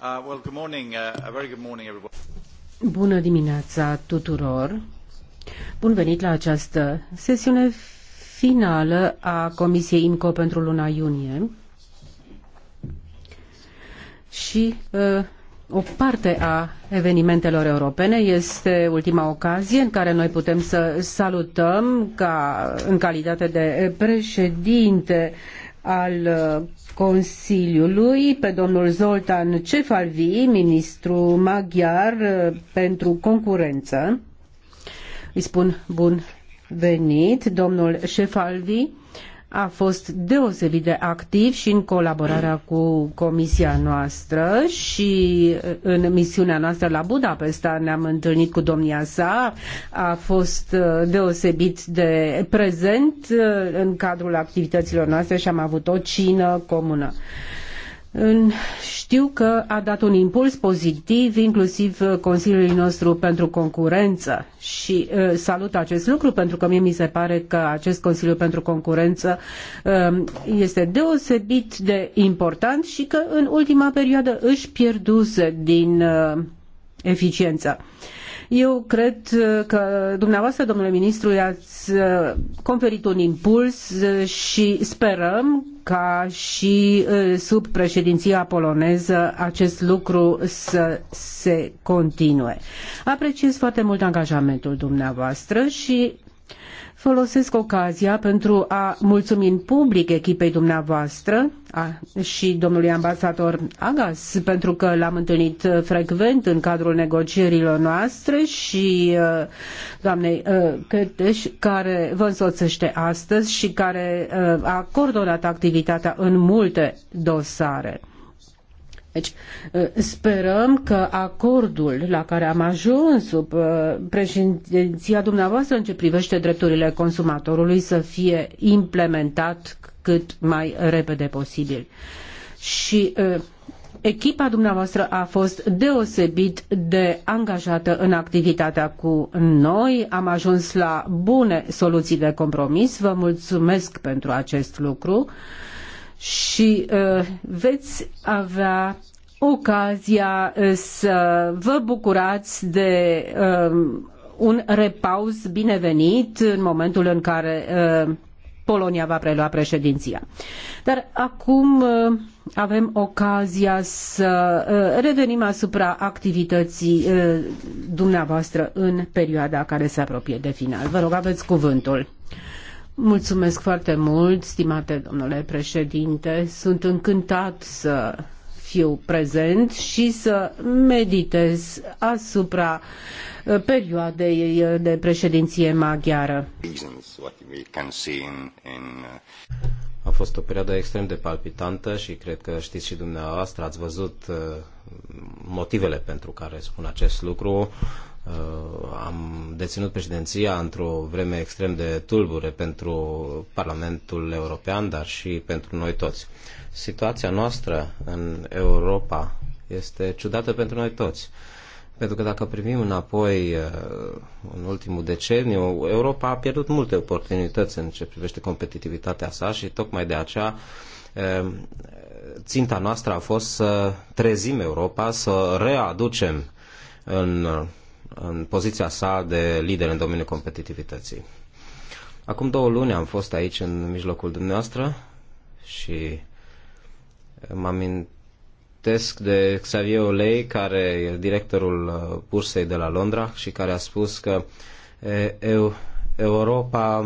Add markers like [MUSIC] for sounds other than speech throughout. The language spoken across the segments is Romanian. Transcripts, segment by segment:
Uh, uh, Bună dimineața tuturor! Bun venit la această sesiune finală a Comisiei IMCO pentru luna iunie și uh, o parte a evenimentelor europene este ultima ocazie în care noi putem să salutăm ca în calitate de președinte al uh, Consiliului, pe domnul Zoltan Cefalvi, ministru maghiar uh, pentru concurență. Îi spun bun venit, domnul Cefalvi a fost deosebit de activ și în colaborarea cu comisia noastră și uh, în misiunea noastră la Budapesta ne-am întâlnit cu domnia sa, a fost uh, deosebit de prezent uh, în cadrul activităților noastre și am avut o cină comună. Uh, știu că a dat un impuls pozitiv inclusiv uh, Consiliului nostru pentru concurență și uh, salut acest lucru pentru că mie mi se pare că acest Consiliu pentru concurență um, este deosebit de important și că în ultima perioadă își pierduse din uh, eficiență. Eu cred uh, că dumneavoastră, domnule ministru, i-ați uh, conferit un impuls uh, și sperăm ca și sub președinția poloneză acest lucru să se continue. Apreciez foarte mult angajamentul dumneavoastră și Folosesc ocazia pentru a mulțumi în public echipei dumneavoastră a, și domnului ambasador Agas, pentru că l-am întâlnit uh, frecvent în cadrul negocierilor noastre și uh, doamnei uh, Căteș, care vă însoțește astăzi și care a coordonat activitatea în multe dosare. Deci uh, sperăm că acordul la care am ajuns sub uh, președinția dumneavoastră în ce privește drepturile consumatorului să fie implementat cât mai repede posibil. Și uh, echipa dumneavoastră a fost deosebit de angajată în activitatea cu noi. Am ajuns la bune soluții de compromis. Vă mulțumesc pentru acest lucru și uh, veți avea ocazia uh, să vă bucurați de um, un repaus binevenit în momentul în care uh, Polonia va prelua președinția. Dar acum avem ocazia să revenim asupra activității dumneavoastră în perioada care se apropie de final. Vă rog, aveți cuvântul. Mulțumesc foarte mult, stimate domnule președinte. Sunt încântat să fiu prezent și să meditez asupra uh, perioadei uh, de președinție maghiară. A fost o perioadă extrem de palpitantă și cred că știți și dumneavoastră, ați văzut uh, motivele pentru care spun acest lucru. Uh, am deținut președinția într-o vreme extrem de tulbure pentru Parlamentul European, dar și pentru noi toți. Situația noastră în Europa este ciudată pentru noi toți. Pentru că dacă privim înapoi uh, în ultimul deceniu, Europa a pierdut multe oportunități în ce privește competitivitatea sa și tocmai de aceea uh, ținta noastră a fost să trezim Europa, să readucem în în poziția sa de lider în domeniul competitivității. Acum două luni am fost aici în mijlocul dumneavoastră și mă amintesc de Xavier Olei, care e directorul uh, bursei de la Londra și care a spus că eu, Europa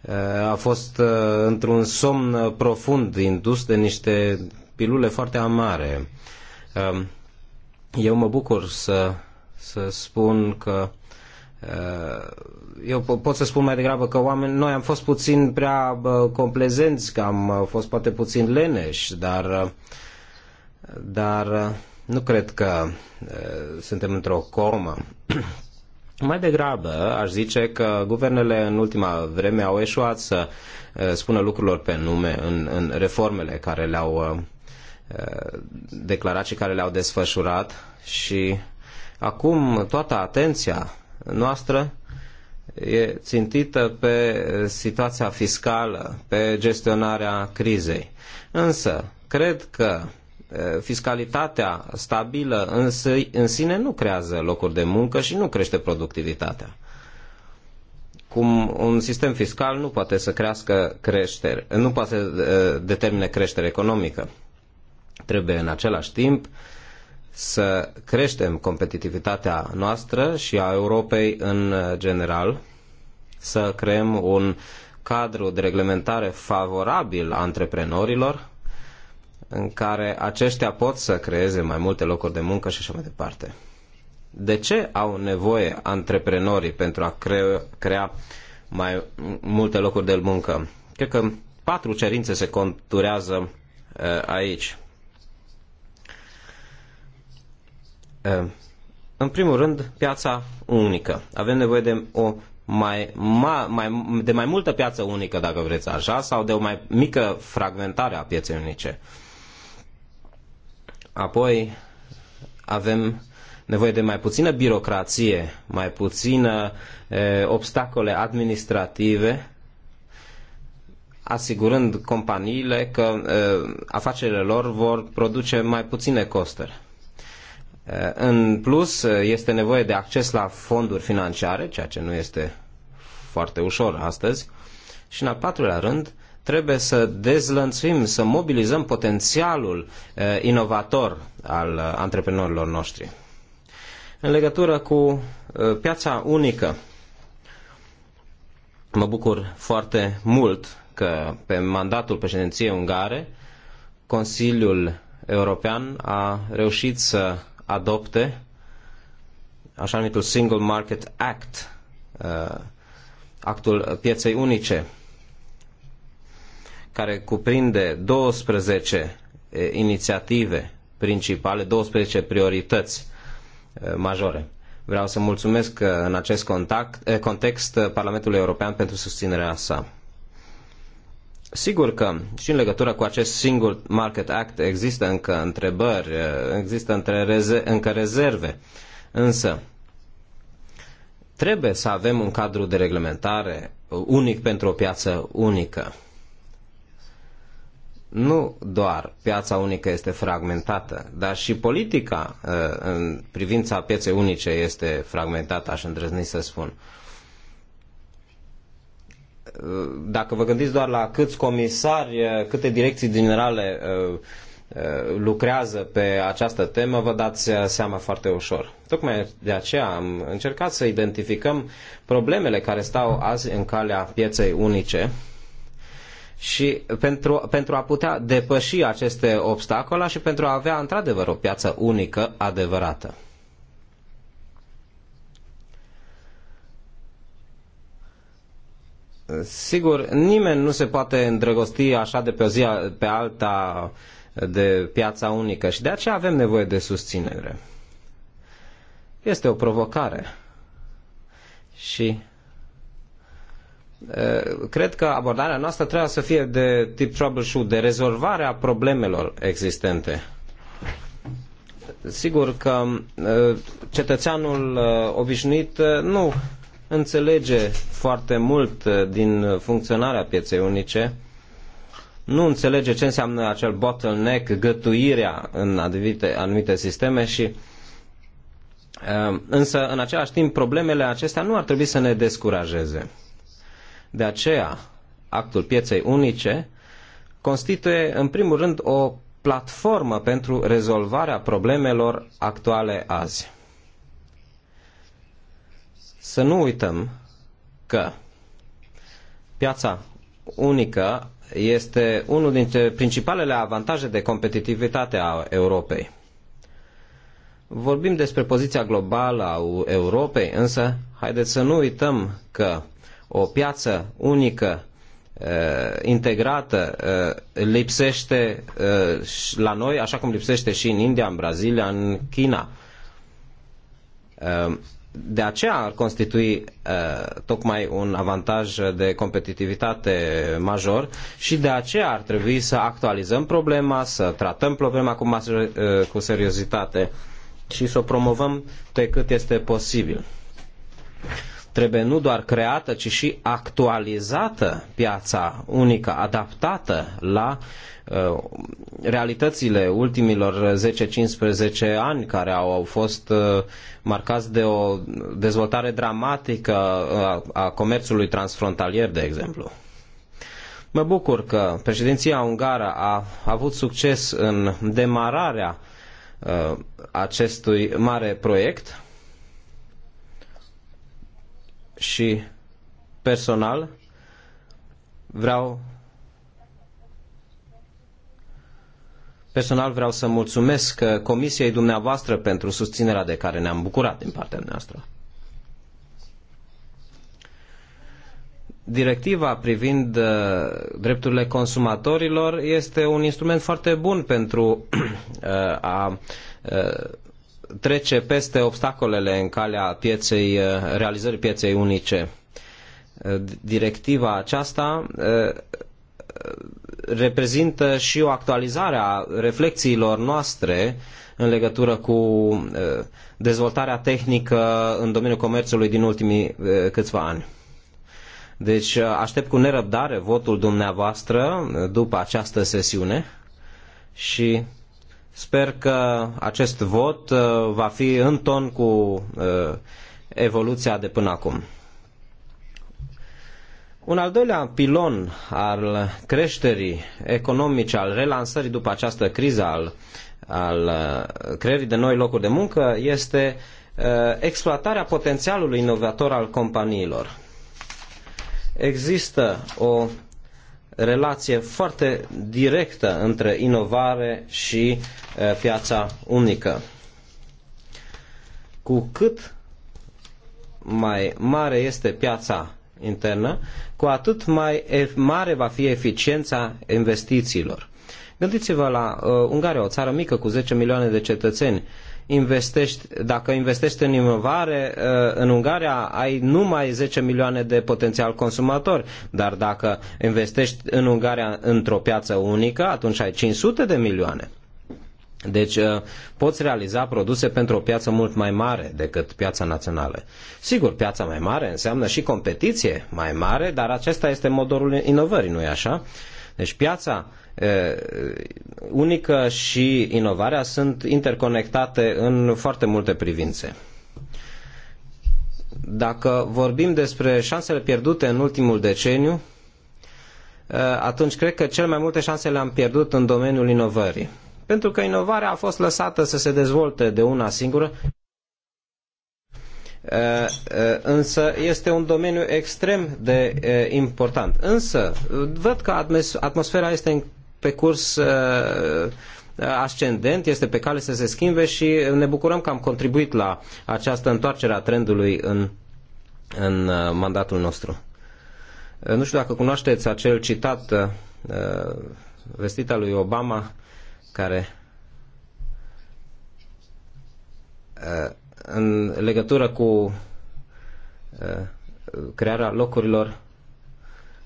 uh, a fost uh, într-un somn profund indus de niște pilule foarte amare. Um, eu mă bucur să să spun că uh, eu pot să spun mai degrabă că oameni, noi am fost puțin prea complezenți, că am uh, fost poate puțin leneși, dar, uh, dar nu cred că suntem într-o comă. [CLEARS THROAT] Mai degrabă aș zice că guvernele în ultima vreme au eșuat să spună lucrurilor pe nume în, în reformele care le-au declarat și care le-au desfășurat și Acum toată atenția noastră e țintită pe situația fiscală, pe gestionarea crizei. Însă, cred că fiscalitatea stabilă în, în sine nu creează locuri de muncă și nu crește productivitatea. Cum un sistem fiscal nu poate să crească creștere, nu poate să determine creștere economică. Trebuie în același timp să creștem competitivitatea noastră și a Europei în general, să creăm un cadru de reglementare favorabil antreprenorilor, în care aceștia pot să creeze mai multe locuri de muncă și așa mai departe. De ce au nevoie antreprenorii pentru a crea, crea mai multe locuri de muncă? Cred că patru cerințe se conturează eh, aici În primul rând, piața unică. Avem nevoie de o mai, ma, mai, de mai multă piață unică, dacă vreți așa, sau de o mai mică fragmentare a pieței unice. Apoi avem nevoie de mai puțină birocrație, mai puțină e, obstacole administrative, asigurând companiile că e, afacerile lor vor produce mai puține costuri. Uh, în plus, uh, este nevoie de acces la fonduri financiare, ceea ce nu este foarte ușor astăzi. Și în al patrulea rând, trebuie să dezlănțuim, să mobilizăm potențialul uh, inovator al antreprenorilor noștri. În legătură cu piața unică, mă bucur foarte mult că pe mandatul președinției ungare, Consiliul European a reușit să adopte așa numitul Single Market Act, uh, actul pieței unice, care cuprinde 12 inițiative principale, 12 priorități uh, majore. Vreau să mulțumesc uh, în acest contact, eh, context Parlamentului European pentru susținerea sa. Sigur că și în legătură cu acest single market act există încă întrebări, există între reze- încă rezerve, însă trebuie să avem un cadru de reglementare unic pentru o piață unică. Nu doar piața unică este fragmentată, dar și politica uh, în privința pieței unice este fragmentată, aș îndrăzni să spun. Uh, dacă vă gândiți doar la câți comisari, eh, câte direcții generale eh, eh, lucrează pe această temă, vă dați seama foarte ușor. Tocmai de aceea am încercat să identificăm problemele care stau azi în calea pieței unice și pentru, pentru a putea depăși aceste obstacole și pentru a avea într-adevăr o piață unică adevărată. Sigur, nimeni nu se poate îndrăgosti așa de pe o zi pe alta de piața unică și de aceea avem nevoie de susținere. Este o provocare. Și cred că abordarea noastră trebuie să fie de tip troubleshoot, de rezolvare a problemelor existente. Sigur că cetățeanul obișnuit nu înțelege foarte mult uh, din funcționarea pieței unice, nu înțelege ce înseamnă acel bottleneck, gătuirea în anumite, anumite sisteme și uh, însă în același timp problemele acestea nu ar trebui să ne descurajeze. De aceea, actul pieței unice constituie în primul rând o platformă pentru rezolvarea problemelor actuale azi. Să nu uităm că piața unică este unul dintre principalele avantaje de competitivitate a Europei. Vorbim despre poziția globală a Europei, însă haideți să nu uităm că o piață unică integrată lipsește la noi, așa cum lipsește și în India, în Brazilia, în China de aceea ar constitui uh, tocmai un avantaj de competitivitate major și de aceea ar trebui să actualizăm problema, să tratăm problema cu, mas- uh, cu seriozitate și să o promovăm pe cât este posibil. Trebuie nu doar creată, ci și actualizată piața unică, adaptată la uh, realitățile ultimilor 10-15 ani care au, au fost uh, marcați de o dezvoltare dramatică a, uh, a comerțului transfrontalier, de exemplu. Mă bucur că președinția ungară a avut succes în demararea uh, acestui mare proiect și personal vreau Personal vreau să mulțumesc Comisiei dumneavoastră pentru susținerea de care ne-am bucurat din partea noastră. Directiva privind uh, drepturile consumatorilor este un instrument foarte bun pentru [CLEARS THROAT] uh, a uh, trece peste obstacolele în calea pieței, eh, realizării pieței unice. Eh, directiva aceasta eh, reprezintă și o actualizare a reflexiilor noastre în legătură cu dezvoltarea tehnică în domeniul comerțului din ultimii câțiva ani. Deci aștept cu nerăbdare votul dumneavoastră după această sesiune și Sper că acest vot uh, va fi în ton cu uh, evoluția de până acum. Un al doilea pilon al creșterii economice, al relansării după această criză, al, al uh, creării de noi locuri de muncă, este exploatarea potențialului inovator al companiilor. Există o relație foarte directă între inovare și eh, piața unică. Cu cât mai mare este piața internă, cu atât mai mare va fi eficiența investițiilor. Gândiți-vă la uh, Ungaria, o țară mică cu 10 milioane de cetățeni. Uh, investești, dacă investești în inovare, uh, în Ungaria ai numai 10 milioane de potențial consumatori, dar dacă investești în Ungaria într-o piață unică, atunci ai 500 de milioane. Deci uh, poți realiza produse pentru o piață mult mai mare decât piața națională. Sigur, piața mai mare înseamnă și competiție mai mare, dar acesta este motorul inovării, nu-i așa? Deci piața unică și inovarea sunt interconectate în foarte multe privințe. Dacă vorbim despre șansele pierdute în ultimul deceniu, atunci cred că cel mai multe șanse le-am pierdut în domeniul inovării. Pentru că inovarea a fost lăsată să se dezvolte de una singură însă este un domeniu extrem de important. Însă, văd că atmosfera este pe curs ascendent, este pe cale să se schimbe și ne bucurăm că am contribuit la această întoarcere a trendului în, în mandatul nostru. Nu știu dacă cunoașteți acel citat vestit al lui Obama care în legătură cu uh, crearea locurilor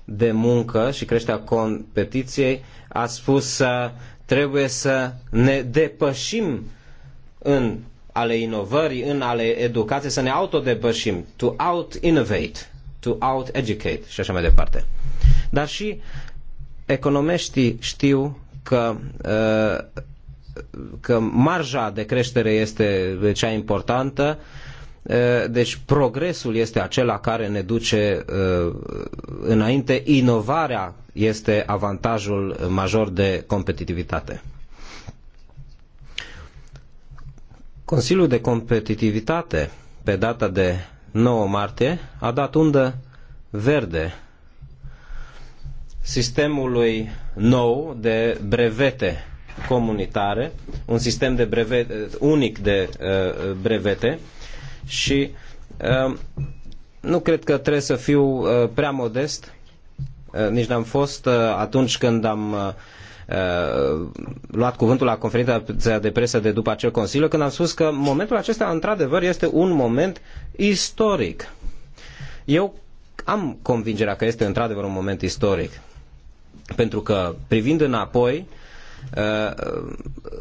de muncă și creșterea competiției, a spus că trebuie să ne depășim în ale inovării, în ale educației, să ne autodepășim, to out-innovate, to out-educate și așa mai departe. Dar și economiștii știu că uh, că marja de creștere este deci, cea importantă, eh, deci progresul este acela care ne duce eh, înainte, inovarea este avantajul major de competitivitate. Consiliul de Competitivitate, pe data de 9 martie, a dat undă verde sistemului nou de brevete comunitare, un sistem de brevete unic de uh, brevete și uh, nu cred că trebuie să fiu uh, prea modest, uh, nici n-am fost uh, atunci când am uh, uh, luat cuvântul la conferința de presă de după acel consiliu, când am spus că momentul acesta, într-adevăr, este un moment istoric. Eu am convingerea că este într-adevăr un moment istoric. Pentru că, privind înapoi, Uh,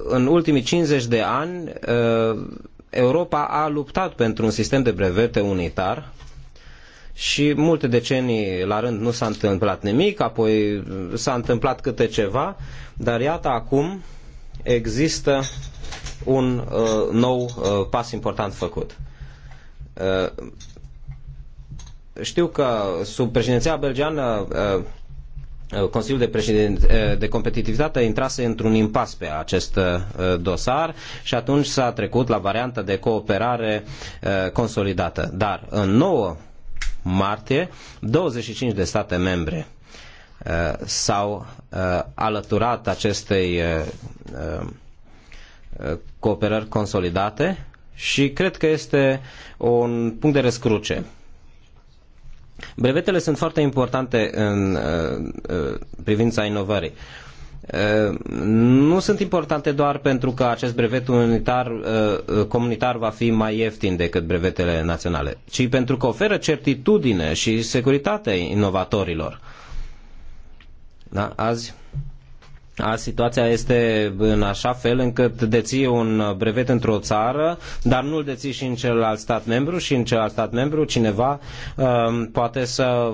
în ultimii 50 de ani, uh, Europa a luptat pentru un sistem de brevete unitar și multe decenii la rând nu s-a întâmplat nimic, apoi s-a întâmplat câte ceva, dar iată acum există un uh, nou uh, pas important făcut. Uh, știu că sub președinția belgeană uh, Uh, Consiliul de, uh, de Competitivitate intrase într-un impas pe acest uh, dosar și atunci s-a trecut la varianta de cooperare consolidată. Dar în 9 martie, 25 de state membre s-au alăturat acestei cooperări consolidate și cred că este un punct de răscruce Brevetele sunt foarte importante în uh, uh, privința inovării. Uh, nu sunt importante doar pentru că acest brevet unitar, comunitar va fi mai ieftin decât brevetele naționale, ci pentru că oferă certitudine și securitate inovatorilor. Da? Azi, a situația este în așa fel încât deții un brevet într-o țară, dar nu-l deții și în celălalt stat membru și în celălalt stat membru cineva uh, poate să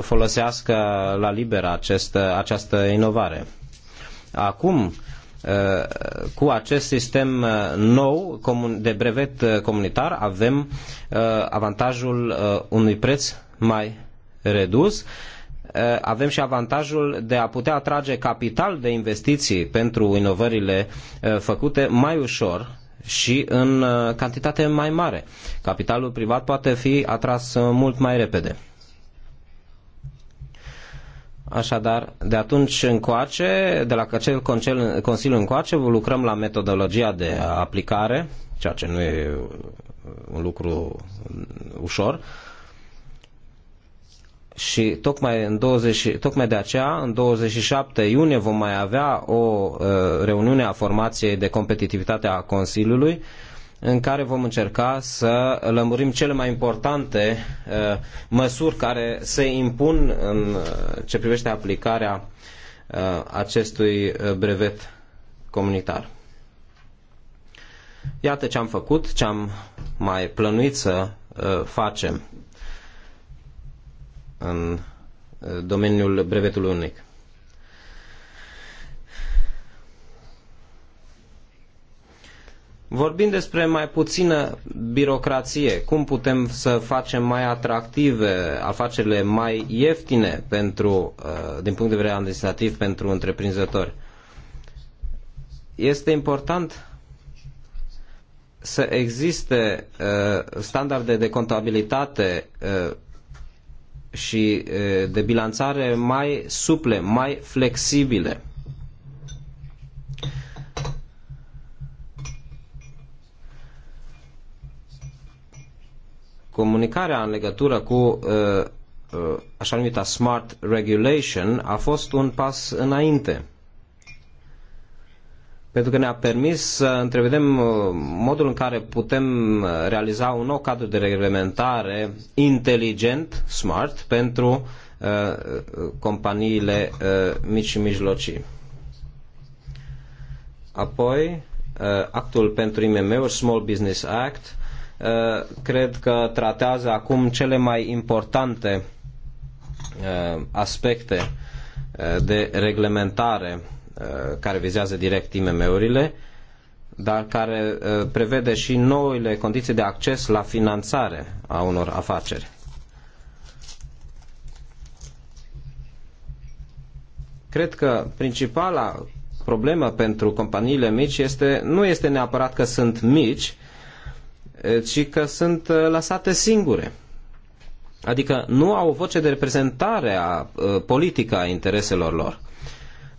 folosească la liber acest, această inovare. Acum, uh, cu acest sistem uh, nou de brevet uh, comunitar avem avantajul unui preț mai redus Uh, avem și avantajul de a putea atrage capital de investiții pentru inovările uh, făcute mai ușor și în uh, cantitate mai mare. Capitalul privat poate fi atras mult mai repede. Așadar, de atunci încoace, de la acel Consiliu încoace, lucrăm la metodologia de aplicare, ceea ce nu e un lucru ușor, și tocmai, în 20, tocmai de aceea, în 27 iunie, vom mai avea o uh, reuniune a formației de competitivitate a Consiliului, în care vom încerca să lămurim cele mai importante uh, măsuri care se impun în uh, ce privește aplicarea acestui brevet comunitar. Iată ce am făcut, ce am mai plănuit să facem în eh, domeniul brevetului unic. Vorbind despre mai puțină birocrație, cum putem să facem mai atractive afacerile mai ieftine pentru, eh, din punct de vedere administrativ pentru întreprinzători. Este important să existe eh, standarde de contabilitate și de bilanțare mai suple, mai flexibile. Comunicarea în legătură cu așa numita smart regulation a fost un pas înainte pentru că ne-a permis să întrevedem uh, modul în care putem uh, realiza un nou cadru de reglementare inteligent, smart, pentru uh, companiile mici și mijlocii. Apoi, actul pentru IMM-uri, Small Business Act, cred că tratează acum cele mai importante aspecte de reglementare Uh, care vizează direct IMM-urile, dar care uh, prevede și noile condiții de acces la finanțare a unor afaceri. Cred că principala problemă pentru companiile mici este, nu este neapărat că sunt mici, eh, ci că sunt eh, lăsate singure. Adică nu au o voce de reprezentare a, a eh, politică a intereselor lor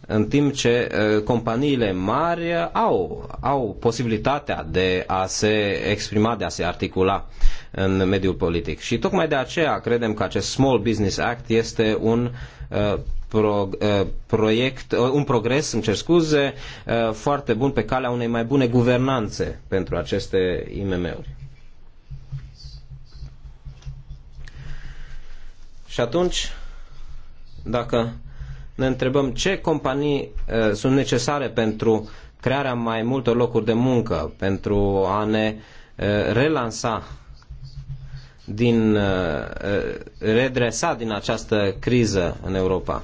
în timp ce companiile mari au, au posibilitatea de a se exprima, de a se articula în mediul politic. Și tocmai de aceea credem că acest Small Business Act este un pro, proiect, un progres, îmi cer scuze, foarte bun pe calea unei mai bune guvernanțe pentru aceste IMM-uri. Și atunci, dacă ne întrebăm ce companii uh, sunt necesare pentru crearea mai multor locuri de muncă, pentru a ne uh, relansa din uh, uh redresa din această criză în Europa.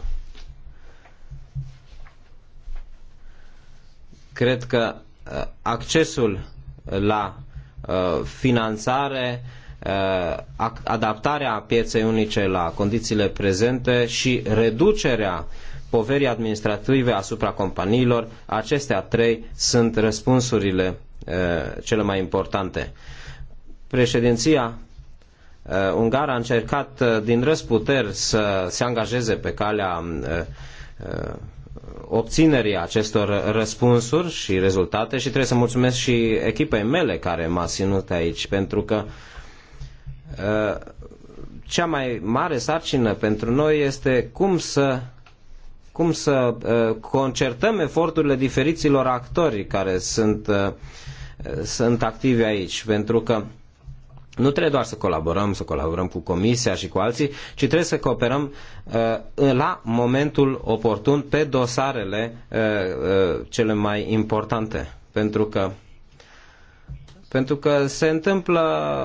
Cred că uh, accesul la uh, finanțare Uh, adaptarea pieței unice la condițiile prezente și reducerea poverii administrative asupra companiilor, acestea trei sunt răspunsurile uh, cele mai importante. Președinția uh, Ungar a încercat din răsputeri să se angajeze pe calea obținerii acestor răspunsuri și rezultate și trebuie să mulțumesc și echipei mele care m-a ținut aici, pentru că Uh, cea mai mare sarcină pentru noi este cum să cum să uh, concertăm eforturile diferiților actori care sunt, uh, sunt activi aici, pentru că nu trebuie doar să colaborăm, să colaborăm cu Comisia și cu alții, ci trebuie să cooperăm la momentul oportun pe dosarele cele mai importante. Pentru că pentru că se întâmplă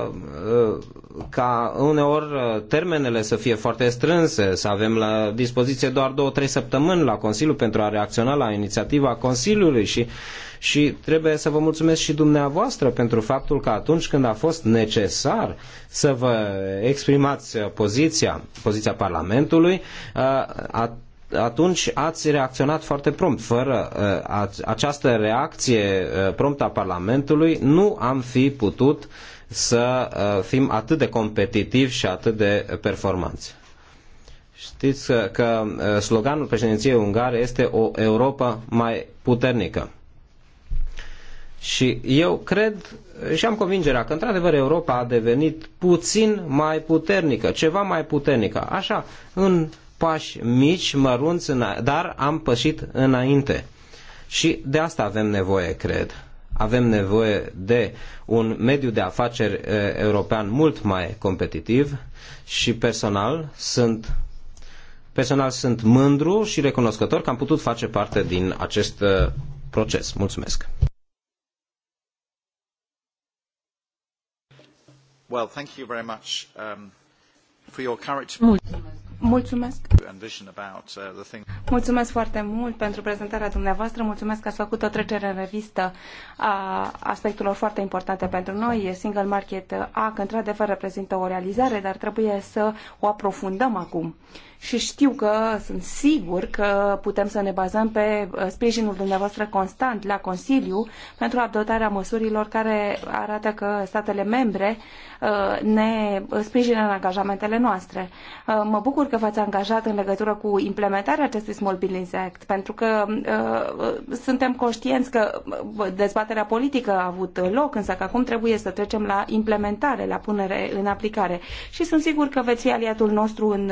uh, ca uneori uh, termenele să fie foarte strânse, să avem la dispoziție doar două, trei săptămâni la Consiliu pentru a reacționa la inițiativa Consiliului și, și trebuie să vă mulțumesc și dumneavoastră pentru faptul că atunci când a fost necesar să vă exprimați poziția, poziția Parlamentului, uh, a, a atunci ați reacționat foarte prompt. Fără uh, această reacție uh, promptă a Parlamentului nu am fi putut să uh, fim atât de competitivi și atât de performanți. Știți că sloganul președinției ungare este o Europa mai puternică. Și eu cred și am convingerea că, într-adevăr, Europa a devenit puțin mai puternică, ceva mai puternică. Așa, în pași mici, mărunți, dar am pășit înainte. Și de asta avem nevoie, cred. Avem nevoie de un mediu de afaceri european mult mai competitiv și personal sunt personal sunt mândru și recunoscător că am putut face parte din acest proces. Mulțumesc. Well, thank you very much um, for your Mulțumesc. Mulțumesc. Uh, Mulțumesc foarte mult pentru prezentarea dumneavoastră. Mulțumesc că ați făcut o trecere în revistă a aspectelor foarte importante pentru noi. Single Market Act, într-adevăr, reprezintă o realizare, dar trebuie să o aprofundăm acum și știu că sunt sigur că putem să ne bazăm pe uh, sprijinul dumneavoastră constant la Consiliu pentru adoptarea măsurilor care arată că statele membre uh, ne sprijină în angajamentele noastre. Uh, mă bucur că v-ați angajat în legătură cu implementarea acestui Small Business Act, pentru că suntem conștienți că dezbaterea politică a avut loc, însă că acum trebuie să trecem la implementare, la punere în aplicare. Și sunt sigur că veți fi aliatul nostru în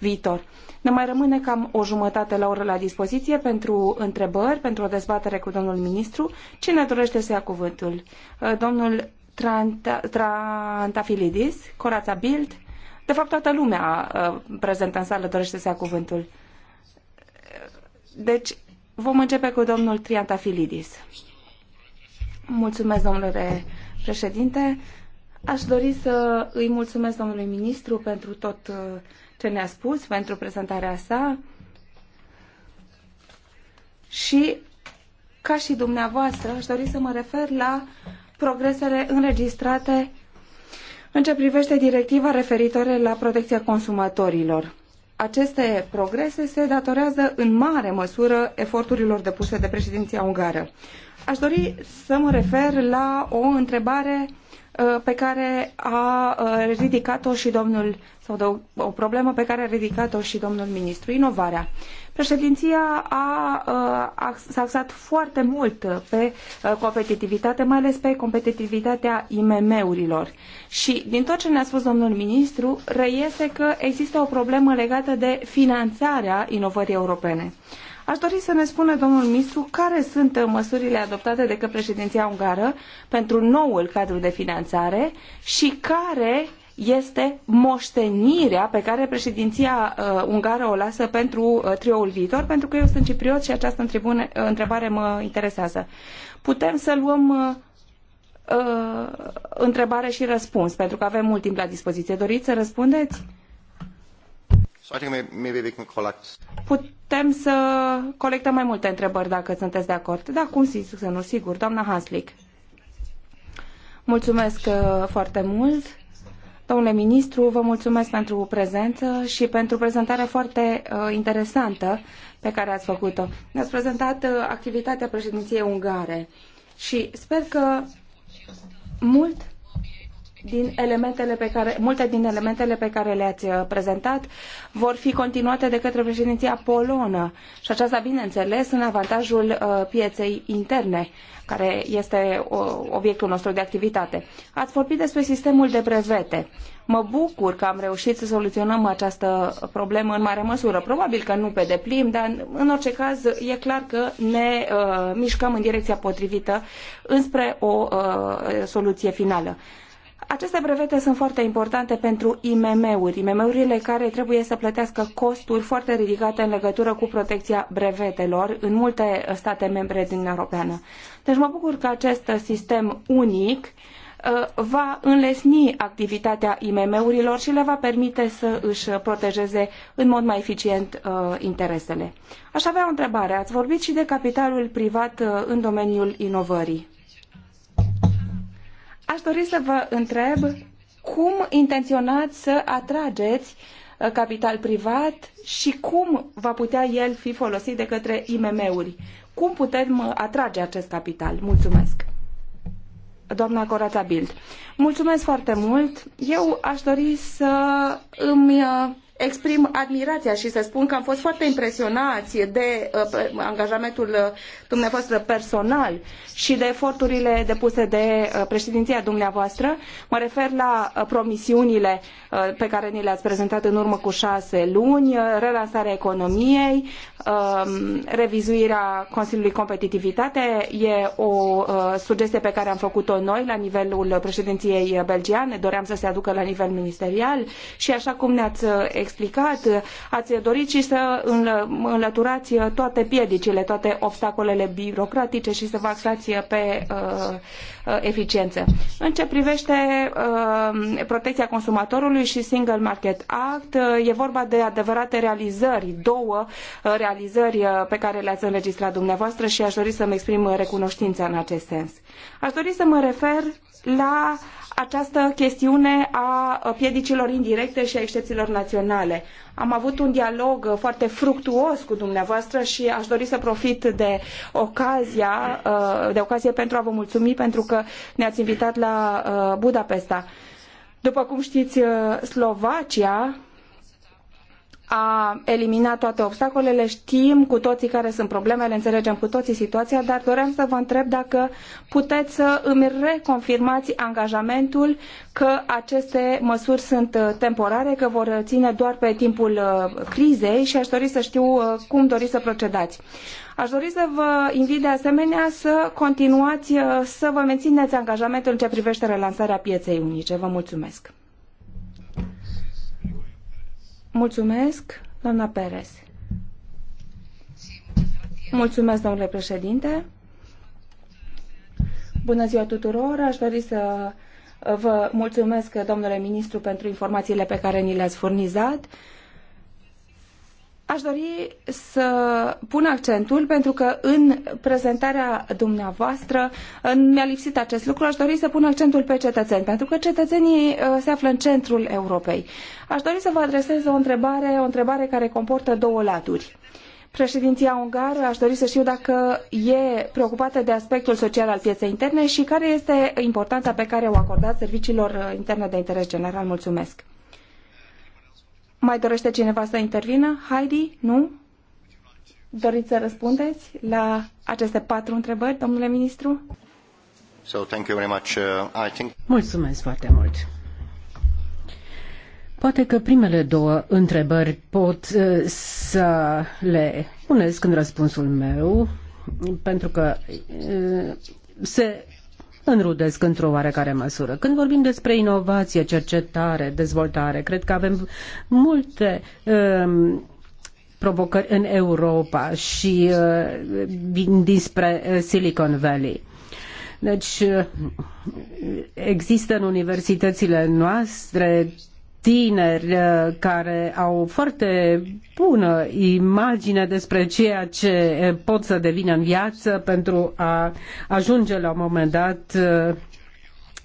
viitor. Ne mai rămâne cam o jumătate la oră la dispoziție pentru întrebări, pentru o dezbatere cu domnul ministru. Cine dorește să ia cuvântul? Uh, domnul Tranta, Trantafilidis, Corața Bild. De fapt, toată lumea uh, prezentă în sală dorește să ia cuvântul. Deci, vom începe cu domnul Triantafilidis. Mulțumesc, domnule președinte. Aș dori să îi mulțumesc domnului ministru pentru tot uh, ce ne-a spus, pentru prezentarea sa și, ca și dumneavoastră, aș dori să mă refer la progresele înregistrate în ce privește directiva referitoare la protecția consumatorilor. Aceste progrese se datorează în mare măsură eforturilor depuse de președinția ungară. Aș dori să mă refer la o întrebare Uh, pe care a uh, ridicat-o și domnul, sau de o, o problemă pe care a ridicat-o și domnul ministru, inovarea. Președinția a, uh, s-a axat foarte mult pe competitivitate, mai ales pe competitivitatea IMM-urilor. Și din tot ce ne-a spus domnul ministru, reiese că există o problemă legată de finanțarea inovării europene. Aș dori să ne spune domnul ministru, care sunt uh, măsurile adoptate de către președinția ungară pentru noul cadru de finanțare și care este moștenirea pe care președinția uh, ungară o lasă pentru uh, trioul viitor, pentru că eu sunt cipriot și această întrebune, uh, întrebare mă interesează. Putem să luăm uh, uh, întrebare și răspuns, pentru că avem mult timp la dispoziție. Doriți să răspundeți? Putem să colectăm mai multe întrebări dacă sunteți de acord. Da, cum zic să nu, sigur, doamna Haslick. Mulțumesc uh, foarte mult. Domnule ministru, vă mulțumesc pentru prezență și pentru prezentarea foarte uh, interesantă pe care ați făcut-o. Ne-ați prezentat uh, activitatea președinției ungare și sper că mult din elementele pe care, multe din elementele pe care le-ați uh, prezentat vor fi continuate de către președinția polonă și aceasta, bineînțeles, în avantajul uh, pieței interne, care este uh, obiectul nostru de activitate. Ați vorbit despre sistemul de brevete. Mă bucur că am reușit să soluționăm această problemă în mare măsură. Probabil că nu pe deplin, dar în orice caz e clar că ne uh, mișcăm în direcția potrivită înspre o uh, soluție finală. Aceste brevete sunt foarte importante pentru IMM-uri, IMM-urile care trebuie să plătească costuri foarte ridicate în legătură cu protecția brevetelor în multe state membre din Europeană. Deci mă bucur că acest sistem unic uh, va înlesni activitatea IMM-urilor și le va permite să își protejeze în mod mai eficient uh, interesele. Aș avea o întrebare. Ați vorbit și de capitalul privat uh, în domeniul inovării. Aș dori să vă întreb cum intenționați să atrageți uh, capital privat și cum va putea el fi folosit de către IMM-uri. Cum putem uh, atrage acest capital? Mulțumesc! doamna Corața Bild. Mulțumesc foarte mult. Eu aș dori să îmi uh, exprim admirația și să spun că am fost foarte impresionați de uh, angajamentul uh, dumneavoastră personal și de eforturile depuse de uh, președinția dumneavoastră. Mă refer la promisiunile pe care ni le-ați prezentat în urmă cu șase luni, relansarea economiei, um, revizuirea Consiliului Competitivitate. E o sugestie pe care am făcut-o noi la nivelul președinției belgiane. Doream să se aducă la nivel ministerial și așa cum ne-ați explicat, ați dorit și să înlăturați toate piedicile, toate obstacolele birocratice și să vă axați pe uh, uh, eficiență. În ce privește uh, protecția consumatorului și Single Market Act, e vorba de adevărate realizări, două realizări pe care le-ați înregistrat dumneavoastră și aș dori să-mi exprim recunoștința în acest sens. Aș dori să mă refer la această chestiune a piedicilor indirecte și a excepțiilor naționale. Am avut un dialog foarte fructuos cu dumneavoastră și aș dori să profit de ocazia, uh, de ocazie pentru a vă mulțumi pentru că ne-ați invitat la uh, Budapesta. După cum știți, uh, Slovacia a elimina toate obstacolele, știm cu toții care sunt problemele, înțelegem cu toții situația, dar doream să vă întreb dacă puteți să îmi reconfirmați angajamentul că aceste măsuri sunt uh, temporare, că vor ține doar pe timpul uh, crizei și aș dori să știu uh, cum doriți să procedați. Aș dori să vă invit de asemenea să continuați să vă mențineți angajamentul în ceea ce privește relansarea pieței unice. Vă mulțumesc! Mulțumesc, doamna Perez. Mulțumesc, domnule președinte. Bună ziua tuturor. Aș dori să uh, vă mulțumesc, domnule ministru, pentru informațiile pe care ni le-ați furnizat. Aș dori să pun accentul pentru că în prezentarea dumneavoastră uh, mi-a lipsit acest lucru. Aș dori să pun accentul pe cetățeni, pentru că cetățenii uh, se află în centrul Europei. Aș dori să vă adresez o întrebare, o întrebare care comportă două laturi. Președinția ungară, aș dori să știu dacă e preocupată de aspectul social al pieței interne și care este importanța pe care o acordați serviciilor uh, interne de interes general. Mulțumesc! Mai dorește cineva să intervină? Heidi, nu? Doriți să răspundeți la aceste patru întrebări, domnule ministru? So, thank you very much. Uh, I think... Mulțumesc foarte mult. Poate că primele două întrebări pot uh, să le punesc în răspunsul meu, pentru că uh, se înrudesc într-o oarecare măsură. Când vorbim despre inovație, cercetare, dezvoltare, cred că avem multe um, provocări în Europa și uh, dinspre uh, Silicon Valley. Deci uh, există în universitățile noastre tineri uh, care au foarte bună imagine despre ceea ce uh, pot să devină în viață pentru a ajunge la un moment dat uh,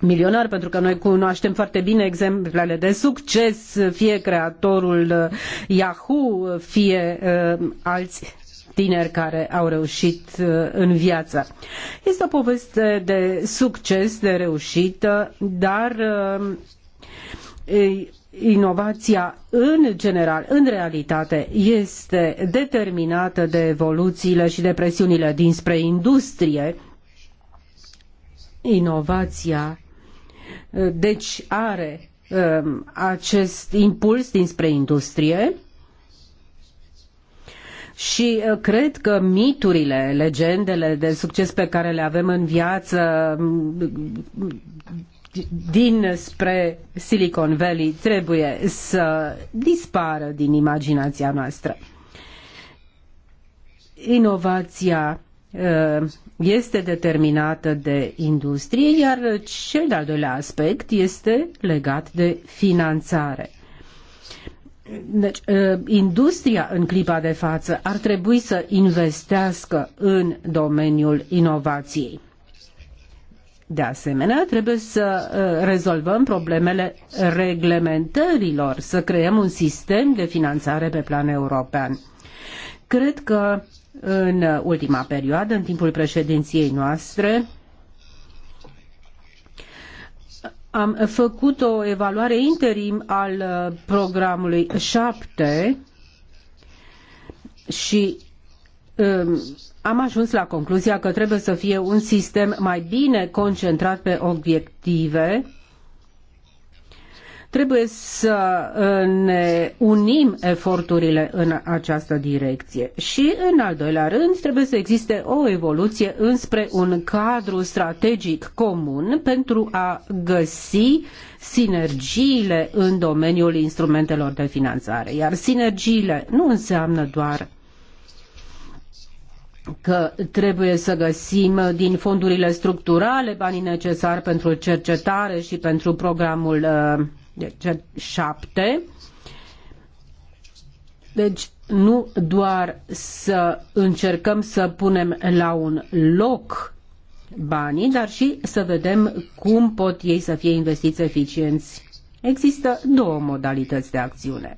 milionar, pentru că noi cunoaștem foarte bine exemplele de succes, fie creatorul Yahoo, fie alți tineri care au reușit în viață. Este o poveste de succes, de reușită, dar inovația în general, în realitate, este determinată de evoluțiile și de presiunile dinspre industrie, inovația deci are um, acest impuls dinspre industrie și uh, cred că miturile, legendele de succes pe care le avem în viață um, din spre Silicon Valley trebuie să dispară din imaginația noastră. Inovația uh, este determinată de industrie, iar cel de-al doilea aspect este legat de finanțare. Deci, uh, industria în clipa de față ar trebui să investească în domeniul inovației. De asemenea, trebuie să uh, rezolvăm problemele reglementărilor, să creăm un sistem de finanțare pe plan european. Cred că în ultima perioadă, în timpul președinției noastre, am făcut o evaluare interim al uh, programului 7 și Ehm, am ajuns la concluzia că trebuie să fie un sistem mai bine concentrat pe obiective. Trebuie să eh, ne unim eforturile în această direcție. Și, în al doilea rând, trebuie să existe o evoluție înspre un cadru strategic comun pentru a găsi sinergiile în domeniul instrumentelor de finanțare. Iar sinergiile nu înseamnă doar că trebuie să găsim din fondurile structurale banii necesari pentru cercetare și pentru programul uh, șapte, 7. Deci nu doar să încercăm să punem la un loc banii, dar și să vedem cum pot ei să fie investiți eficienți. Există două modalități de acțiune.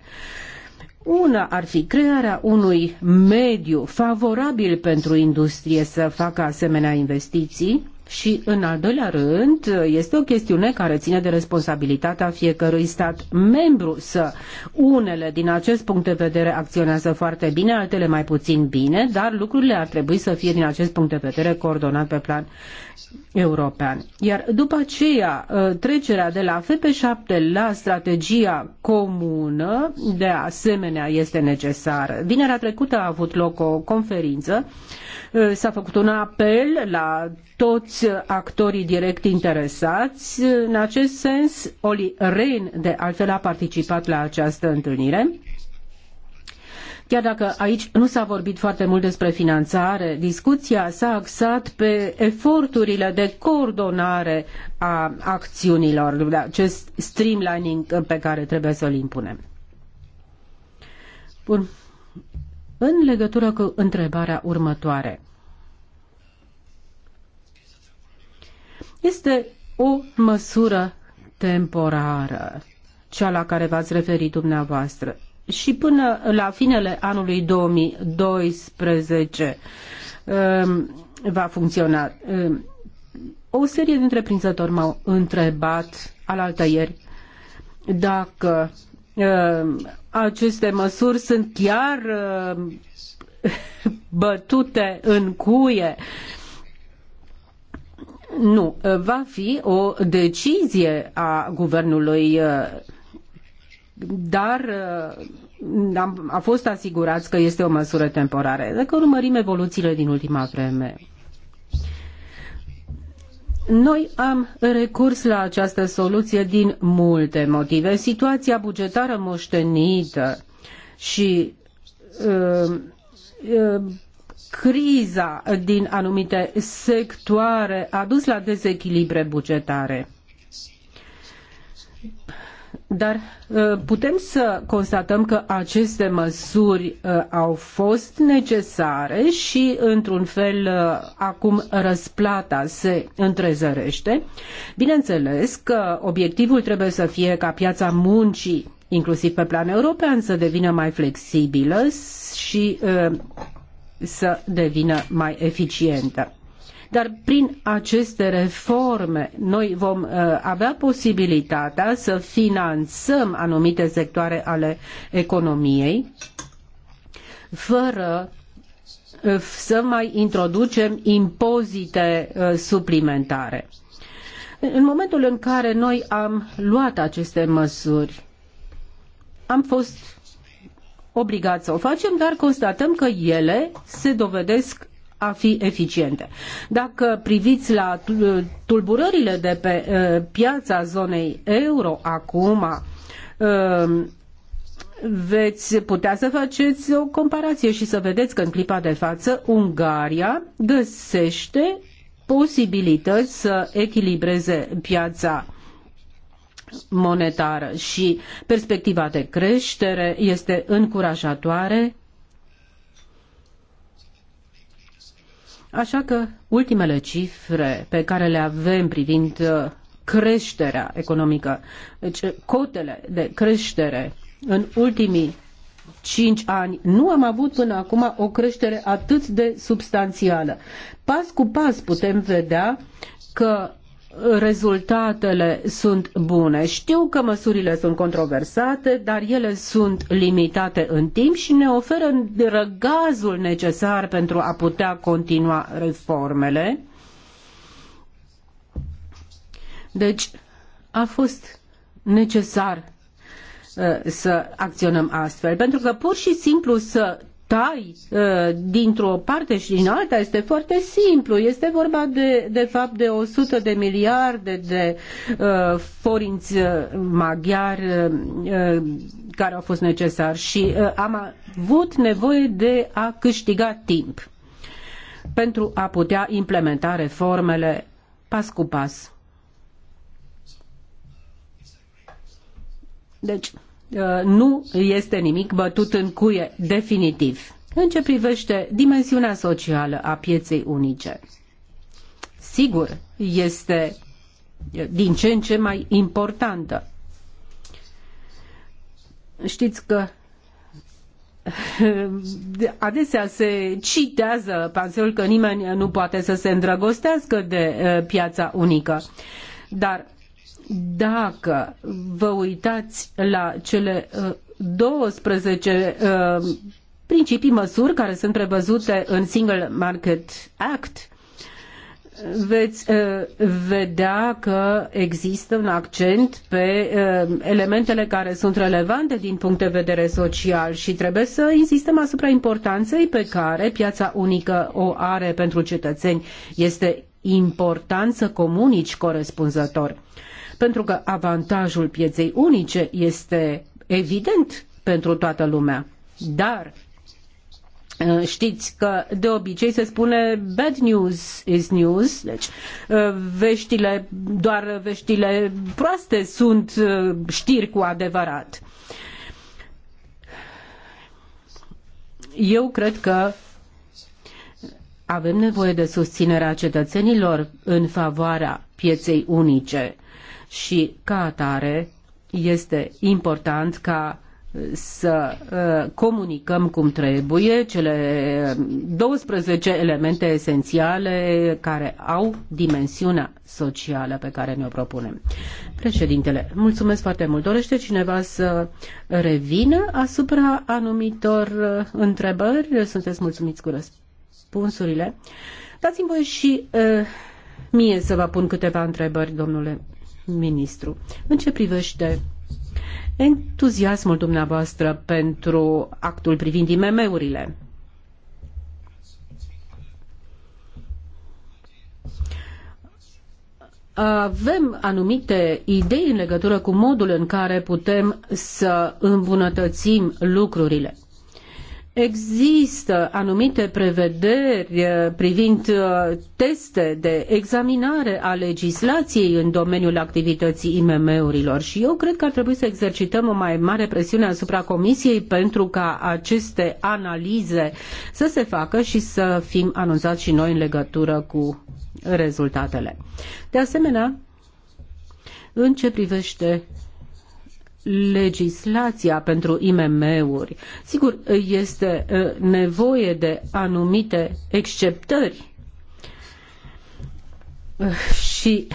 Una ar fi crearea unui mediu favorabil pentru industrie să facă asemenea investiții și, în al doilea rând, este o chestiune care ține de responsabilitatea fiecărui stat membru să unele din acest punct de vedere acționează foarte bine, altele mai puțin bine, dar lucrurile ar trebui să fie din acest punct de vedere coordonat pe plan european. Iar după aceea, ă, trecerea de la FP7 la strategia comună, de asemenea, este necesară. Vinerea trecută a avut loc o conferință, ă, s-a făcut un apel la toți actorii direct interesați. În acest sens, Oli Rehn, de altfel, a participat la această întâlnire Chiar dacă aici nu s-a vorbit foarte mult despre finanțare, discuția s-a axat pe eforturile de coordonare a acțiunilor, acest streamlining pe care trebuie să-l impunem. Bun. În legătură cu întrebarea următoare. Este o măsură temporară, cea la care v-ați referit dumneavoastră și până la finele anului 2012 um, va funcționa. Um, o serie de întreprinzători m-au întrebat alaltăieri dacă um, aceste măsuri sunt chiar [LAUGHS] bătute în cuie. Nu, va fi o decizie a guvernului uh, dar uh, am, a fost asigurat că este o măsură temporară. Dacă urmărim evoluțiile din ultima vreme, noi am recurs la această soluție din multe motive. Situația bugetară moștenită și uh, uh, criza din anumite sectoare a dus la dezechilibre bugetare dar uh, putem să constatăm că aceste măsuri uh, au fost necesare și, într-un fel, uh, acum răsplata se întrezărește. Bineînțeles că obiectivul trebuie să fie ca piața muncii, inclusiv pe plan european, să devină mai flexibilă și să devină mai eficientă. Dar prin aceste reforme noi vom uh, avea posibilitatea să finanțăm anumite sectoare ale economiei fără uh, să mai introducem impozite uh, suplimentare. În momentul în care noi am luat aceste măsuri, am fost obligați să o facem, dar constatăm că ele se dovedesc a fi eficiente. Dacă priviți la tulburările de pe piața zonei euro acum, veți putea să faceți o comparație și să vedeți că în clipa de față Ungaria găsește posibilități să echilibreze piața monetară și perspectiva de creștere este încurajatoare Așa că ultimele cifre pe care le avem privind uh, creșterea economică, deci uh, cotele de creștere în ultimii cinci ani, nu am avut până acum o creștere atât de substanțială. Pas cu pas putem vedea că rezultatele sunt bune. Știu că măsurile sunt controversate, dar ele sunt limitate în timp și ne oferă răgazul necesar pentru a putea continua reformele. Deci a fost necesar uh, să acționăm astfel, pentru că pur și simplu să tai ă, dintr-o parte și din alta este foarte simplu. Este vorba de, de fapt de 100 de miliarde de uh, forinți ă, maghiari uh, care au fost necesari și uh, am avut nevoie de a câștiga timp pentru a putea implementa reformele pas cu pas. Deci, Uh, nu este nimic bătut în cuie definitiv. În ce privește dimensiunea socială a pieței unice, sigur, este uh, din ce în ce mai importantă. Știți că [LAUGHS] adesea se citează panseul că nimeni nu poate să se îndrăgostească de uh, piața unică. Dar dacă vă uitați la cele 12 uh, uh, principii măsuri care sunt prevăzute în Single Market Act, veți uh, vedea că există un accent pe elementele care sunt relevante din punct de vedere social și trebuie să insistăm asupra importanței pe care piața unică o are pentru cetățeni. Este important să comunici corespunzător pentru că avantajul pieței unice este evident pentru toată lumea. Dar uh, Știți că de obicei se spune bad news is news, deci uh, veștile, doar veștile proaste sunt uh, știri cu adevărat. Eu cred că avem nevoie de susținerea cetățenilor în favoarea pieței unice și ca atare este important ca uh, să uh, comunicăm cum trebuie cele 12 uh, elemente esențiale care au dimensiunea socială pe care ne-o propunem. Președintele, mulțumesc foarte mult. Dorește cineva să revină asupra anumitor întrebări? Sunteți mulțumiți cu răspunsurile? Dați-mi voi și mie să vă pun câteva întrebări, domnule ministru. În ce privește entuziasmul dumneavoastră pentru actul privind IMM-urile? Avem anumite idei în legătură cu modul în care putem să îmbunătățim lucrurile. Există anumite prevederi eh, privind eh, teste de examinare a legislației în domeniul activității IMM-urilor și eu cred că ar trebui să exercităm o mai mare presiune asupra Comisiei pentru ca aceste analize să se facă și să fim anunțați și noi în legătură cu rezultatele. De asemenea, în ce privește legislația pentru IMM-uri. Sigur, este nevoie de anumite exceptări și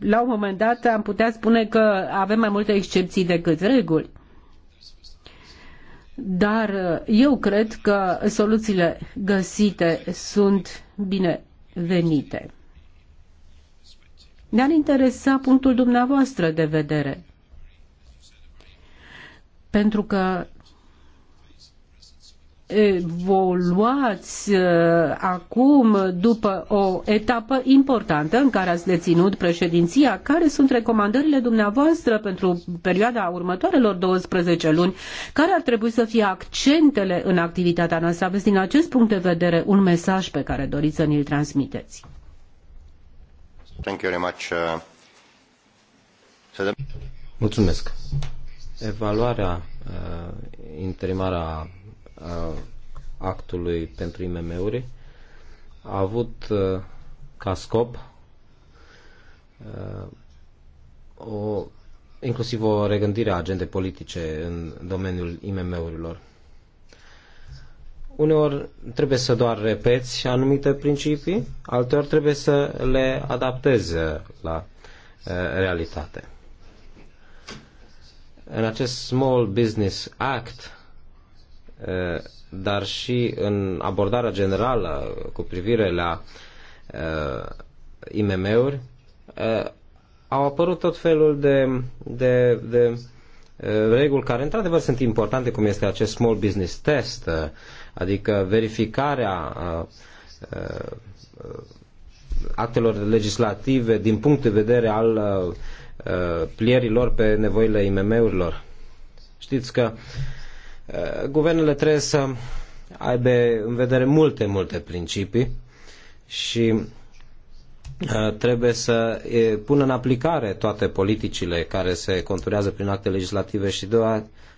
la un moment dat am putea spune că avem mai multe excepții decât reguli. Dar eu cred că soluțiile găsite sunt binevenite. Ne-ar interesa punctul dumneavoastră de vedere pentru că evoluați uh, acum după o etapă importantă în care ați deținut președinția. Care sunt recomandările dumneavoastră pentru perioada următoarelor 12 luni? Care ar trebui să fie accentele în activitatea noastră? Aveți din acest punct de vedere un mesaj pe care doriți să ne l transmiteți? Uh, Mulțumesc. Evaluarea uh, interimară a uh, actului pentru IMM-uri a avut uh, ca scop uh, o, inclusiv o regândire a agendei politice în domeniul IMM-urilor. Uneori trebuie să doar repeți anumite principii, alteori trebuie să le adaptezi la uh, realitate în acest Small Business Act, eh, dar și în abordarea generală cu privire la eh, IMM-uri, eh, au apărut tot felul de, de, de reguli care într-adevăr sunt importante, cum este acest small business test, adică verificarea actelor legislative din punct de vedere al Uh, plierilor pe nevoile IMM-urilor. Știți că uh, guvernele trebuie să aibă în vedere multe, multe principii și uh, trebuie să pună în aplicare toate politicile care se conturează prin acte legislative și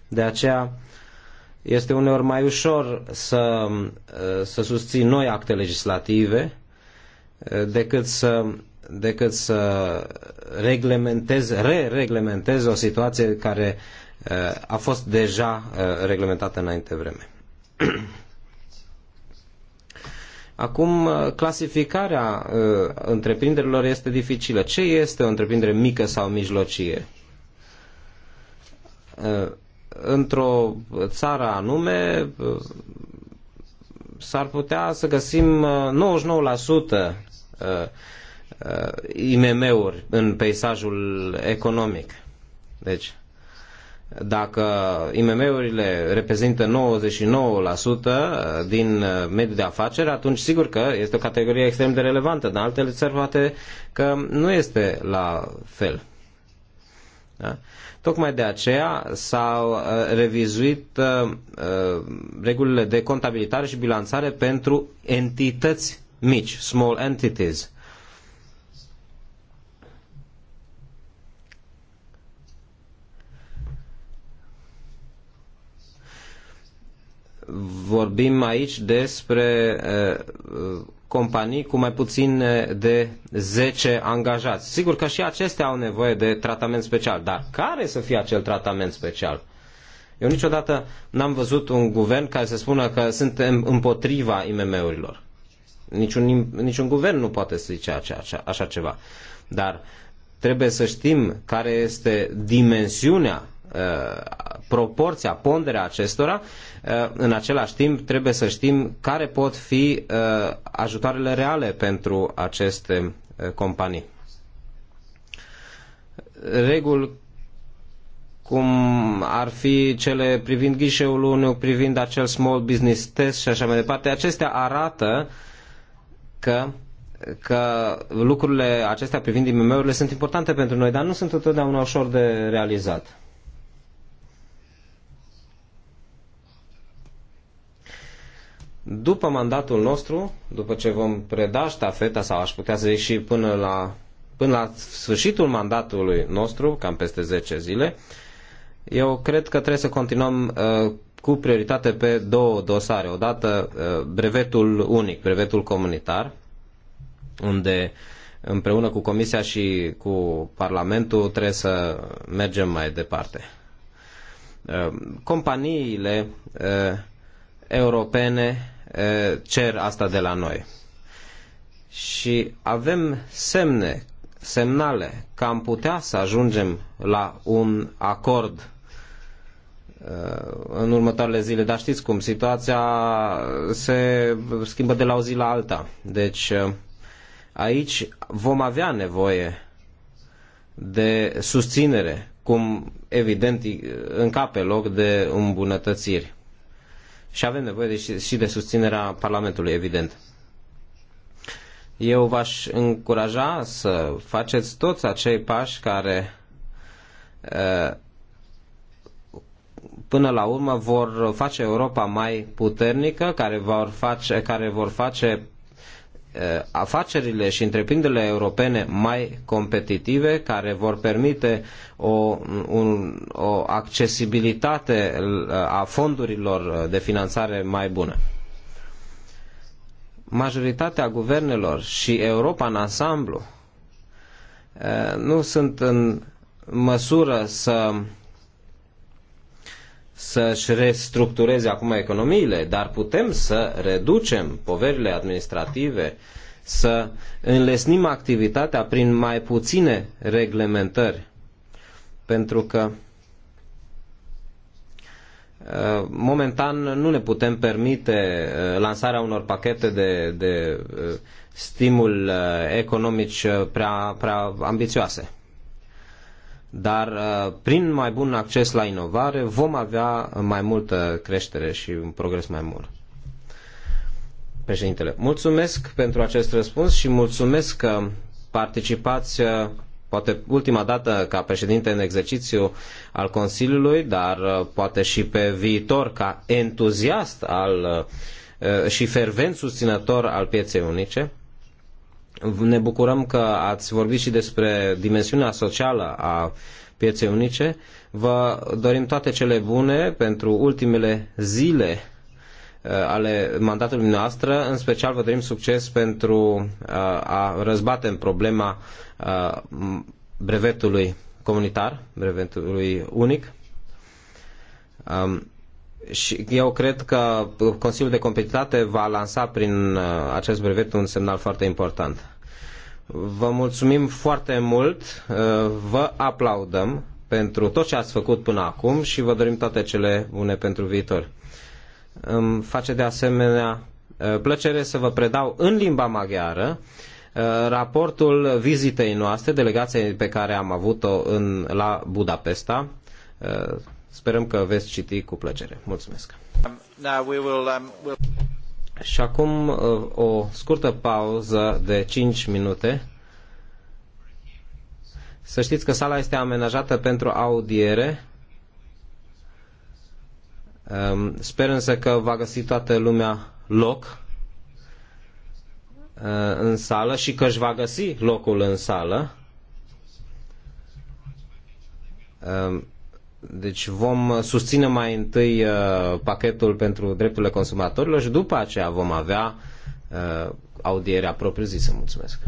de aceea este uneori mai ușor să, să susții noi acte legislative decât să decât să reglementeze re reglementeze o situație care uh, a fost deja uh, reglementată înainte vreme. [CLEARS THROAT] Acum, uh, clasificarea întreprinderilor este dificilă. Ce este o întreprindere mică sau mijlocie? Într-o țară anume, s-ar putea să găsim 99% Uh, uh, IMM-uri în peisajul economic. Deci, dacă IMM-urile reprezintă 99% uh, din mediul de afaceri, atunci sigur că este o categorie extrem de relevantă, dar altele țări poate că nu este la fel. Da? Tocmai de aceea s-au revizuit regulile de contabilitate și bilanțare pentru entități mici, small entities. Vorbim aici despre uh, companii cu mai puțin de 10 angajați. Sigur că și acestea au nevoie de tratament special, dar care să fie acel tratament special? Eu niciodată n-am văzut un guvern care să spună că suntem împotriva IMM-urilor. Niciun, niciun guvern nu poate să zice așa, așa ceva. Dar trebuie să știm care este dimensiunea uh, proporția, ponderea acestora, uh, în același timp trebuie să știm care pot fi uh, ajutoarele reale pentru aceste companii. Reguli cum ar fi cele privind ghișeul unic, privind acel small business test și așa mai departe, acestea arată uh, că că lucrurile acestea privind IMM-urile sunt importante pentru noi, dar nu sunt întotdeauna ușor de realizat. După mandatul nostru, după ce vom preda ștafeta, sau aș putea să zic și până la, până la sfârșitul mandatului nostru, cam peste 10 zile, eu cred că trebuie să continuăm uh, cu prioritate pe două dosare. Odată uh, brevetul unic, brevetul comunitar, unde împreună cu Comisia și cu Parlamentul trebuie să mergem mai departe. Uh, companiile uh, europene cer asta de la noi. Și avem semne, semnale că am putea să ajungem la un acord Uh, în următoarele zile, dar știți cum, situația se schimbă de la o zi la alta. Deci uh, aici vom avea nevoie de susținere, cum evident încape loc de îmbunătățiri. Și avem nevoie de, și de susținerea Parlamentului, evident. Eu v-aș încuraja să faceți toți acei pași care uh, până la urmă vor face Europa mai puternică, care vor face, care vor face eh, afacerile și întreprinderile europene mai competitive, care vor permite o, un, o accesibilitate eh, a fondurilor de finanțare mai bună. Majoritatea guvernelor și Europa în ansamblu eh, nu sunt în măsură să să-și restructureze acum economiile, dar putem să reducem poverile administrative, să înlesnim activitatea prin mai puține reglementări. Pentru că uh, momentan nu ne putem permite uh, lansarea unor pachete de, de uh, stimul economici prea, prea ambițioase dar uh, prin mai bun acces la inovare vom avea mai multă creștere și un progres mai mult. Președintele, mulțumesc pentru acest răspuns și mulțumesc că participați uh, poate ultima dată ca președinte în exercițiu al Consiliului, dar uh, poate și pe viitor ca entuziast al, și fervent susținător al pieței unice. Ne bucurăm că ați vorbit și despre dimensiunea socială a pieței unice. Vă dorim toate cele bune pentru ultimele zile uh, ale mandatului noastră. În special vă dorim succes pentru uh, a răzbate în problema uh, brevetului comunitar, brevetului unic. Um, și eu cred că Consiliul de Competitate va lansa prin acest brevet un semnal foarte important. Vă mulțumim foarte mult, uh, vă aplaudăm pentru tot ce ați făcut până acum și vă dorim toate cele bune pentru viitor. Îmi face de asemenea uh, plăcere să vă predau în limba maghiară uh, raportul vizitei noastre, delegației pe care am avut-o în, la Budapesta. Sperăm că veți citi cu plăcere. Mulțumesc! Um, um și acum uh, o scurtă pauză de 5 minute. Să știți că sala este amenajată pentru audiere. Um, sper însă că va găsi toată lumea loc uh, în sală și că își va găsi locul în sală. Um, deci vom susține mai întâi uh, pachetul pentru drepturile consumatorilor și după aceea vom avea uh, audierea propriu-zisă. Mulțumesc!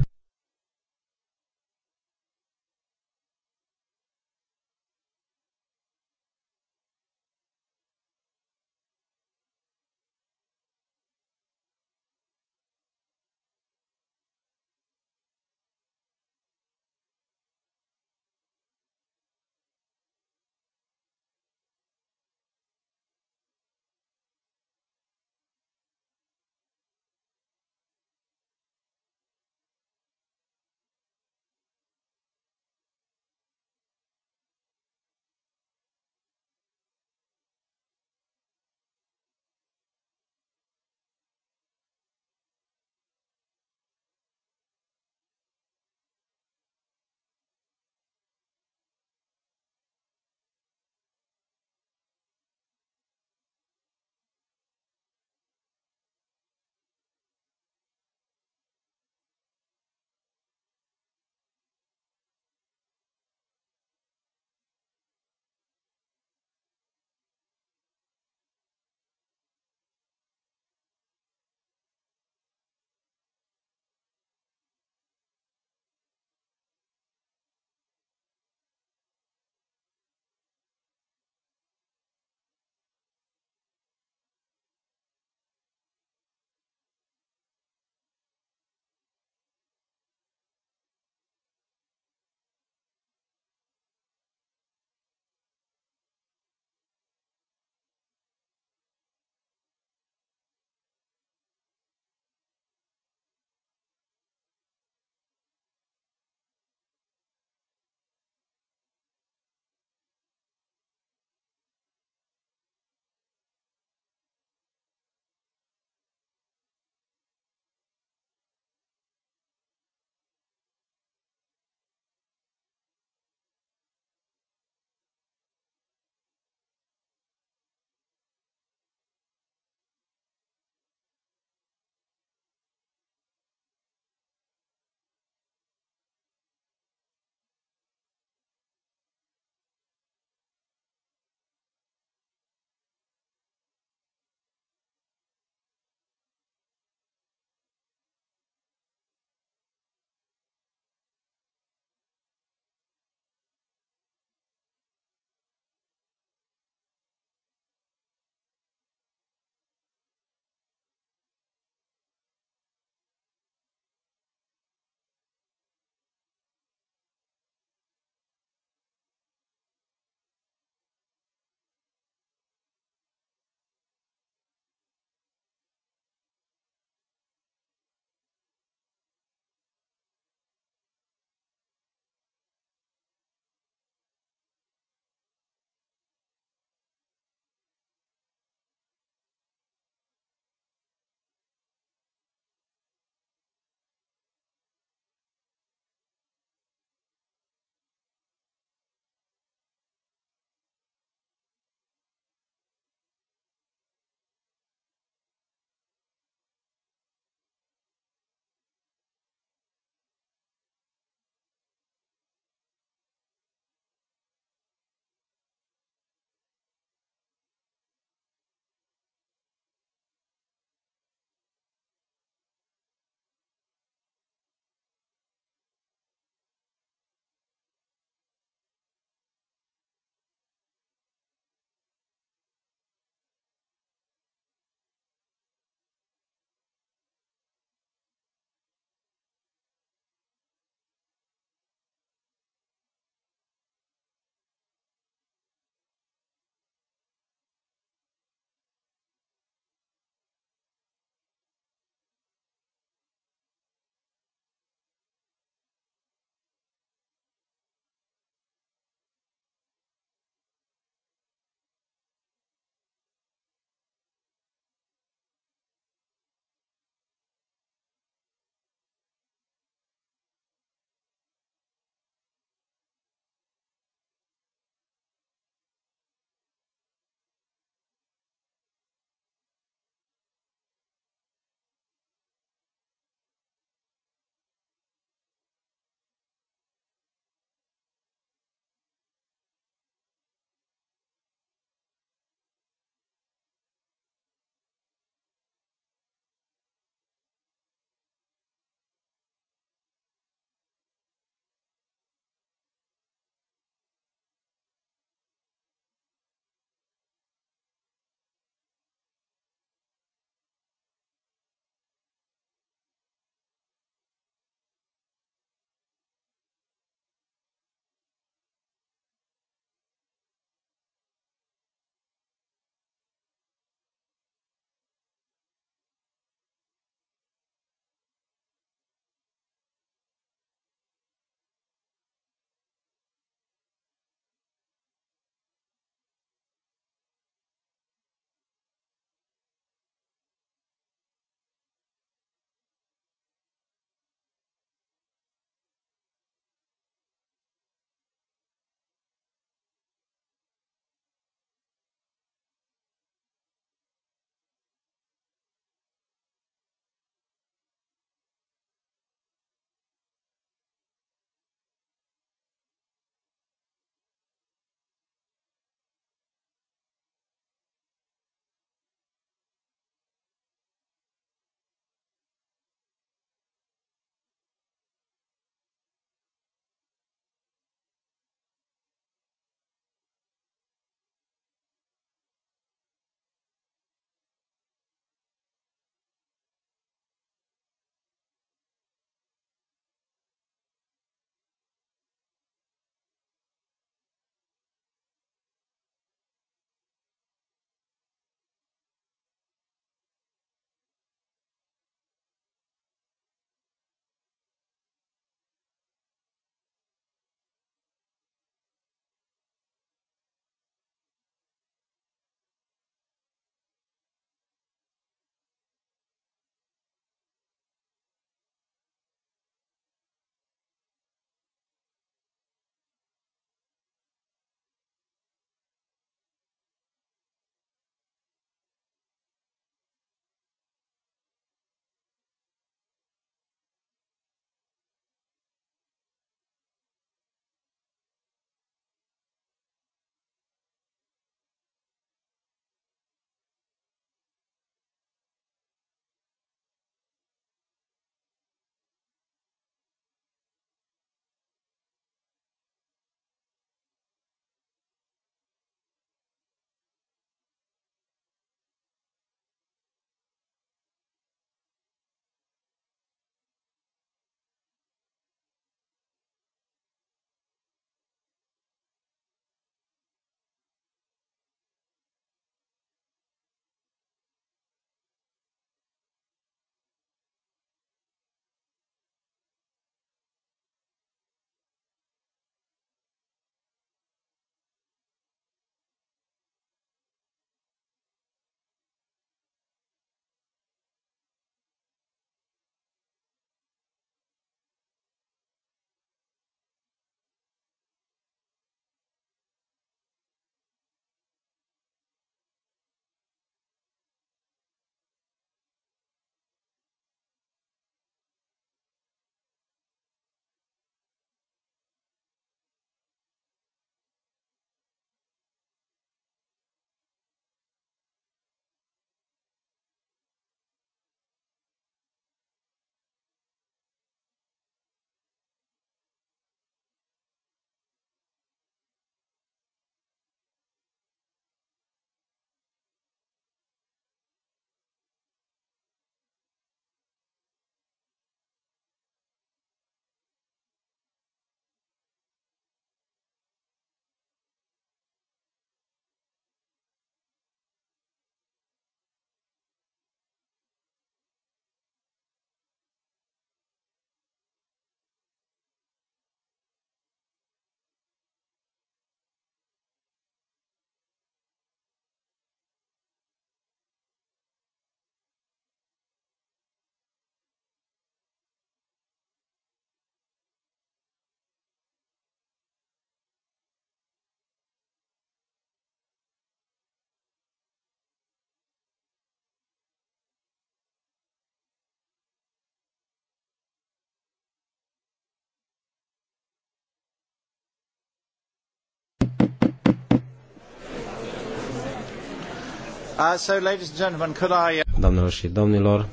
Uh, uh, Doamnelor și domnilor,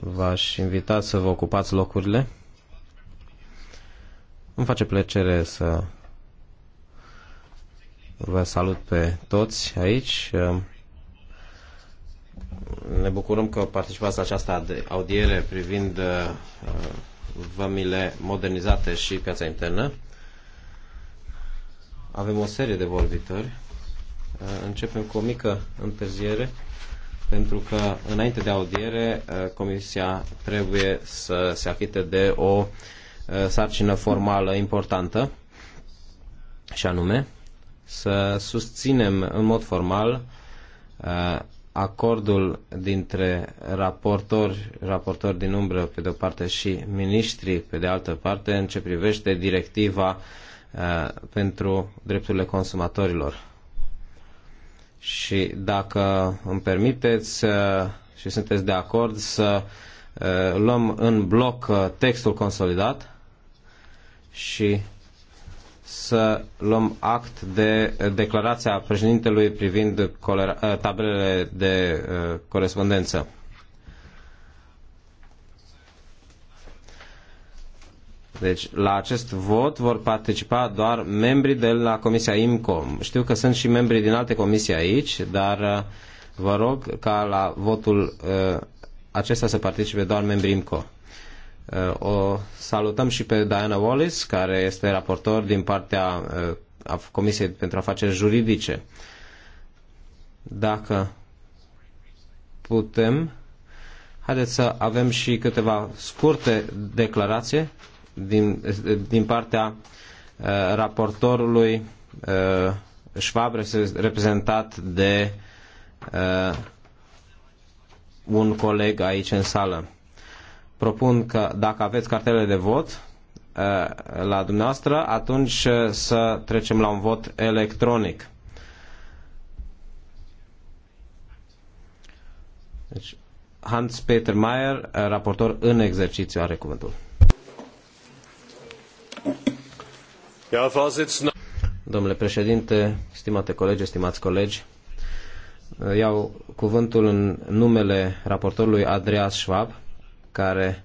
v-aș invita să vă ocupați locurile. Îmi face plăcere să vă salut pe toți aici. Uh, ne bucurăm că participați la această audiere privind uh, vămile modernizate și piața internă. Avem o serie de vorbitori Uh, începem cu o mică întârziere, pentru că înainte de audiere uh, Comisia trebuie să se achite de o uh, sarcină formală importantă, și anume să susținem în mod formal acordul dintre raportori, raportori din umbră pe de o parte și miniștri pe de altă parte în ce privește directiva uh, pentru drepturile consumatorilor și dacă îmi permiteți uh, și sunteți de acord să uh, luăm în bloc uh, textul consolidat și să luăm act de declarația președintelui privind tabelele de corespondență. Deci la acest vot vor participa doar membrii de la Comisia IMCO. Știu că sunt și membrii din alte comisii aici, dar uh, vă rog ca la votul uh, acesta să participe doar membrii IMCO. Uh, o salutăm și pe Diana Wallis, care este raportor din partea Comisiei pentru Afaceri Juridice. Dacă putem, haideți să avem și câteva scurte declarații din, din partea uh, raportorului uh, Schwab reprezentat de uh, un coleg aici în sală. Propun că dacă aveți cartele de vot la dumneavoastră, atunci să trecem la un vot electronic. Deci, Hans-Peter Mayer, raportor în exercițiu, are cuvântul. Domnule președinte, stimate colegi, stimați colegi, iau cuvântul în numele raportorului Andreas Schwab, care,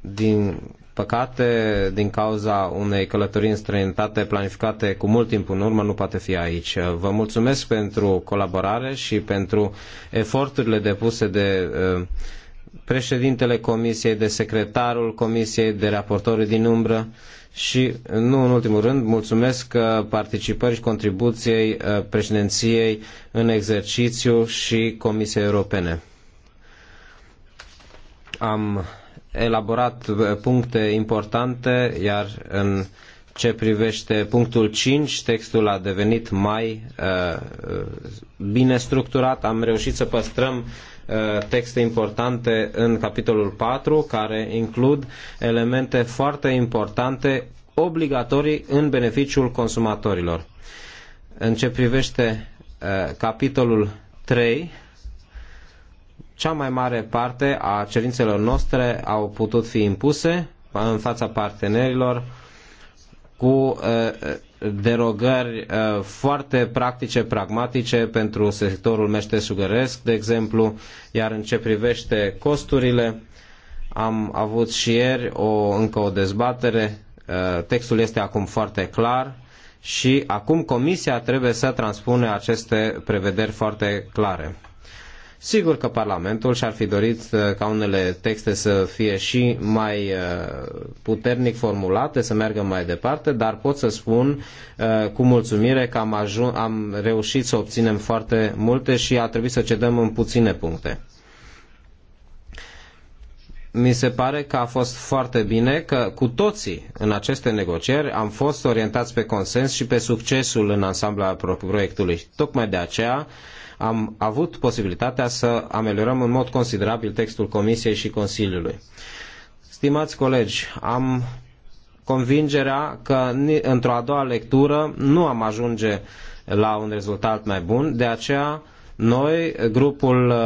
din păcate, din cauza unei călătorii în străinătate planificate cu mult timp în urmă, nu poate fi aici. Vă mulțumesc pentru colaborare și pentru eforturile depuse de președintele comisiei, de secretarul comisiei, de raportori din umbră și, nu în ultimul rând, mulțumesc uh, participării și contribuției uh, președinției în exercițiu și Comisiei Europene. Am elaborat uh, puncte importante, iar în ce privește punctul 5, textul a devenit mai uh, bine structurat. Am reușit să păstrăm Uh, texte importante în capitolul 4, care includ elemente foarte importante obligatorii în beneficiul consumatorilor. În ce privește uh, capitolul 3, cea mai mare parte a cerințelor noastre au putut fi impuse în fața partenerilor cu uh, derogări uh, foarte practice, pragmatice pentru sectorul meșteșugăresc, de exemplu, iar în ce privește costurile, am avut și ieri o, încă o dezbatere, uh, textul este acum foarte clar și acum Comisia trebuie să transpune aceste prevederi foarte clare. Sigur că Parlamentul și-ar fi dorit uh, ca unele texte să fie și mai uh, puternic formulate, să meargă mai departe, dar pot să spun uh, cu mulțumire că am, ajun, am reușit să obținem foarte multe și a trebuit să cedăm în puține puncte mi se pare că a fost foarte bine că cu toții în aceste negocieri am fost orientați pe consens și pe succesul în ansamblul proiectului. Tocmai de aceea am avut posibilitatea să ameliorăm în mod considerabil textul Comisiei și Consiliului. Stimați colegi, am convingerea că într-o a doua lectură nu am ajunge la un rezultat mai bun, de aceea noi, grupul uh,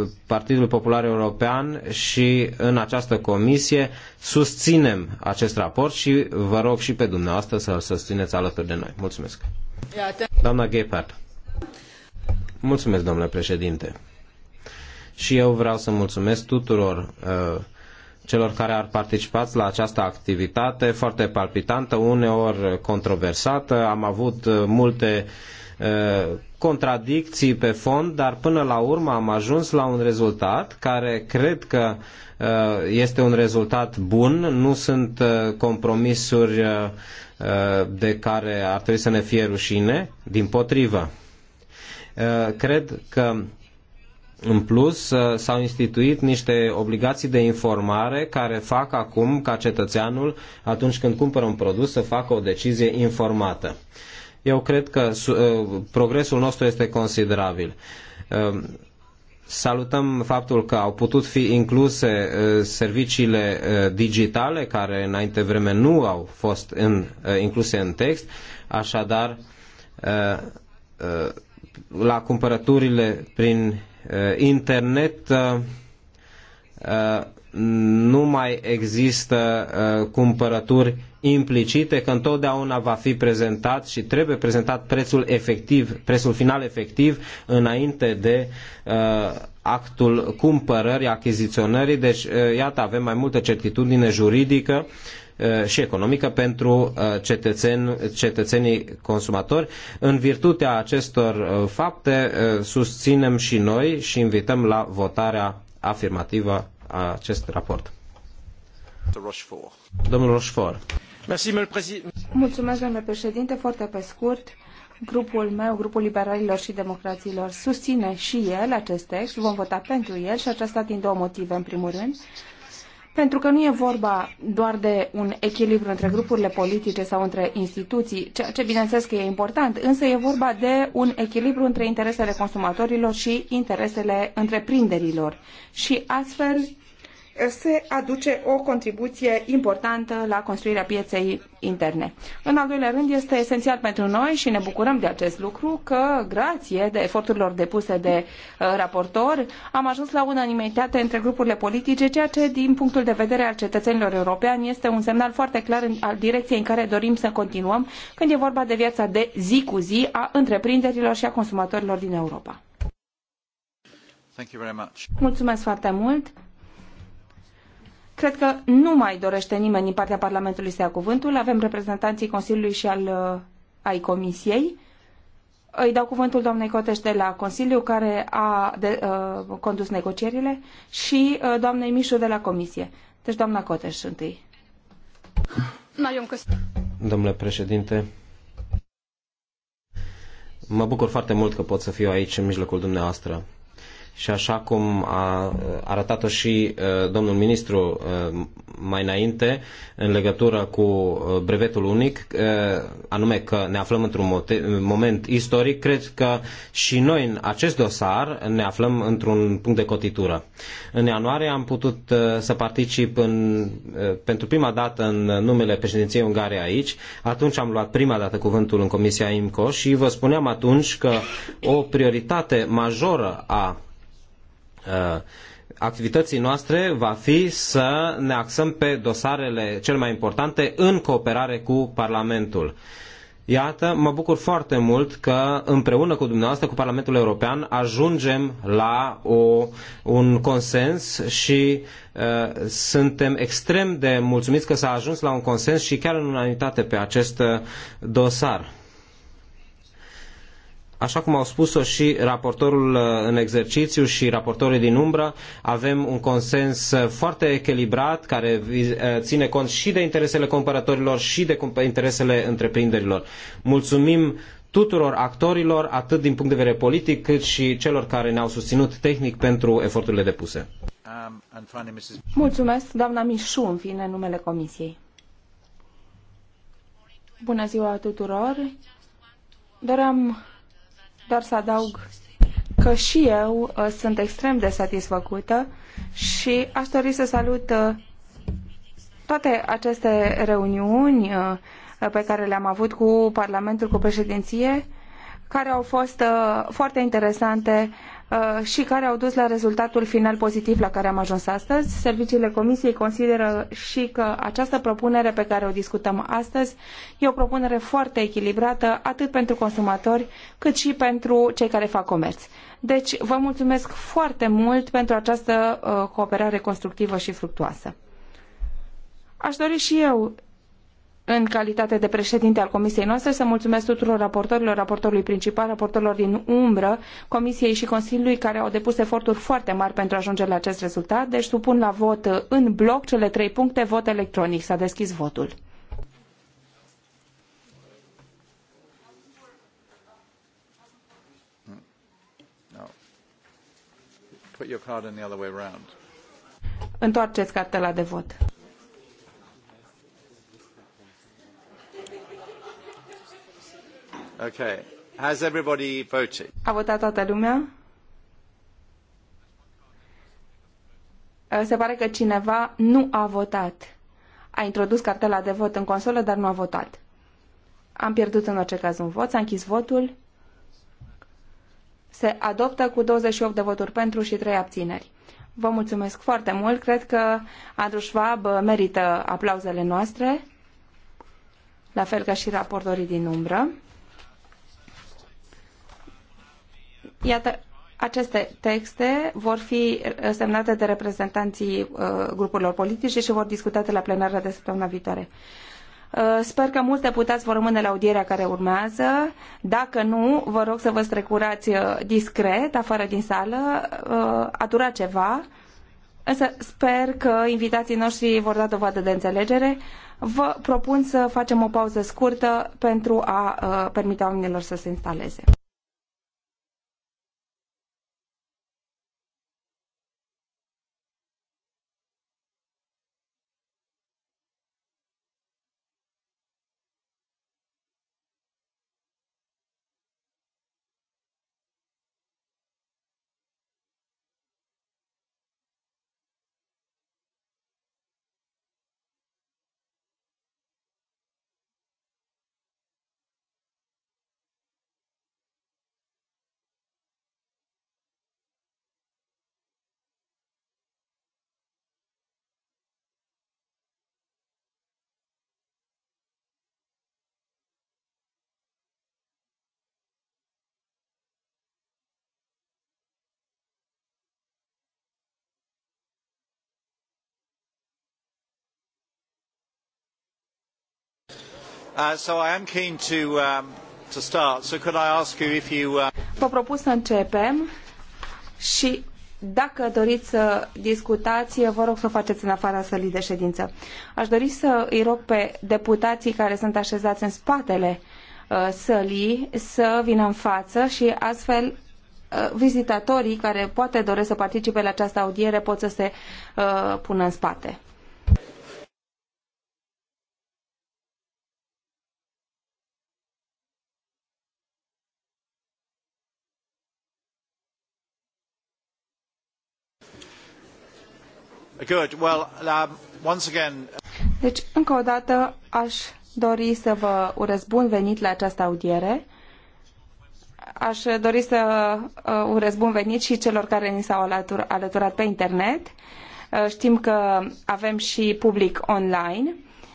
uh, Partidului Popular European și în această comisie susținem acest raport și vă rog și pe dumneavoastră să-l susțineți alături de noi. Mulțumesc. Doamna Gephardt. Mulțumesc, domnule președinte. Și eu vreau să mulțumesc tuturor uh, celor care ar participat la această activitate foarte palpitantă, uneori controversată. Am avut uh, multe uh, contradicții pe fond, dar până la urmă am ajuns la un rezultat care cred că uh, este un rezultat bun, nu sunt compromisuri de care ar trebui să ne fie rușine, din potrivă Uh, cred că în plus, uh, s-au instituit niște obligații de informare care fac acum ca cetățeanul, atunci când cumpără un produs, să facă o decizie informată. Eu cred că uh, progresul nostru este considerabil. Salutăm faptul că au putut fi incluse serviciile digitale, care înainte vreme nu au fost în, incluse în text, așadar la cumpărăturile prin eh, internet eh, eh, nu mai există cumpărături implicite, că întotdeauna va fi prezentat și trebuie prezentat prețul efectiv, prețul final efectiv înainte de actul cumpărării, achiziționării. Deci, iată, avem mai multă certitudine juridică Uh, și economică pentru uh, cetățeni, cetățenii consumatori. În virtutea acestor uh, fapte susținem și noi și invităm la votarea afirmativă a acest raport. Domnul Rochefort. Mulțumesc, domnule președinte, foarte pe scurt grupul meu, grupul liberalilor și democraților, susține și el acest text, vom vota pentru el și aceasta din două motive. În primul rând, pentru că nu e vorba doar de un echilibru între grupurile politice sau între instituții, ceea ce bineînțeles că e important, însă e vorba de un echilibru între interesele consumatorilor și interesele întreprinderilor. Și astfel se aduce o contribuție importantă la construirea pieței interne. În al doilea rând, este esențial pentru noi și ne bucurăm de acest lucru că, grație de eforturilor depuse de uh, raportor, am ajuns la unanimitate între grupurile politice, ceea ce, din punctul de vedere al cetățenilor europeni, este un semnal foarte clar în, al direcției în care dorim să continuăm când e vorba de viața de zi cu zi a întreprinderilor și a consumatorilor din Europa. Mulțumesc foarte mult! Cred că nu mai dorește nimeni din partea Parlamentului să ia cuvântul. Avem reprezentanții Consiliului și al, uh, ai Comisiei. Îi dau cuvântul doamnei Coteș de la Consiliu, care a de, uh, condus negocierile, și uh, doamnei Mișu de la Comisie. Deci doamna Coteș întâi. Domnule președinte, mă bucur foarte mult că pot să fiu aici în mijlocul dumneavoastră și așa cum a arătat-o și domnul ministru mai înainte în legătură cu brevetul unic, anume că ne aflăm într-un moment istoric, cred că și noi în acest dosar ne aflăm într-un punct de cotitură. În ianuarie am putut să particip în, pentru prima dată în numele președinției Ungariei aici, atunci am luat prima dată cuvântul în Comisia IMCO și vă spuneam atunci că o prioritate majoră a Uh, activității noastre va fi să ne axăm pe dosarele cel mai importante în cooperare cu Parlamentul. Iată, mă bucur foarte mult că împreună cu dumneavoastră, cu Parlamentul European, ajungem la o, un consens și uh, suntem extrem de mulțumiți că s-a ajuns la un consens și chiar în unanimitate pe acest uh, dosar. Așa cum au spus-o și raportorul uh, în exercițiu și raportorii din umbră, avem un consens uh, foarte echilibrat care uh, ține cont și de interesele cumpărătorilor și de interesele întreprinderilor. Mulțumim tuturor actorilor, atât din punct de vedere politic, cât și celor care ne-au susținut tehnic pentru eforturile depuse. Um, Mulțumesc, doamna Mișu, în fine, numele Comisiei. Bună ziua tuturor! Doream doar să adaug că și eu uh, sunt extrem de satisfăcută și aș dori să salut uh, toate aceste reuniuni uh, pe care le-am avut cu Parlamentul, cu președinție, care au fost foarte interesante Uh, și care au dus la rezultatul final pozitiv la care am ajuns astăzi. Serviciile Comisiei consideră și că această propunere pe care o discutăm astăzi e o propunere foarte echilibrată atât pentru consumatori cât și pentru cei care fac comerț. Deci vă mulțumesc foarte mult pentru această uh, cooperare constructivă și fructuoasă. Aș dori și eu în calitate de președinte al comisiei noastre, să mulțumesc tuturor raportorilor, raportorului principal, raportorilor din umbră, comisiei și Consiliului care au depus eforturi foarte mari pentru a ajunge la acest rezultat. Deci supun la vot în bloc cele trei puncte, vot electronic. S-a deschis votul. Put your card in the other way Întoarceți cartela de vot. Okay. Has everybody voted? A votat toată lumea? Eh, se pare că cineva nu a votat. A introdus cartela de vot în consolă, dar nu a votat. Am pierdut în orice caz un vot, s-a închis votul. Se adoptă cu 28 de voturi pentru și 3 abțineri. Vă mulțumesc foarte mult. Cred că Andrew Schwab merită aplauzele noastre, la fel ca și raportorii din umbră. Iată, aceste texte vor fi uh, semnate de reprezentanții uh, grupurilor politice și vor discutate la plenară de săptămâna viitoare. Uh, sper că mulți deputați vor rămâne la audierea care urmează. Dacă nu, vă rog să vă strecurați discret, afară din sală, a dura ceva. Însă sper că invitații noștri vor da dovadă de înțelegere. Vă propun să facem o pauză scurtă pentru a permite oamenilor să se instaleze. Uh, so I am keen to, um, to start. So could I ask you if you... Uh... Vă propun să începem și dacă doriți să discutați, vă rog să o faceți în afara sălii de ședință. Aș dori să îi rog pe deputații care sunt așezați în spatele uh, sălii să vină în față și astfel uh, vizitatorii care poate doresc să participe la această audiere pot să se uh, pună în spate. Um, uh, deci, încă o dată, aș dori să vă urez bun venit la această audiere. Aș dori să uh, urez bun venit și celor care ni s-au alătur, alăturat pe internet. Uh, știm că avem și public online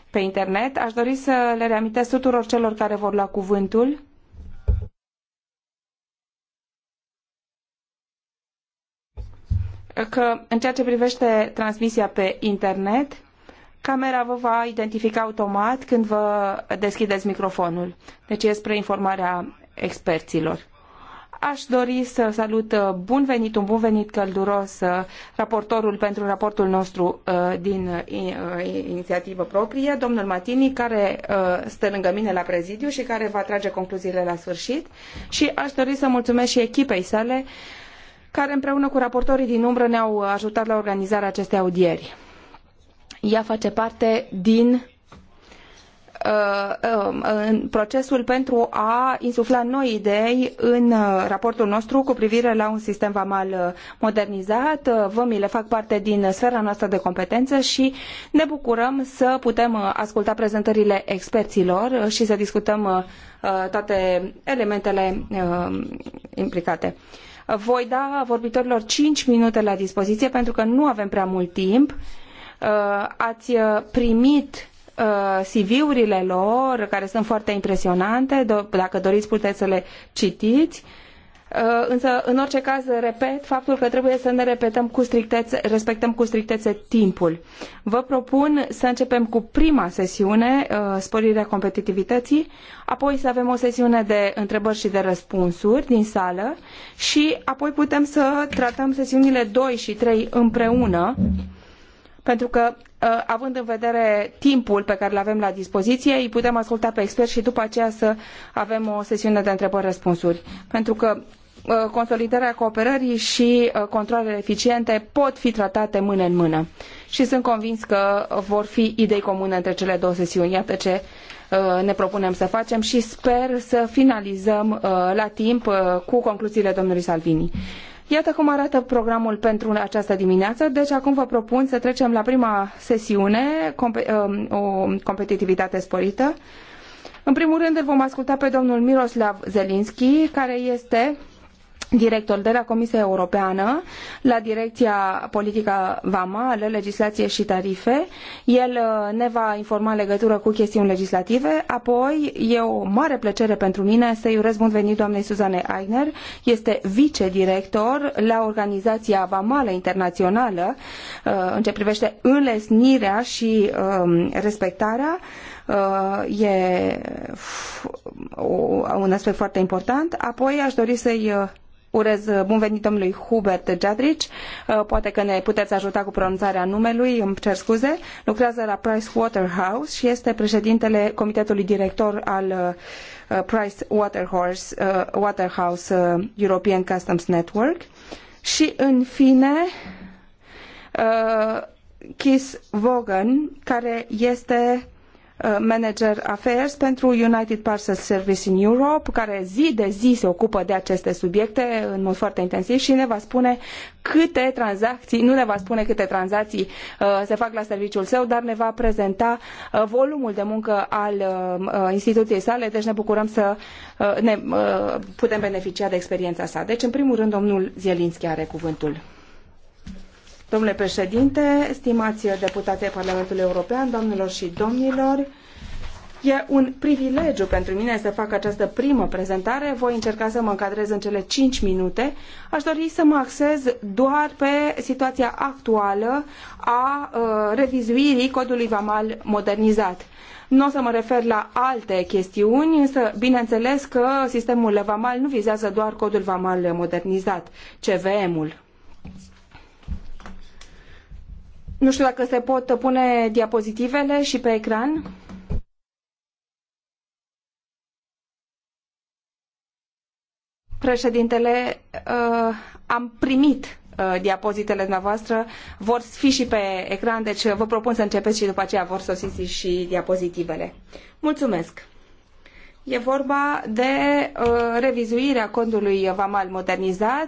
pe internet. Aș dori să le reamintesc tuturor celor care vor lua cuvântul că în ceea ce privește transmisia pe internet, camera vă va identifica automat când vă deschideți microfonul. Deci e spre informarea experților. Aș dori să salut uh, bun venit, un bun venit călduros uh, raportorul pentru raportul nostru uh, din inițiativă proprie, domnul Matini, care stă lângă mine la prezidiu și care va trage concluziile la sfârșit. Și aș dori să mulțumesc și echipei sale care împreună cu raportorii din umbră ne-au ajutat la organizarea acestei audieri. Ea face parte din uh, uh, în procesul pentru a insufla noi idei în uh, raportul nostru cu privire la un sistem vamal modernizat. Vămile fac parte din sfera noastră de competență și ne bucurăm să putem asculta prezentările experților și să discutăm toate elementele implicate. Voi da vorbitorilor cinci minute la dispoziție pentru că nu avem prea mult timp. Uh, ați uh, primit uh, CV-urile lor, care sunt foarte impresionante. Dacă doriți, puteți să le citiți. Uh, însă, în orice caz, repet faptul că trebuie să ne repetăm cu strictețe, respectăm cu strictețe timpul. Vă propun să începem cu prima sesiune, uh, sporirea competitivității, apoi să avem o sesiune de întrebări și de răspunsuri din sală și apoi putem să tratăm sesiunile doi și trei împreună, pentru că uh, având în vedere timpul pe care îl avem la dispoziție, îi putem asculta pe experți și după aceea să avem o sesiune de întrebări-răspunsuri. Pentru că Uh, consolidarea cooperării și uh, controlele eficiente pot fi tratate mână în mână. Și sunt convins că vor fi idei comune între cele două sesiuni. Iată ce uh, ne propunem să facem și sper să finalizăm la timp cu concluziile domnului Salvini. Iată cum arată programul pentru această dimineață. Deci acum vă propun să trecem la prima sesiune, um, o competitivitate sporită. În primul rând îl vom asculta pe domnul Miroslav Zelinski, care este director de la Comisia Europeană la Direcția Politică Vamală, Legislație și Tarife. El uh, ne va informa în legătură cu chestiuni legislative. Apoi, e o mare plăcere pentru mine să-i urez bun venit doamnei Suzane Aigner. Este vicedirector la Organizația Vamală Internațională uh, în ce privește înlesnirea și um, respectarea uh, e un aspect foarte important. Apoi aș dori să-i urez uh, bun venit domnului Hubert Jadrich. Uh, poate că ne puteți ajuta cu pronunțarea numelui, îmi cer scuze. Lucrează la Price Waterhouse și este președintele Comitetului Director al uh, Price Waterhouse, Waterhouse European Customs Network. Și, în fine, Keith Vaughan, care este Uh, manager Affairs pentru United Parcel Service in Europe, care zi de zi se ocupă de aceste subiecte în mod foarte intensiv și ne va spune câte tranzacții, nu ne va spune câte tranzacții uh, se fac la serviciul său, dar ne va prezenta uh, volumul de muncă al instituției sale, deci ne bucurăm să ne putem beneficia de experiența sa. Deci, în primul rând, domnul Zielinski are cuvântul. Domnule președinte, stimați ai Parlamentului European, doamnelor și domnilor, E un privilegiu pentru mine să fac această primă prezentare. Voi încerca să mă încadrez în cele 5 minute. Aș dori să mă axez doar pe situația actuală a uh, revizuirii codului VAMAL modernizat. Nu o să mă refer la alte chestiuni, însă bineînțeles că sistemul VAMAL nu vizează doar codul VAMAL modernizat, CVM-ul. Nu știu dacă se pot pune diapozitivele și pe ecran. Președintele, uh, am primit uh, diapozitele dumneavoastră, vor fi și pe ecran, deci vă propun să începeți și după aceea vor sosisi și diapozitivele. Mulțumesc! E vorba de uh, revizuirea codului VAMAL modernizat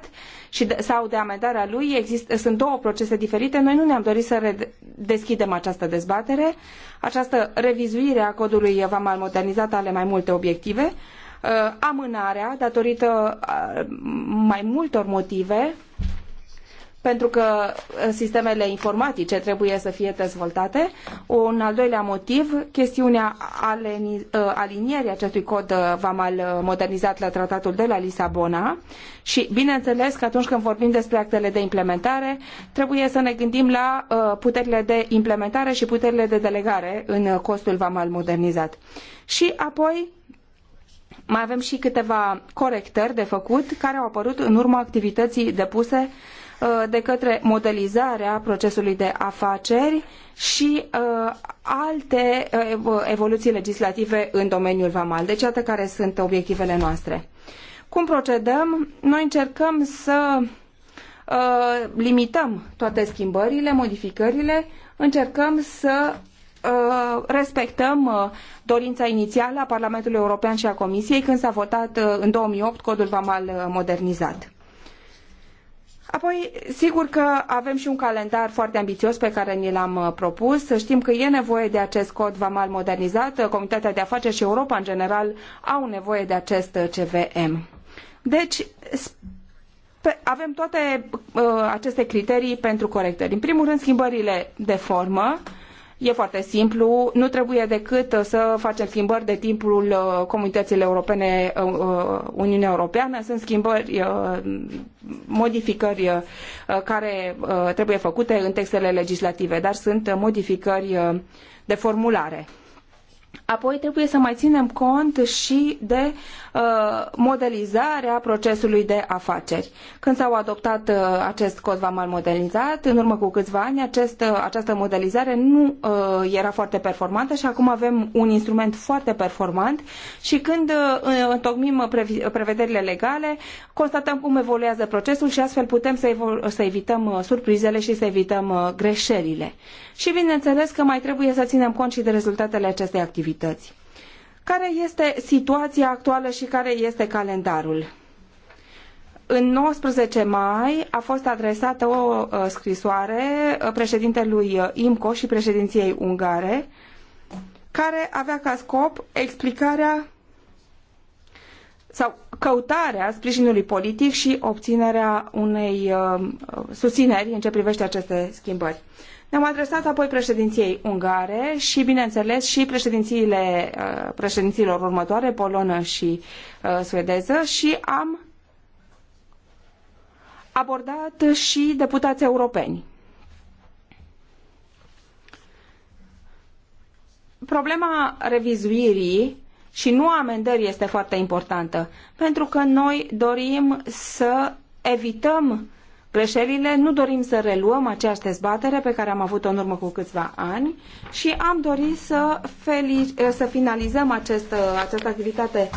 și de, sau de amendarea lui. Exist, sunt două procese diferite. Noi nu ne-am dorit să deschidem această dezbatere. Această revizuire a codului VAMAL modernizat are mai multe obiective. Uh, amânarea, datorită uh, mai multor motive, uh, pentru că uh, sistemele informatice trebuie să fie dezvoltate. Un al doilea motiv, chestiunea uh, alinierii acestui cod uh, vamal modernizat la tratatul de la Lisabona și, bineînțeles, că atunci când vorbim despre actele de implementare, trebuie să ne gândim la puterile de implementare și puterile de delegare în costul vamal modernizat. Și apoi, mai avem și câteva corectări de făcut care au apărut în urma activității depuse Uh, de către modelizarea procesului de afaceri și uh, alte uh, evoluții legislative în domeniul vamal. Deci, iată care sunt obiectivele noastre. Cum procedăm? Noi încercăm să limităm toate schimbările, modificările, încercăm să respectăm dorința inițială a Parlamentului European și a Comisiei când s-a votat în 2008 codul vamal modernizat. Apoi, sigur că avem și un calendar foarte ambițios pe care ni l-am uh, propus. Știm că e nevoie de acest cod vamal modernizat. Comunitatea de afaceri și Europa, în general, au nevoie de acest uh, CVM. Deci, avem toate uh, aceste criterii pentru corectări. În primul rând, schimbările de formă. Uh, E foarte simplu, nu trebuie decât uh, să facem schimbări de timpul uh, comunitățile europene, uh, Uniunea Europeană. Sunt schimbări, modificări care trebuie făcute în textele legislative, dar sunt modificări de formulare. Apoi trebuie să mai ținem cont și de Uh, modelizarea procesului de afaceri. Când s-au adoptat uh, acest cod vamal modelizat, în urmă cu câțiva ani, acest, uh, această modelizare nu era foarte performantă și acum avem un instrument foarte performant și când întocmim prevederile legale, constatăm cum evoluează procesul și astfel putem să, să evităm surprizele și să evităm greșelile. Și bineînțeles că mai trebuie să ținem cont și de rezultatele acestei activități. Care este situația actuală și care este calendarul? În 19 mai a fost adresată o uh, scrisoare uh, președintelui uh, IMCO și președinției ungare, care avea ca scop explicarea sau căutarea sprijinului politic și obținerea unei uh, susțineri în ce privește aceste schimbări. Ne-am adresat apoi președinției ungare și, bineînțeles, și președințiile, uh, președinților următoare, polonă și uh, suedeză, și am abordat și deputații europeni. Problema revizuirii și nu amendării este foarte importantă, pentru că noi dorim să evităm greșelile. Nu dorim să reluăm această dezbatere pe care am avut-o în urmă cu câțiva ani și am dorit să, să finalizăm acest, această activitate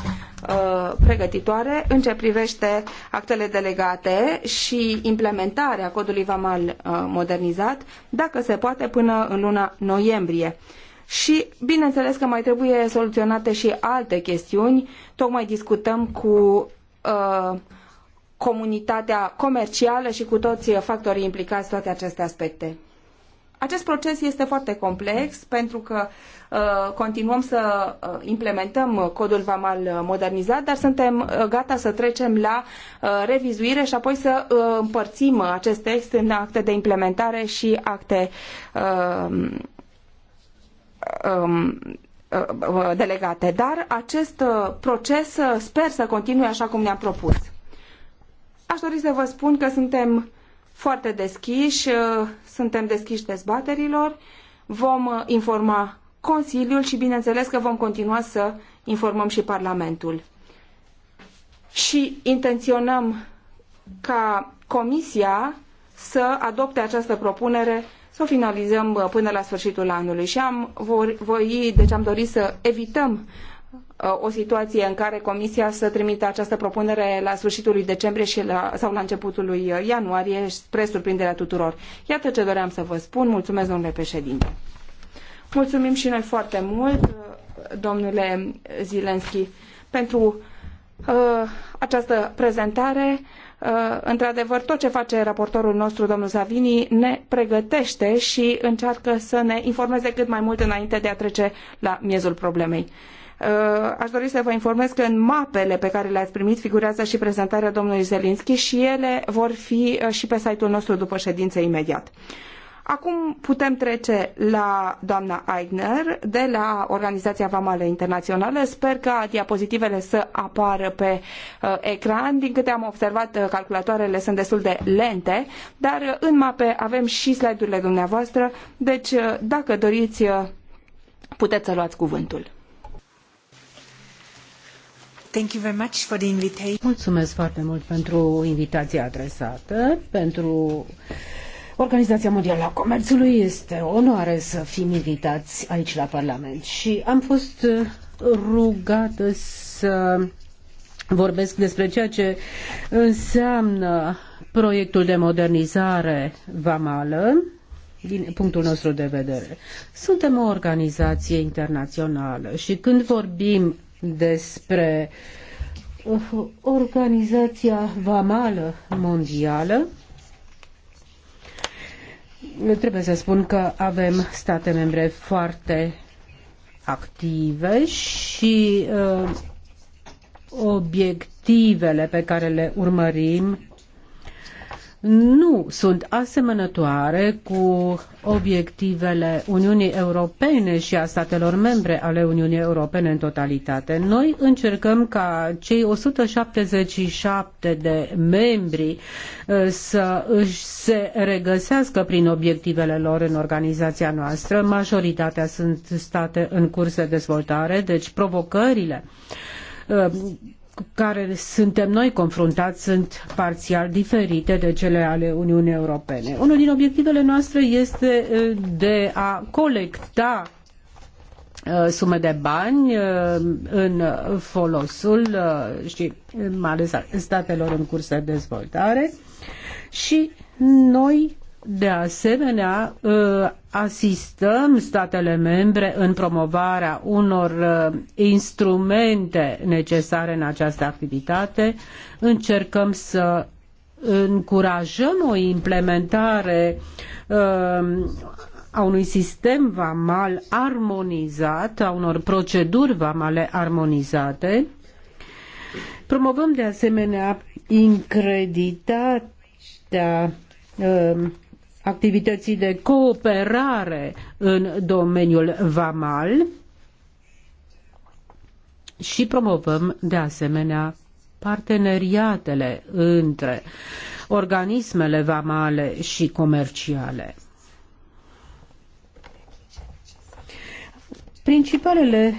uh, pregătitoare în ce privește actele delegate și implementarea codului VAMAL uh, modernizat, dacă se poate, până în luna noiembrie. Și, bineînțeles că mai trebuie soluționate și alte chestiuni. Tocmai discutăm cu uh, comunitatea comercială și cu toți factorii implicați toate aceste aspecte. Acest proces este foarte complex pentru că uh, continuăm să uh, implementăm codul VAMAL modernizat, dar suntem uh, gata să trecem la uh, revizuire și apoi să uh, împărțim acest text în acte de implementare și acte um, um, uh, um, delegate. Dar acest uh, proces sper să continue așa cum ne-am propus. Aș dori să vă spun că suntem foarte deschiși, uh, suntem deschiși dezbaterilor, vom uh, informa Consiliul și bineînțeles că vom continua să informăm și Parlamentul. Și intenționăm ca Comisia să adopte această propunere, să o finalizăm uh, până la sfârșitul anului. Și am voi, deci am dorit să evităm o situație în care Comisia să trimită această propunere la sfârșitul lui decembrie și la, sau la începutul lui ianuarie spre surprinderea tuturor. Iată ce doream să vă spun. Mulțumesc, domnule președinte. Mulțumim și noi foarte mult, domnule Zilenski, pentru uh, această prezentare. Uh, într-adevăr, tot ce face raportorul nostru, domnul Savini, ne pregătește și încearcă să ne informeze cât mai mult înainte de a trece la miezul problemei. Uh, aș dori să vă informez că în mapele pe care le-ați primit figurează și prezentarea domnului Zelinski și ele vor fi uh, și pe site-ul nostru după ședință imediat. Acum putem trece la doamna Aigner de la Organizația Vamală Internațională. Sper ca diapozitivele să apară pe uh, ecran. Din câte am observat, uh, calculatoarele sunt destul de lente, dar uh, în mape avem și slide-urile dumneavoastră, deci uh, dacă doriți, uh, puteți să luați cuvântul. Mulțumesc foarte mult pentru invitația adresată, pentru Organizația Mondială a Comerțului. Este o onoare să fim invitați aici la Parlament și am fost uh, rugată să vorbesc despre ceea ce înseamnă proiectul de modernizare vamală din punctul nostru de vedere. Suntem o organizație internațională și când vorbim despre Organizația Vamală Mondială. Trebuie să spun că avem state membre foarte active și uh, obiectivele pe care le urmărim nu sunt asemănătoare cu obiectivele Uniunii Europene și a statelor membre ale Uniunii Europene în totalitate. Noi încercăm ca cei 177 de membri uh, să își se regăsească prin obiectivele lor în organizația noastră. Majoritatea sunt state în curs de dezvoltare, deci provocările uh, cu care suntem noi confruntați sunt parțial diferite de cele ale Uniunii Europene. Unul din obiectivele noastre este uh, de a colecta uh, sume de bani uh, în folosul și mai ales statelor în curs de dezvoltare și noi de asemenea, ă, asistăm statele membre în promovarea unor ă, instrumente necesare în această activitate. Încercăm să încurajăm o implementare ă, a unui sistem vamal armonizat, a unor proceduri vamale armonizate. Promovăm de asemenea increditatea activității de cooperare în domeniul VAMAL și promovăm de asemenea parteneriatele între organismele vamale și comerciale. Principalele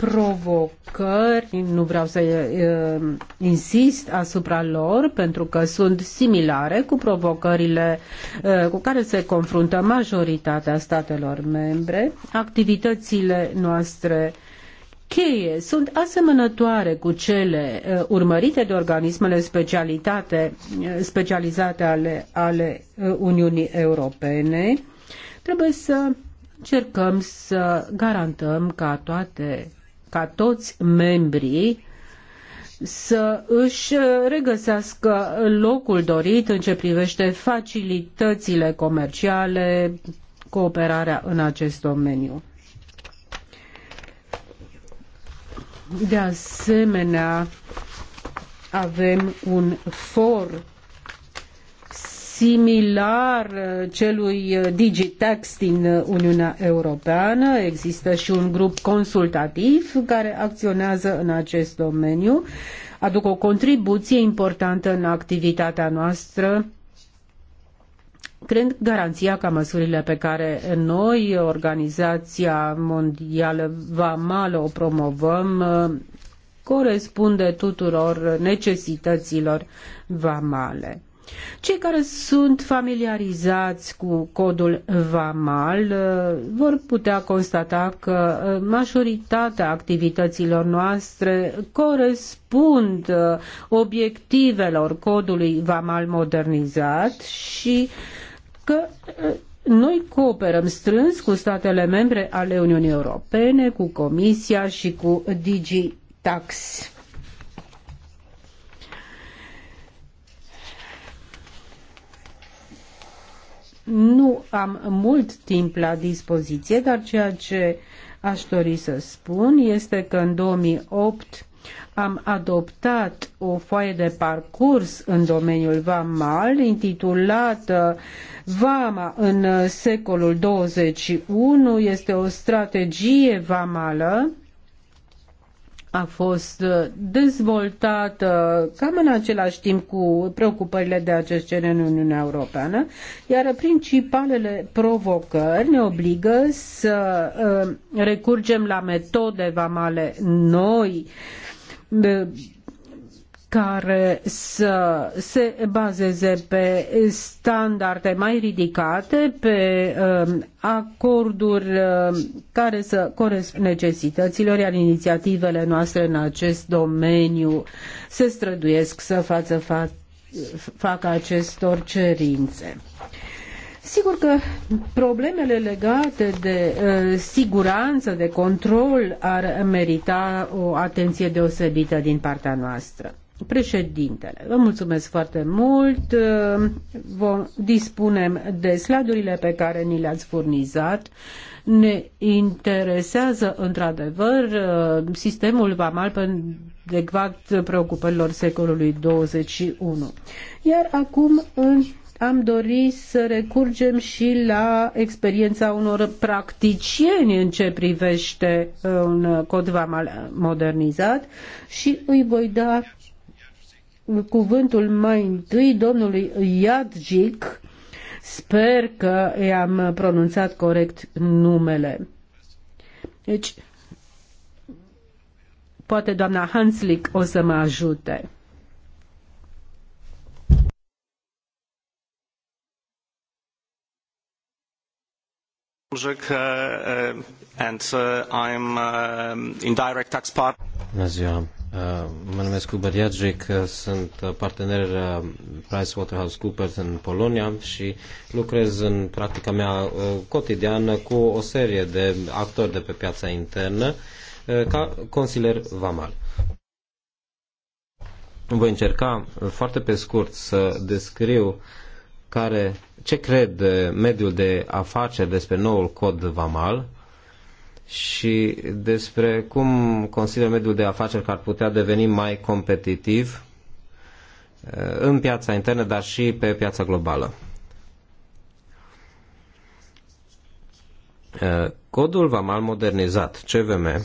provocări, nu vreau să uh, insist asupra lor, pentru că sunt similare cu provocările uh, cu care se confruntă majoritatea statelor membre. Activitățile noastre cheie sunt asemănătoare cu cele uh, urmărite de organismele specialitate, specializate ale, ale Uniunii Europene. Trebuie să încercăm să garantăm ca toate ca toți membrii să își regăsească locul dorit în ce privește facilitățile comerciale, cooperarea în acest domeniu. De asemenea, avem un for similar uh, celui uh, Digitax din uh, Uniunea Europeană. Există și un grup consultativ care acționează în acest domeniu. Aduc o contribuție importantă în activitatea noastră creând garanția ca măsurile pe care noi, Organizația Mondială Vamală, o promovăm, corespunde tuturor necesităților vamale. Cei care sunt familiarizați cu codul VAMAL uh, vor putea constata că uh, majoritatea activităților noastre corespund uh, obiectivelor codului VAMAL modernizat și că noi cooperăm strâns cu statele membre ale Uniunii Europene, cu Comisia și cu DigiTax. nu am mult timp la dispoziție, dar ceea ce aș dori să spun este că în 2008 am adoptat o foaie de parcurs în domeniul VAMAL intitulată VAMA în secolul 21 este o strategie VAMALă a fost uh, dezvoltată cam în același timp cu preocupările de acest gen în Uniunea Europeană, iar principalele provocări ne obligă să uh, recurgem la metode vamale noi, uh, care să se bazeze pe standarde mai ridicate, pe um, acorduri um, care să corespundă necesităților, iar inițiativele noastre în acest domeniu se străduiesc să față fa- facă acestor cerințe. Sigur că problemele legate de uh, siguranță, de control, ar merita o atenție deosebită din partea noastră. Președintele, vă mulțumesc foarte mult. Vom dispunem de sladurile pe care ni le-ați furnizat. Ne interesează, într-adevăr, sistemul vamal adecvat preocupărilor secolului 21. Iar acum am dorit să recurgem și la experiența unor practicieni în ce privește uh, un cod vamal modernizat și îi voi da cuvântul mai întâi domnului Iadjic. Sper că i-am pronunțat corect numele. Deci, poate doamna Hanslick o să mă ajute. Uh, uh, and uh, I'm in direct part. Bună ziua. Uh, mă numesc Uber Iagic, uh, sunt uh, partener PricewaterhouseCoopers în Polonia și lucrez în practica mea cotidiană cu o serie de actori de pe piața internă ca consilier vamal. Voi încerca foarte pe scurt să descriu care, ce cred mediul de afaceri despre noul cod vamal, și despre cum consider mediul de afaceri că ar putea deveni mai competitiv uh, în piața internă, dar și pe piața globală. Uh, codul VAMAL modernizat, CVM, uh,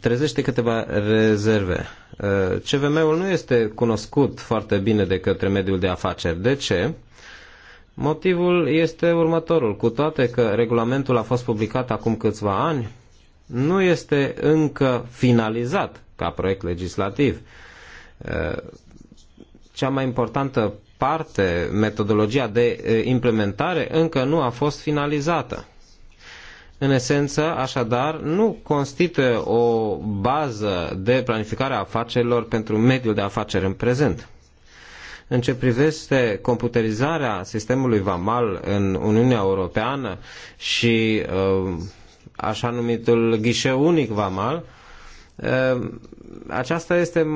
trezește câteva rezerve. CVM-ul nu este cunoscut foarte bine de către mediul de afaceri. De ce? Motivul este următorul. Cu toate că regulamentul a fost publicat acum câțiva ani, nu este încă finalizat ca proiect legislativ. Cea mai importantă parte, metodologia de implementare, încă nu a fost finalizată. În esență, așadar, nu constituie o bază de planificare a afacerilor pentru mediul de afaceri în prezent în ce privește computerizarea sistemului VAMAL în Uniunea Europeană și uh, așa numitul ghișeu unic VAMAL, uh, aceasta este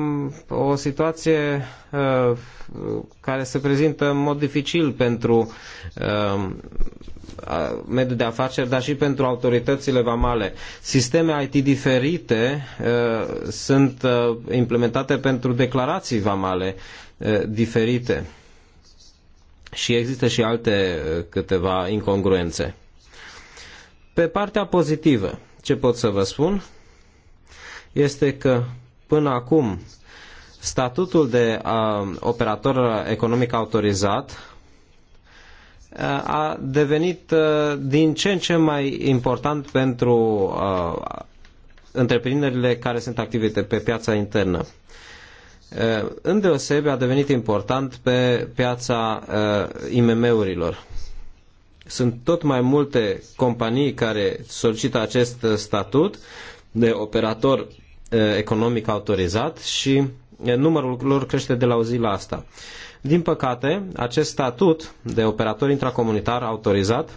o situație uh, care se prezintă în mod dificil pentru mediul de afaceri, dar și pentru autoritățile vamale. Sisteme IT diferite sunt implementate pentru declarații vamale diferite și există și alte câteva incongruențe. Pe partea pozitivă, ce pot să vă spun este că până acum statutul de operator economic autorizat a devenit din ce în ce mai important pentru întreprinderile care sunt active pe piața internă. Uh, îndeosebi a devenit important pe piața uh, IMM-urilor. Sunt tot mai multe companii care solicită acest uh, statut de operator economic autorizat și numărul lor crește de la o zi la asta. Din păcate, acest statut de operator intracomunitar autorizat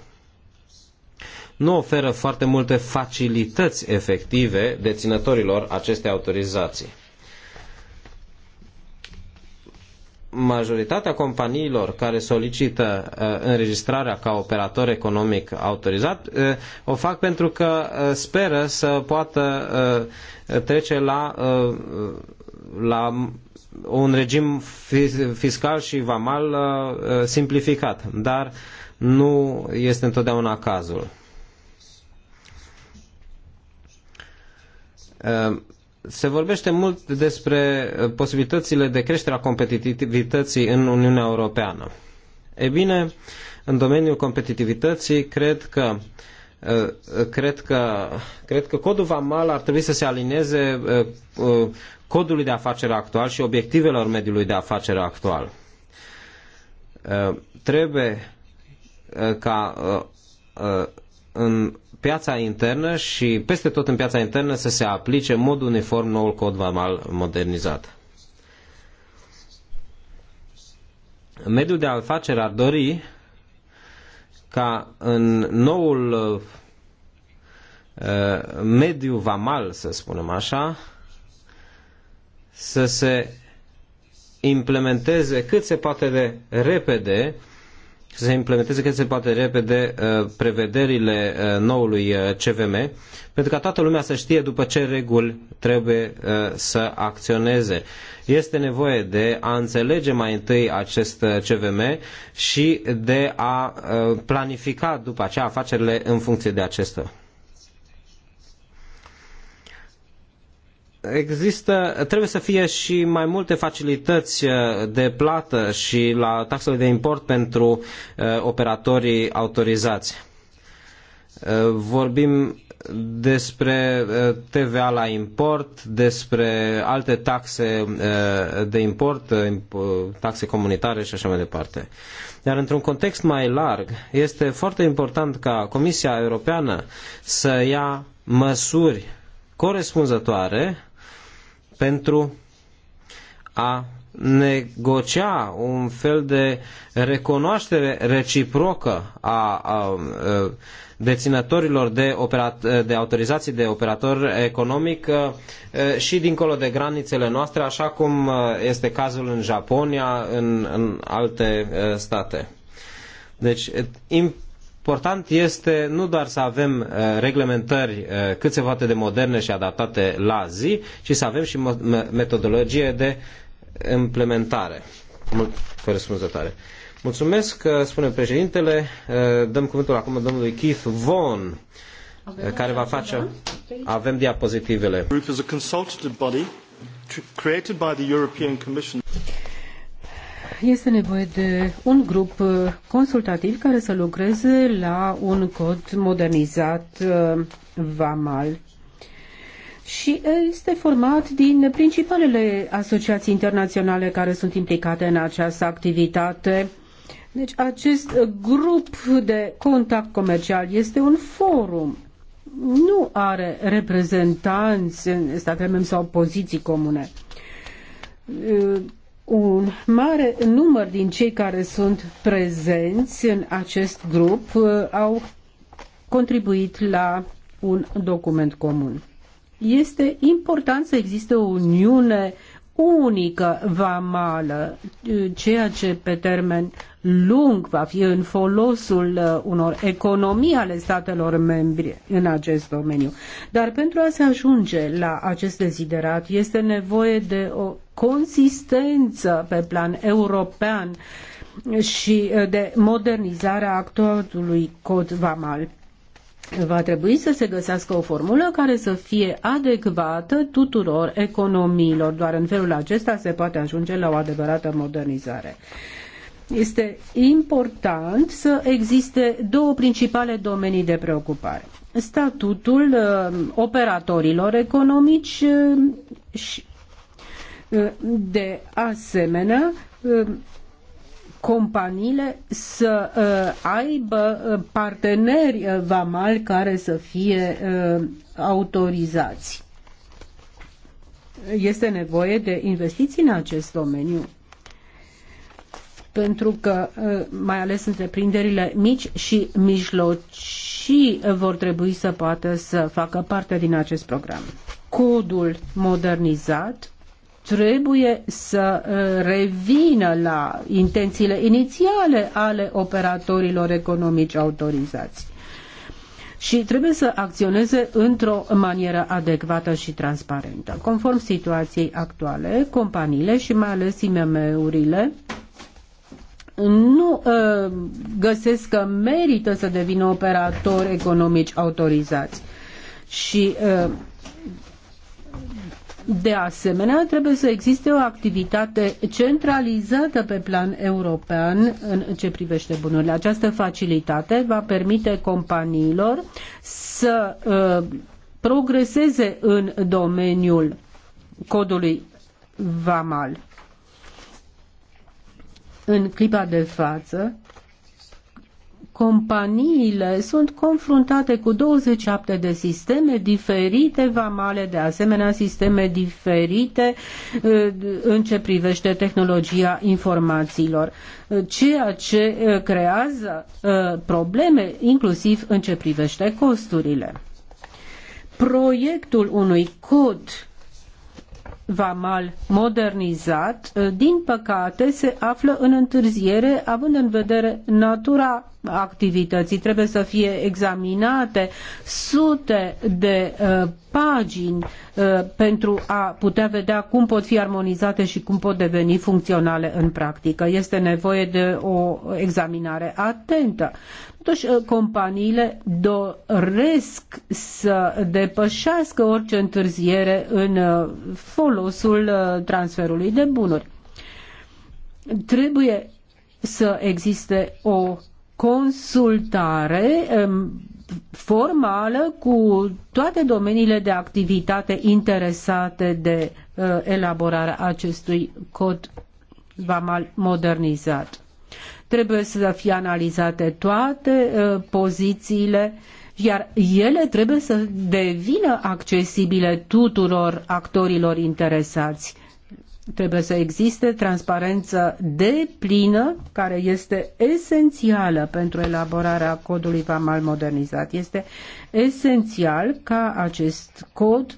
nu oferă foarte multe facilități efective deținătorilor acestei autorizații. majoritatea companiilor care solicită uh, înregistrarea ca operator economic autorizat uh, o fac pentru că uh, speră să poată trece la, la un regim fiscal și vamal simplificat, dar nu este întotdeauna cazul se vorbește mult despre uh, posibilitățile de creștere a competitivității în Uniunea Europeană. E bine, în domeniul competitivității, cred că uh, cred că, cred că codul VAMAL ar trebui să se alinieze uh, codului de afacere actual și obiectivelor mediului de afacere actual. Trebuie ca în piața internă și peste tot în piața internă să se aplice în mod uniform noul cod vamal modernizat. Mediul de afaceri ar dori ca în noul uh, mediu vamal, să spunem așa, să se implementeze cât se poate de repede uh, să se implementeze cât se poate repede uh, prevederile uh, noului uh, CVM, pentru ca toată lumea să știe după ce reguli trebuie să acționeze. Este nevoie de a înțelege mai întâi acest CVM și de a planifica după aceea afacerile în funcție de acesta. există, trebuie să fie și mai multe facilități uh, de plată și la taxele de import pentru uh, operatorii autorizați. Uh, vorbim despre TVA la import, despre alte taxe de import, taxe comunitare și așa mai departe. Dar într-un context mai larg, este foarte important ca Comisia Europeană să ia măsuri corespunzătoare pentru a negocia un fel de recunoaștere reciprocă a, a, a deținătorilor de, operat, de autorizații de operator economic și dincolo de granițele noastre, așa cum este cazul în Japonia, în, în alte state. Deci, Important este nu doar să avem uh, reglementări uh, cât se poate de moderne și adaptate la zi, ci să avem și metodologie de implementare. corespunzătoare. Mulțumesc, uh, spune președintele. Dăm cuvântul acum domnului Keith Vaughan, care va face... Da? Avem diapozitivele. created by the European Commission este nevoie de un grup uh, consultativ care să lucreze la un cod modernizat uh, VAMAL și uh, este format din principalele asociații internaționale care sunt implicate în această activitate. Deci acest grup de contact comercial este un forum. Nu are reprezentanți în statele membre sau poziții comune un mare număr din cei care sunt prezenți în acest grup uh, au contribuit la un document comun. Este important să existe o uniune uh, unică vamală, ceea ce pe termen lung va fi în folosul uh, unor economii ale statelor membri în acest domeniu. Dar pentru a se ajunge la acest deziderat este nevoie de o consistență pe plan european și uh, de modernizarea actualului cod vamal va trebui să se găsească o formulă care să fie adecvată tuturor economiilor. Doar în felul acesta se poate ajunge la o adevărată modernizare. Este important să existe două principale domenii de preocupare. Statutul uh, operatorilor economici uh, și, uh, de asemenea, companiile să uh, aibă uh, parteneri uh, vamali care să fie autorizați. Este nevoie de investiții în acest domeniu pentru că mai ales întreprinderile mici și mijlocii vor trebui să poată să facă parte din acest program. Codul modernizat trebuie să uh, revină la intențiile inițiale ale operatorilor economici autorizați și trebuie să acționeze într-o manieră adecvată și transparentă. Conform situației actuale, companiile și mai ales IMM-urile nu uh, găsesc că merită să devină operatori economici autorizați. Și uh, de asemenea, trebuie să existe o activitate centralizată pe plan european în ce privește bunurile. Această facilitate va permite companiilor să uh, progreseze în domeniul codului VAMAL. În clipa de față, companiile sunt confruntate cu 27 de sisteme diferite, vamale de asemenea sisteme diferite uh, în ce privește tehnologia informațiilor, uh, ceea ce uh, creează probleme inclusiv în ce privește costurile. Proiectul unui cod vamal modernizat, ă, din păcate, se află în întârziere, având în vedere natura activității. Trebuie să fie examinate sute de uh, pagini uh, pentru a putea vedea cum pot fi armonizate și cum pot deveni funcționale în practică. Este nevoie de o examinare atentă. Totuși, uh, companiile doresc să depășească orice întârziere în uh, folosul uh, transferului de bunuri. Trebuie să existe o consultare um, formală cu toate domeniile de activitate interesate de elaborarea acestui cod vamal modernizat. Trebuie să fie analizate toate uh, pozițiile iar ele trebuie să devină accesibile tuturor actorilor interesați. Trebuie să existe transparență deplină, care este esențială pentru elaborarea codului vamal modernizat. Este esențial ca acest cod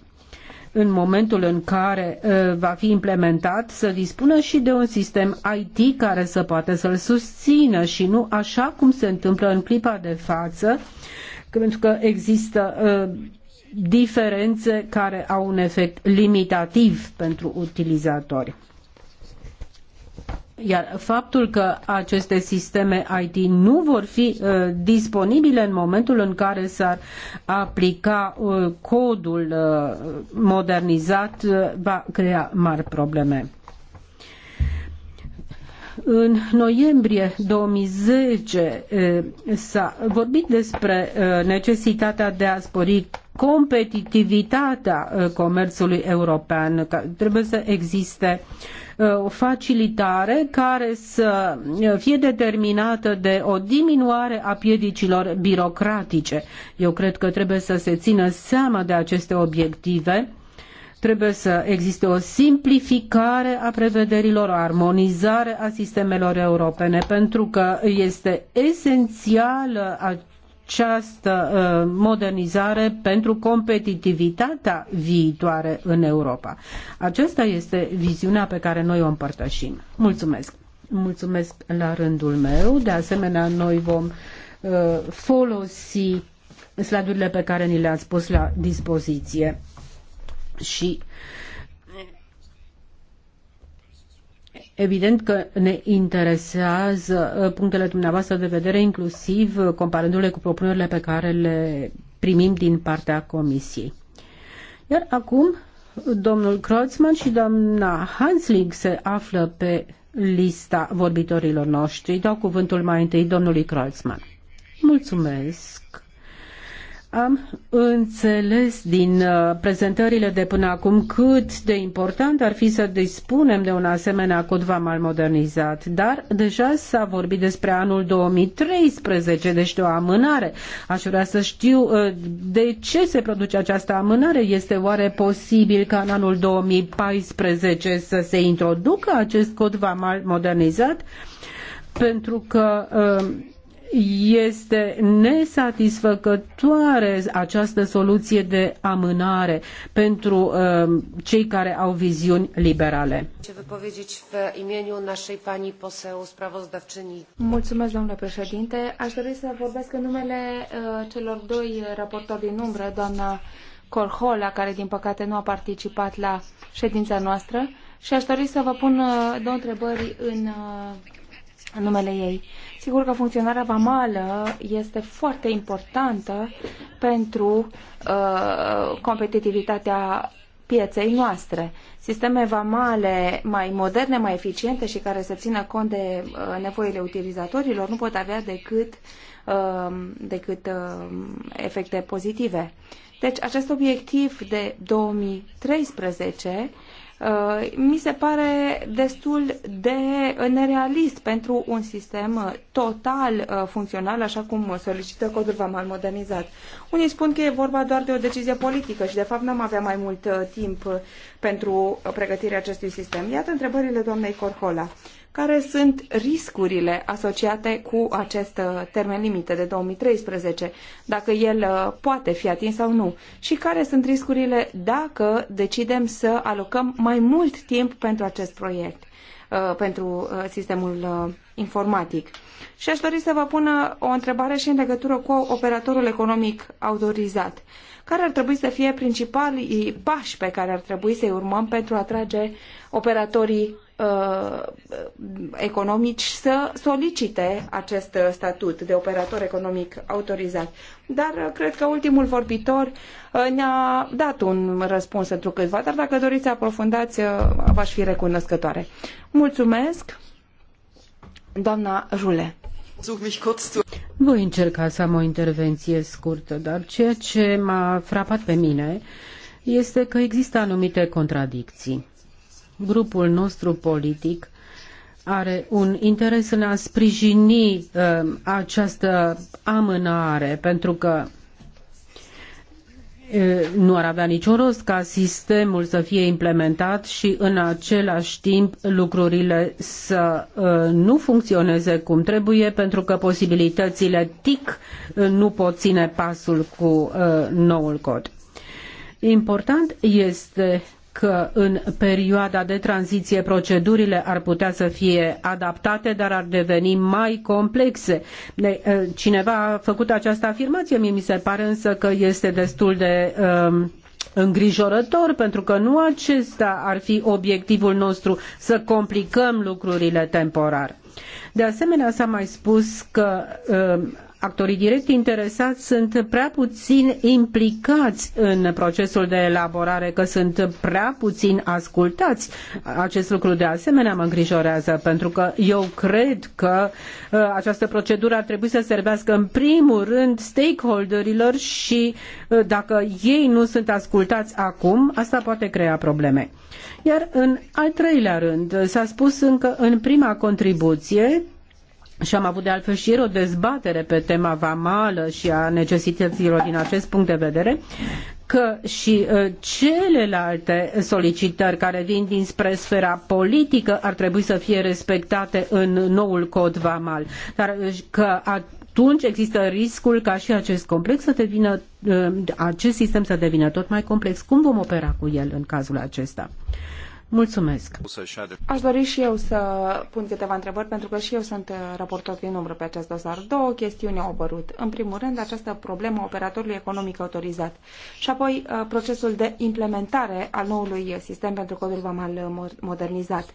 în momentul în care uh, va fi implementat, să dispună și de un sistem IT care să poată să-l susțină și nu așa cum se întâmplă în clipa de față, pentru că există uh, diferențe care au un efect limitativ pentru utilizatori. Iar faptul că aceste sisteme IT nu vor fi uh, disponibile în momentul în care s-ar aplica uh, codul uh, modernizat uh, va crea mari probleme. În noiembrie 2010 uh, s-a vorbit despre uh, necesitatea de a spori competitivitatea uh, comerțului european, că trebuie să existe uh, Uh, o facilitare care să fie determinată de o diminuare a piedicilor birocratice. Eu cred că trebuie să se țină seama de aceste obiective trebuie să existe o simplificare a prevederilor, o armonizare a sistemelor europene, pentru că este esențială această uh, modernizare pentru competitivitatea viitoare în Europa. Aceasta este viziunea pe care noi o împărtășim. Mulțumesc! Mulțumesc la rândul meu. De asemenea, noi vom uh, folosi sladurile pe care ni le-ați pus la dispoziție și uh, Evident că ne interesează uh, punctele dumneavoastră de vedere, inclusiv uh, comparându-le cu propunerile pe care le primim din partea Comisiei. Iar acum, domnul Kreutzmann și doamna Hansling se află pe lista vorbitorilor noștri. Dau cuvântul mai întâi domnului Kreutzmann. Mulțumesc, am înțeles din uh, prezentările de până acum cât de important ar fi să dispunem de un asemenea cod vamal modernizat, dar deja s-a vorbit despre anul 2013, deci de o amânare. Aș vrea să știu uh, de ce se produce această amânare. Este oare posibil ca în anul 2014 să se introducă acest cod vamal modernizat? Pentru că uh, este nesatisfăcătoare această soluție de amânare pentru uh, cei care au viziuni liberale. Mulțumesc, domnule președinte. Aș dori să vorbesc în numele uh, celor doi raportori din umbră, doamna Corhola, care din păcate nu a participat la ședința noastră și aș dori să vă pun uh, două întrebări în uh, în numele ei. Sigur că funcționarea vamală este foarte importantă pentru uh, competitivitatea pieței noastre. Sisteme vamale mai moderne, mai eficiente și care să țină cont de uh, nevoile utilizatorilor nu pot avea decât, uh, decât uh, efecte pozitive. Deci acest obiectiv de 2013 Uh, mi se pare destul de nerealist pentru un sistem uh, total uh, funcțional, așa cum solicită codul VAMAL modernizat. Unii spun că e vorba doar de o decizie politică și, de fapt, n-am avea mai mult timp pentru pregătirea acestui sistem. Iată întrebările doamnei Corhola care sunt riscurile asociate cu acest uh, termen limită de 2013, dacă el uh, poate fi atins sau nu, și care sunt riscurile dacă decidem să alocăm mai mult timp pentru acest proiect, uh, pentru sistemul informatic. Și aș dori să vă pun o întrebare și în legătură cu operatorul economic autorizat. Care ar trebui să fie principalii pași pe care ar trebui să-i urmăm pentru a atrage operatorii Uh, economici să solicite acest statut de operator economic autorizat. Dar uh, cred că ultimul vorbitor uh, ne-a dat un răspuns pentru câtva, dar dacă doriți să aprofundați, v-aș fi recunoscătoare. Mulțumesc, doamna Jule. Voi încerca să am o intervenție scurtă, dar ceea ce m-a frapat pe mine este că există anumite contradicții Grupul nostru politic are un interes în a sprijini uh, această amânare, pentru că uh, nu ar avea niciun rost ca sistemul să fie implementat și în același timp lucrurile să uh, nu funcționeze cum trebuie pentru că posibilitățile TIC uh, nu pot ține pasul cu noul cod. Important este că în perioada de tranziție procedurile ar putea să fie adaptate, dar ar deveni mai complexe. Eh, cineva a făcut această afirmație, mie mi se pare însă că este destul de um, îngrijorător, pentru că nu acesta ar fi obiectivul nostru, să complicăm lucrurile temporar. De asemenea, s-a mai spus că ehm, actorii direct interesați sunt prea puțin implicați în procesul de elaborare, că sunt prea puțin ascultați. Acest lucru de asemenea mă îngrijorează, pentru că eu cred că uh, această procedură ar trebui să servească în primul rând stakeholderilor și uh, dacă ei nu sunt ascultați acum, asta poate crea probleme. Iar în al treilea rând, s-a spus încă în prima contribuție și am avut de altfel și ieri o dezbatere pe tema vamală și a necesităților din acest punct de vedere, că și ă, celelalte solicitări care vin dinspre sfera politică ar trebui să fie respectate în noul cod vamal, dar ă, că atunci există riscul ca și acest complex să devină, ă, acest sistem să devină tot mai complex. Cum vom opera cu el în cazul acesta? Mulțumesc. Aș dori și eu să pun câteva întrebări, pentru că și eu sunt uh, raportor din umbră pe acest dosar. Două chestiuni au apărut. În primul rând, această problemă a operatorului economic autorizat și apoi uh, procesul de implementare al noului sistem pentru codul vamal uh, modernizat.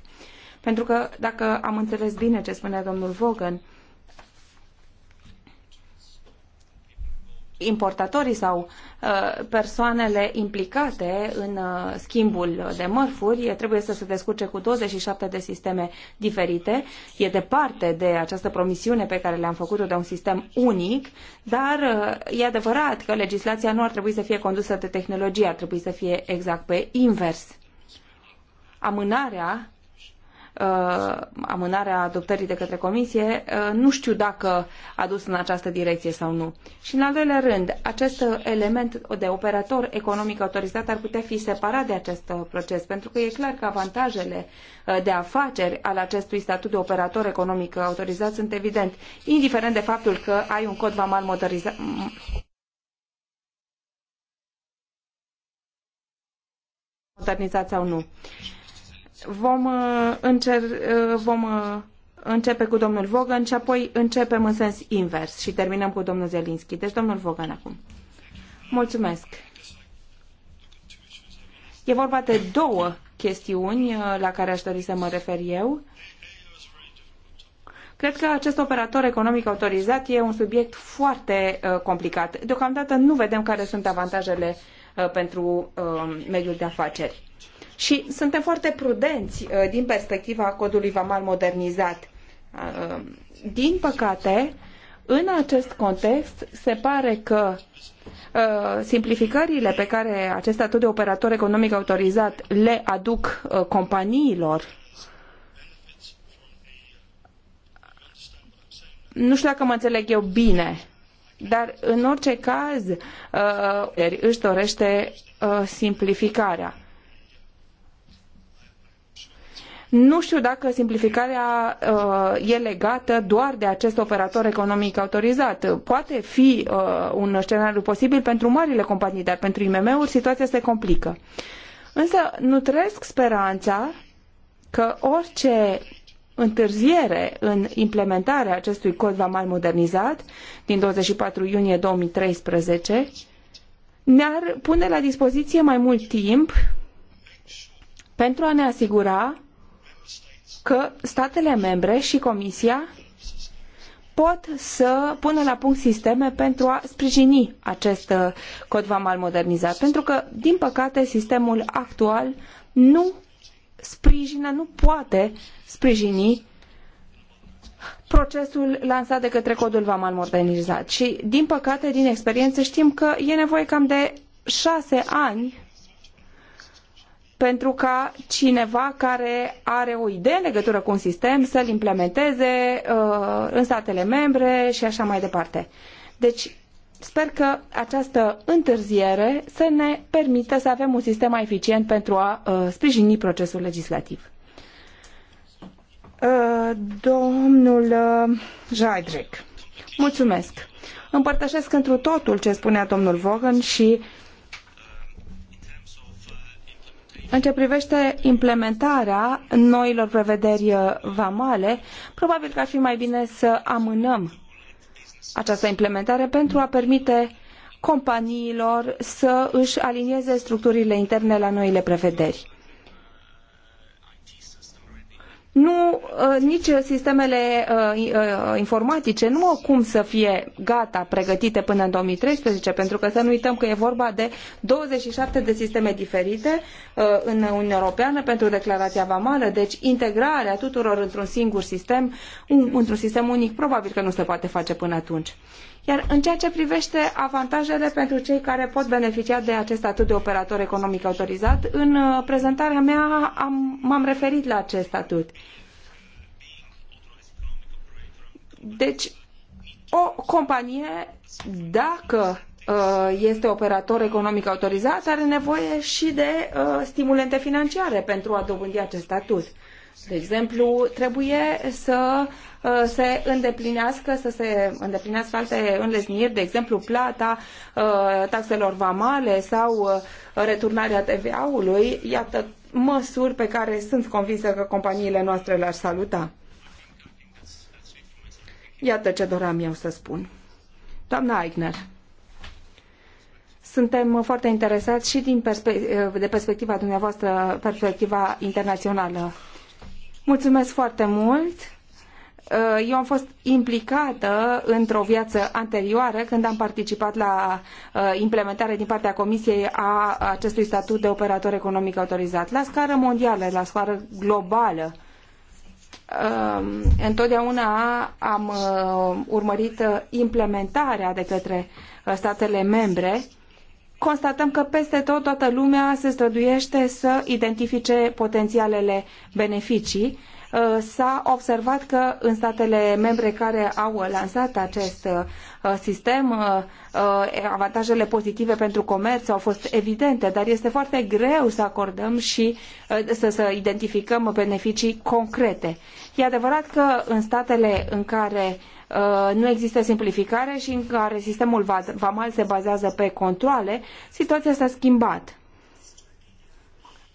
Pentru că, dacă am înțeles bine ce spunea domnul Vogan, importatorii sau uh, persoanele implicate în uh, schimbul de mărfuri trebuie să se descurce cu 27 de sisteme diferite. E departe de această promisiune pe care le-am făcut-o de un sistem unic, dar uh, e adevărat că legislația nu ar trebui să fie condusă de tehnologie, ar trebui să fie exact pe invers. Amânarea Uh, amânarea adoptării de către comisie, uh, nu știu dacă a dus în această direcție sau nu. Și în al doilea rând, acest element de operator economic autorizat ar putea fi separat de acest uh, proces, pentru că e clar că avantajele de afaceri al acestui statut de operator economic autorizat sunt evident, indiferent de faptul că ai un cod vamal motorizat modernizat sau nu. Vom, uh, încer, uh, vom uh, începe cu domnul Vogan și apoi începem în sens invers și terminăm cu domnul Zelinski. Deci domnul Vogan acum. Mulțumesc. E vorba de două chestiuni la care aș dori să mă refer eu. Cred că acest operator economic autorizat e un subiect foarte uh, complicat. Deocamdată nu vedem care sunt avantajele uh, pentru uh, mediul de afaceri. Și suntem foarte prudenți uh, din perspectiva codului vamal modernizat. Uh, din păcate, în acest context, se pare că uh, simplificările pe care acest statut de operator economic autorizat le aduc companiilor nu știu dacă mă înțeleg eu bine, dar în orice caz își dorește simplificarea. Nu știu dacă simplificarea uh, e legată doar de acest operator economic autorizat. Poate fi uh, un scenariu posibil pentru marile companii, dar pentru IMM-uri situația se complică. Însă nutresc speranța că orice întârziere în implementarea acestui cod vamal modernizat din 24 iunie 2013 ne-ar pune la dispoziție mai mult timp pentru a ne asigura că statele membre și Comisia pot să pună la punct sisteme pentru a sprijini acest uh, cod vamal modernizat. Pentru că, din păcate, sistemul actual nu sprijină, nu poate sprijini procesul lansat de către codul vamal modernizat. Și, din păcate, din experiență știm că e nevoie cam de șase ani pentru ca cineva care are o idee în legătură cu un sistem să-l implementeze uh, în statele membre și așa mai departe. Deci, sper că această întârziere să ne permită să avem un sistem mai eficient pentru a uh, sprijini procesul legislativ. Uh, domnul Jaidrek, mulțumesc. Împărtășesc întru totul ce spunea domnul Vaughan și în ce privește implementarea noilor prevederi uh, vamale, probabil că ar fi mai bine să amânăm această implementare pentru a permite companiilor să își alinieze structurile interne la noile prevederi nu, uh, nici sistemele uh, uh, informatice nu au cum să fie gata, pregătite până în 2013, pentru că să nu uităm că e vorba de 27 de sisteme diferite în Uniunea Europeană pentru declarația vamală, deci integrarea tuturor într-un singur sistem, într-un sistem unic, probabil că nu se poate face până atunci. Iar în ceea ce privește avantajele pentru cei care pot beneficia de acest statut de operator economic autorizat, în uh, prezentarea mea am, m-am referit la acest statut. Deci, o companie, dacă uh, este operator economic autorizat, are nevoie și de uh, stimulente financiare pentru a dobândi acest statut. De exemplu, trebuie să Uh, se îndeplinească, să se îndeplinească alte înlesniri, de exemplu plata uh, taxelor vamale sau uh, returnarea TVA-ului. Iată măsuri pe care sunt convinsă că companiile noastre le-ar saluta. Iată ce doream eu să spun. Doamna Aigner, suntem foarte interesați și din perspe- de perspectiva dumneavoastră, perspectiva internațională. Mulțumesc foarte mult! Uh, eu am fost implicată într-o viață anterioară când am participat la uh, implementarea din partea Comisiei a acestui statut de operator economic autorizat. La scară mondială, la scară globală, um, întotdeauna am uh, urmărit implementarea de către statele membre constatăm că peste tot toată lumea se străduiește să identifice potențialele beneficii Uh, s-a observat că în statele membre care au lansat acest uh, sistem, uh, avantajele pozitive pentru comerț au fost evidente, dar este foarte greu să acordăm și să, să identificăm beneficii concrete. E adevărat că în statele în care nu există simplificare și în care sistemul vamal se bazează pe controle, situația s-a schimbat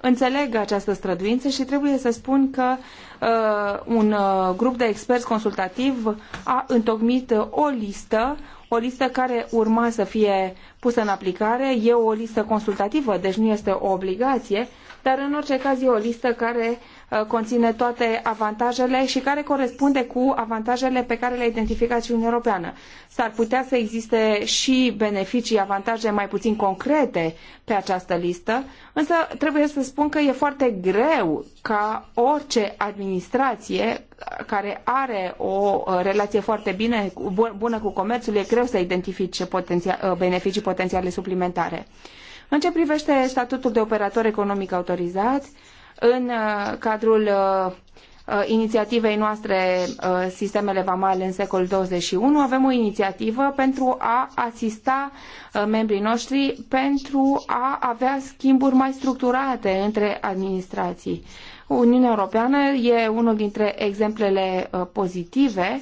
înțeleg această străduință și trebuie să spun că uh, un uh, grup de experți consultativ a întocmit o listă, o listă care urma să fie pusă în aplicare. E o listă consultativă, deci nu este o obligație, uh, dar în orice caz e o listă care uh, conține toate avantajele și care corespunde cu avantajele pe care le-a identificat și Uniunea Europeană. S-ar putea să existe și beneficii, avantaje mai puțin concrete pe această listă, însă trebuie să spun că e foarte greu ca orice administrație care are o uh, relație foarte bine, bună cu comerțul, e greu să identifice uh, beneficii potențiale suplimentare. În ce privește statutul de operator economic autorizat, în uh, cadrul uh, uh, inițiativei noastre Sistemele Vamale în secolul 21, avem o inițiativă pentru a asista membrii noștri pentru a avea schimburi mai structurate între administrații. Uniunea Europeană e unul dintre exemplele pozitive.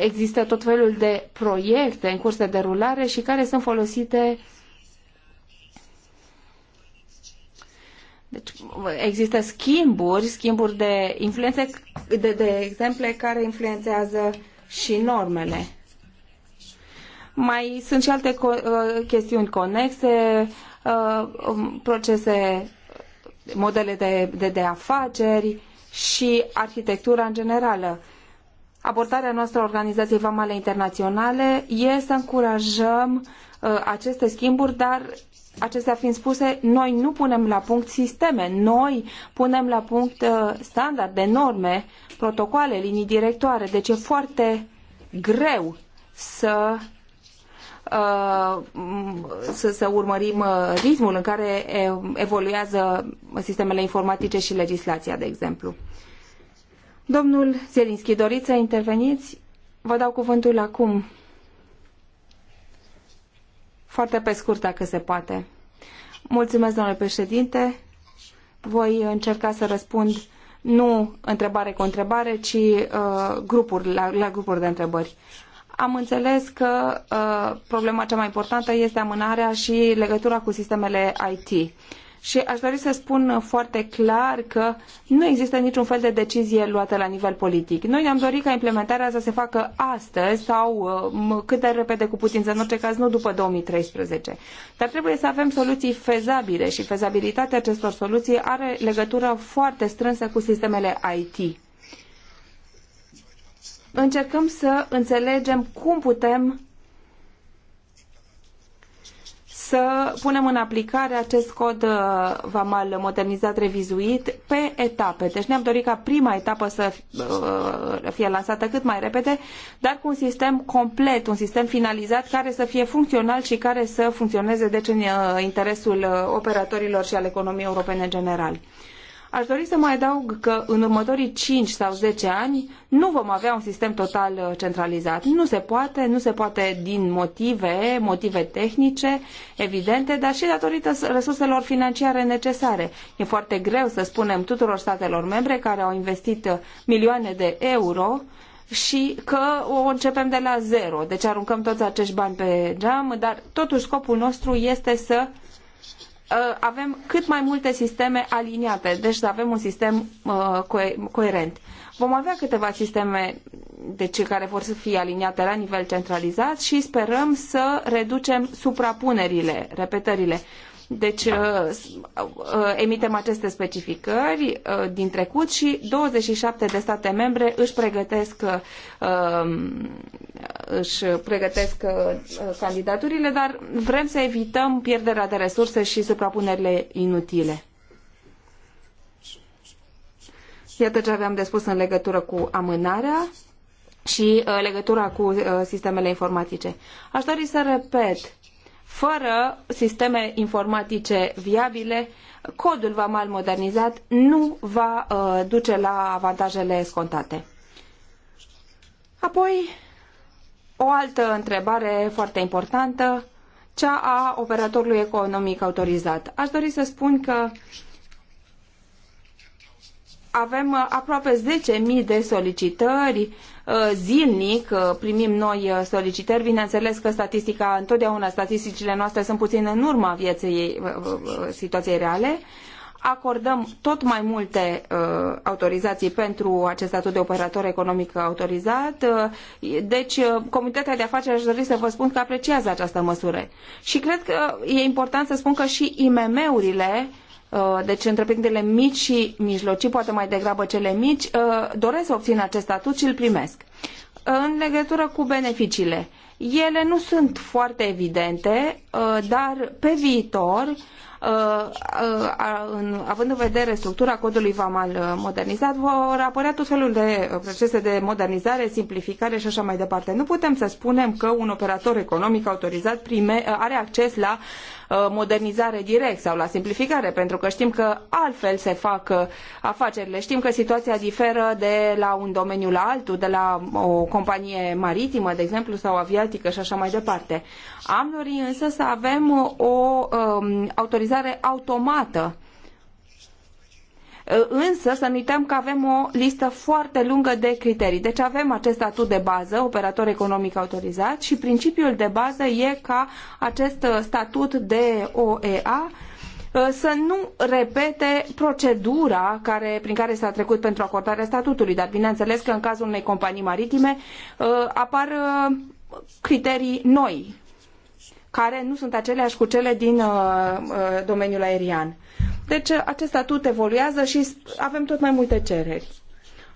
Există tot felul de proiecte în curs de derulare și care sunt folosite uh, Deci există schimburi, schimburi de influențe, de, de exemple care influențează și normele. Mai sunt și alte co- uh, chestiuni conexe, uh, um, procese, modele de, de, de afaceri și arhitectura în generală. Abordarea noastră a Organizației Vamale Internaționale e să încurajăm uh, aceste schimburi, dar Acestea fiind spuse, noi nu punem la punct sisteme, noi punem la punct uh, standarde, norme, protocoale, linii directoare. Deci e foarte greu să uh, să, să urmărim uh, ritmul în care evoluează sistemele informatice și legislația, de exemplu. Domnul Zelinski, doriți să interveniți? Vă dau cuvântul acum. Foarte pe scurt, dacă se poate. Mulțumesc, domnule președinte. Voi încerca să răspund nu întrebare cu întrebare, ci uh, grupuri, la, la grupuri de întrebări. Am înțeles că uh, problema cea mai importantă este amânarea și legătura cu sistemele IT. Și aș dori să spun foarte clar că nu există niciun fel de decizie luată la nivel politic. Noi ne-am dorit ca implementarea să se facă astăzi sau uh, cât de repede cu putință, în orice caz nu după 2013. Dar trebuie să avem soluții fezabile și fezabilitatea acestor soluții are legătură foarte strânsă cu sistemele IT. Încercăm să înțelegem cum putem să punem în aplicare acest cod uh, vamal modernizat, revizuit, pe etape. Deci ne-am dorit ca prima etapă să uh, fie lansată cât mai repede, dar cu un sistem complet, un sistem finalizat care să fie funcțional și care să funcționeze deci în uh, interesul operatorilor și al economiei europene în general. Aș dori să mai adaug că în următorii 5 sau 10 ani nu vom avea un sistem total uh, centralizat. Nu se poate, nu se poate din motive, motive tehnice, evidente, dar și datorită resurselor financiare necesare. E foarte greu să spunem tuturor statelor membre care au investit uh, milioane de euro și că o începem de la zero. Deci aruncăm toți acești bani pe geam, dar totuși scopul nostru este să Uh, avem cât mai multe sisteme aliniate, deci să avem un sistem uh, coerent. Vom avea câteva sisteme de deci, care vor să fie aliniate la nivel centralizat și sperăm să reducem suprapunerile, repetările. Deci uh, uh, emitem aceste specificări uh, din trecut și 27 de state membre își pregătesc, um, își pregătesc candidaturile, dar vrem să evităm pierderea de resurse și suprapunerile inutile. Iată ce aveam de spus în legătură cu amânarea și legătura cu sistemele informatice. Aș dori să repet fără sisteme informatice viabile, codul vamal modernizat nu va uh, duce la avantajele scontate. Apoi, o altă întrebare foarte importantă, cea a operatorului economic autorizat. Aș dori să spun că avem uh, aproape 10.000 de solicitări uh, zilnic, uh, primim noi solicitări. Bineînțeles că statistica, întotdeauna statisticile noastre sunt puțin în urma vieții situației reale. Acordăm tot mai multe uh, autorizații pentru acest statut de operator economic autorizat. deci, Comunitatea de Afaceri aș dori să vă spun că apreciază această măsură. Și cred că e important să spun că și IMM-urile uh, Uh, deci întreprinderile mici și mijlocii, poate mai degrabă cele mici, uh, doresc să obțină acest statut și îl primesc. Uh, în legătură cu beneficiile, ele nu sunt foarte evidente, dar pe viitor, având în vedere structura codului VAMAL modernizat, vor apărea tot felul de procese de modernizare, simplificare și așa mai departe. Nu putem să spunem că un operator economic autorizat prime, are acces la Uh, modernizare direct sau la simplificare, pentru că știm că altfel se fac uh, afacerile. Știm că situația diferă de la un domeniu la altul, de la o companie maritimă, de exemplu, sau aviatică și așa mai departe. Am dorit însă să avem o um, autorizare automată Eh, însă să nu uităm că avem o listă foarte lungă de criterii. Deci avem acest statut de bază, operator economic autorizat și principiul de bază e ca acest eh, statut de OEA eh, să nu repete procedura care, prin care s-a trecut pentru acordarea statutului, dar bineînțeles că în cazul unei companii maritime apar criterii noi care nu sunt aceleași cu cele din domeniul aerian. Deci uh, acest statut evoluează și avem tot mai multe cereri.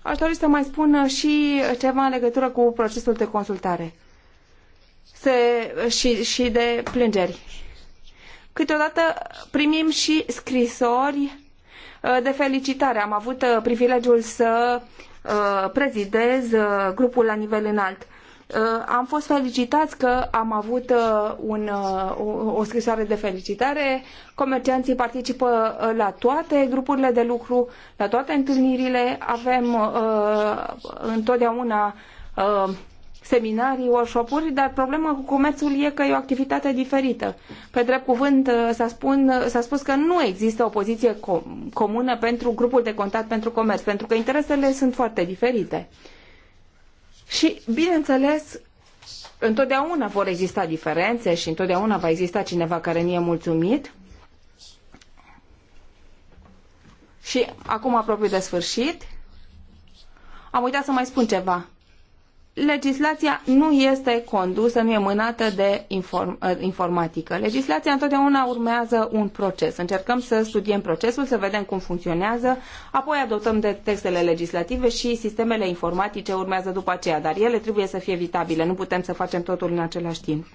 Aș dori să mai spun uh, și ceva în legătură cu procesul de consultare Se, uh, și, și de plângeri. Câteodată primim și scrisori de felicitare. Am avut privilegiul să prezidez grupul la nivel înalt. Uh, am fost felicitați că am avut uh, un, uh, o, o scrisoare de felicitare. Comercianții participă la toate grupurile de lucru, la toate întâlnirile. Avem uh, întotdeauna uh, seminarii, workshop-uri, dar problema cu comerțul e că e o activitate diferită. Pe drept cuvânt s-a, spun, s-a spus că nu există o poziție comună pentru grupul de contact pentru comerț, pentru că interesele sunt foarte diferite. Uh, și, bineînțeles, întotdeauna vor exista diferențe și întotdeauna va exista cineva care nu e mulțumit. Și acum apropiu de sfârșit, am uitat să mai spun ceva legislația nu este condusă, nu e mânată de inform, uh, informatică. Legislația întotdeauna urmează un proces. Încercăm să studiem procesul, să vedem cum funcționează, apoi adoptăm de textele legislative și sistemele informatice urmează după aceea, dar ele trebuie să fie evitabile, nu putem să facem totul în același timp.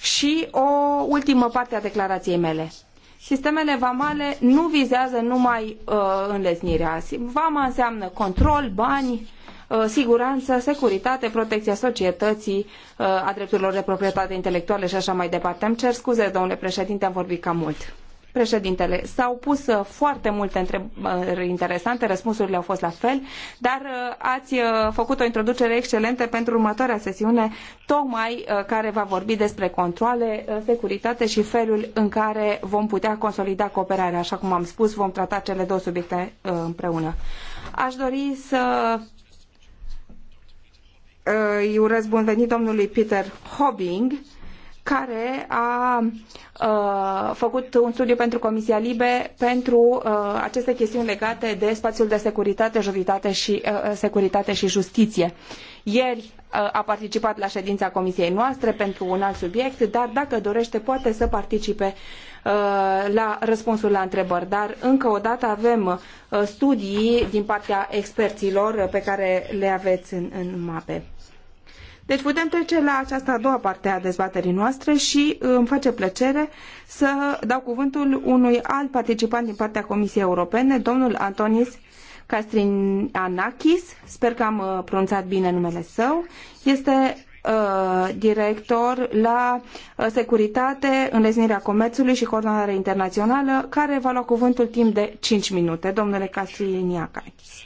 Și o ultimă parte a declarației mele. Sistemele vamale nu vizează numai uh, înlesnirea. Vama înseamnă control, bani, Uh, siguranță, securitate, protecția societății, uh, a drepturilor de proprietate intelectuală și așa mai departe. Îmi cer scuze, domnule președinte, am vorbit cam mult. Președintele, s-au pus uh, foarte multe întrebări interesante, răspunsurile au fost la fel, dar ați făcut o introducere excelentă pentru următoarea sesiune, tocmai care va vorbi despre controle, securitate și felul în care vom putea consolida cooperarea. Așa cum am spus, vom trata cele două subiecte împreună. Aș dori să îi urez bun venit domnului Peter Hobbing, care a uh, făcut un studiu pentru Comisia Libe pentru uh, aceste chestiuni legate de spațiul de securitate, juritate și, uh, securitate și justiție. Ieri a participat la ședința Comisiei noastre pentru un alt subiect, dar dacă dorește poate să participe la răspunsul la întrebări. Dar încă o dată avem studii din partea experților pe care le aveți în, în mape. Deci putem trece la această a doua parte a dezbaterii noastre și uh, îmi face plăcere să dau cuvântul unui alt participant din partea Comisiei Europene, domnul Antonis Castrin sper că am uh, pronunțat bine numele său, este Uh, director la uh, securitate, înlesnirea comerțului și coordonare internațională, care va lua cuvântul timp de 5 minute. Domnule Casiniakakis.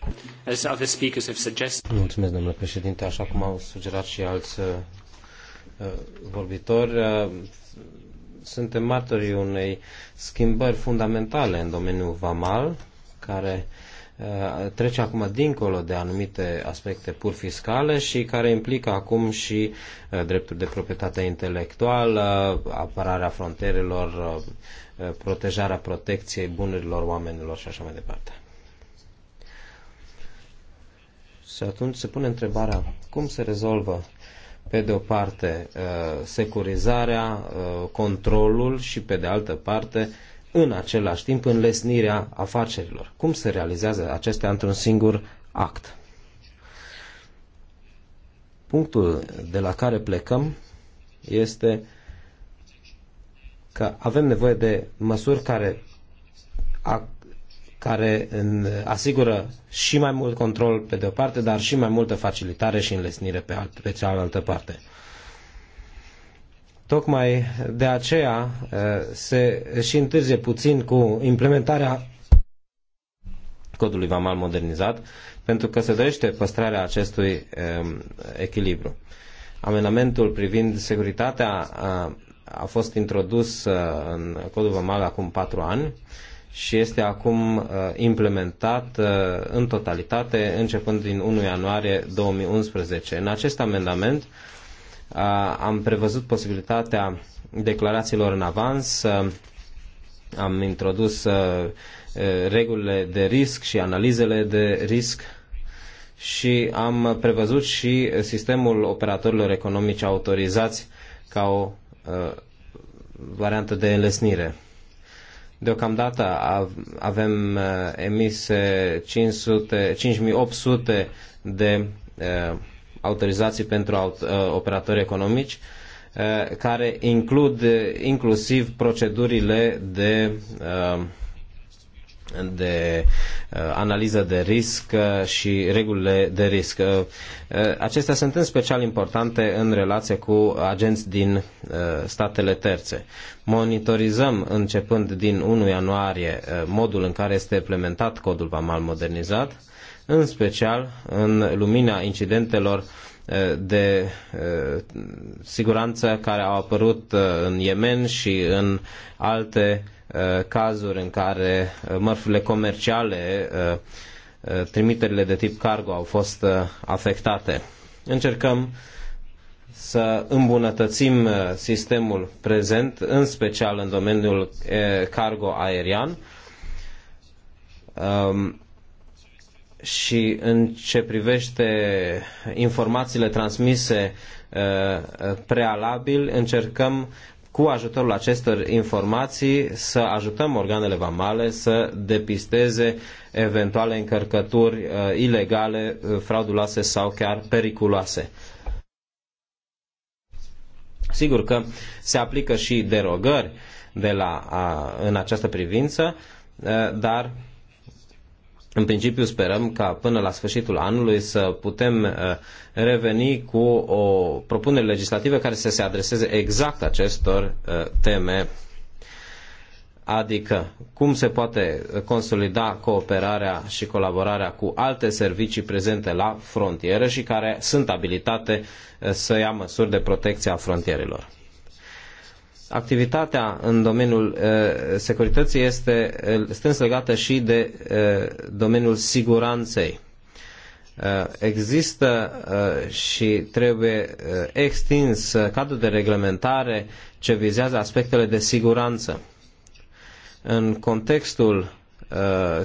Mulțumesc, domnule președinte. Așa cum au sugerat și alți uh, vorbitori, suntem martorii unei schimbări fundamentale în domeniul VAMAL, care uh, Uh, trece acum dincolo de anumite aspecte pur fiscale și care implică acum și uh, drepturi de proprietate intelectuală, apărarea frontierelor, uh, protejarea protecției bunurilor oamenilor și așa mai departe. Și atunci se pune întrebarea cum se rezolvă pe de o parte securizarea, controlul și pe de altă parte în același timp înlesnirea afacerilor. Cum se realizează acestea într-un singur act? Punctul de la care plecăm este că avem nevoie de măsuri care, a, care în, asigură și mai mult control pe de o parte, dar și mai multă facilitare și înlesnire pe, alt, pe cealaltă parte. Tocmai de aceea uh, se și întârzie puțin cu implementarea codului vamal modernizat, pentru că se dorește păstrarea acestui um, echilibru. Amenamentul privind securitatea uh, a fost introdus uh, în codul vamal acum patru ani și este acum implementat în totalitate începând din 1 ianuarie 2011. În acest amendament am prevăzut posibilitatea declarațiilor în avans, am introdus regulile de risc și analizele de risc și am prevăzut și sistemul operatorilor economici autorizați ca o variantă de înlesnire. Deocamdată avem emise 500, 5800 de autorizații pentru uh, operatori economici, uh, care includ uh, inclusiv procedurile de, de analiză de risc și regulile de risc. Acestea sunt în special importante în relație cu agenți din statele terțe. Monitorizăm începând din 1 ianuarie modul în care este implementat codul VAMAL modernizat în special în lumina incidentelor eh, de eh, siguranță care au apărut eh, în Yemen și în alte cazuri în care mărfurile comerciale, trimiterile de tip cargo au fost afectate. Încercăm să îmbunătățim sistemul prezent, în special în domeniul cargo aerian. Ehm, și în ce privește informațiile transmise uh, uh, prealabil, încercăm cu ajutorul acestor informații să ajutăm organele vamale să depisteze eventuale încărcături uh, ilegale, frauduloase sau chiar periculoase. Sigur că se aplică și derogări de la, a, în această privință, dar în principiu sperăm ca până la sfârșitul anului să putem uh, reveni cu o propunere legislativă care să se adreseze exact acestor uh, teme, adică cum se poate consolida cooperarea și colaborarea cu alte servicii prezente la frontieră și care sunt abilitate uh, să ia măsuri de protecție a frontierelor activitatea în domeniul uh, securității este uh, strâns legată și de uh, domeniul siguranței. Există și trebuie extins cadrul de reglementare ce vizează aspectele de siguranță. În contextul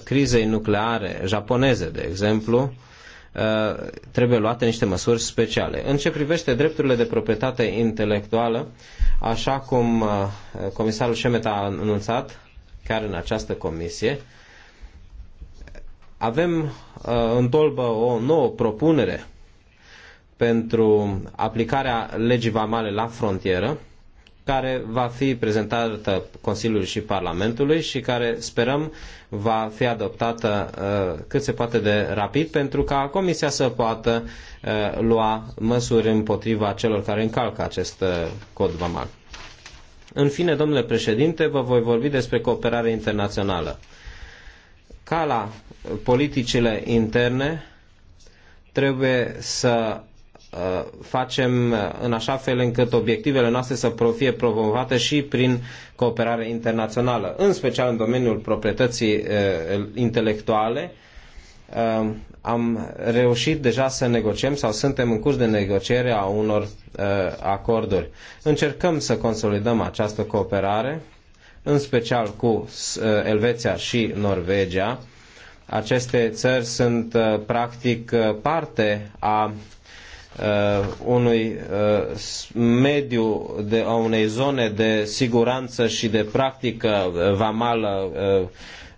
crizei nucleare japoneze, de exemplu, Uh, trebuie luate niște măsuri speciale. În ce privește drepturile de proprietate intelectuală, așa cum uh, comisarul Șemet a anunțat, chiar în această comisie, avem uh, în tolbă o nouă propunere pentru aplicarea legii vamale la frontieră, care va fi prezentată Consiliului și Parlamentului și care sperăm va fi adoptată uh, cât se poate de rapid pentru ca Comisia să poată uh, lua măsuri împotriva celor care încalcă acest uh, cod vamal. În fine, domnule președinte, vă voi vorbi despre cooperare internațională. Ca la politicile interne, trebuie să Uh, facem uh, în așa fel încât obiectivele noastre să fie promovate și prin cooperare internațională, în special în domeniul proprietății uh, intelectuale. Am reușit deja să negociem sau suntem în curs de negociere a unor acorduri. Încercăm să consolidăm această cooperare, în special cu Elveția și Norvegia. Aceste țări sunt practic parte a uh, unui uh, mediu, de, a unei zone de siguranță și de practică uh, vamală uh,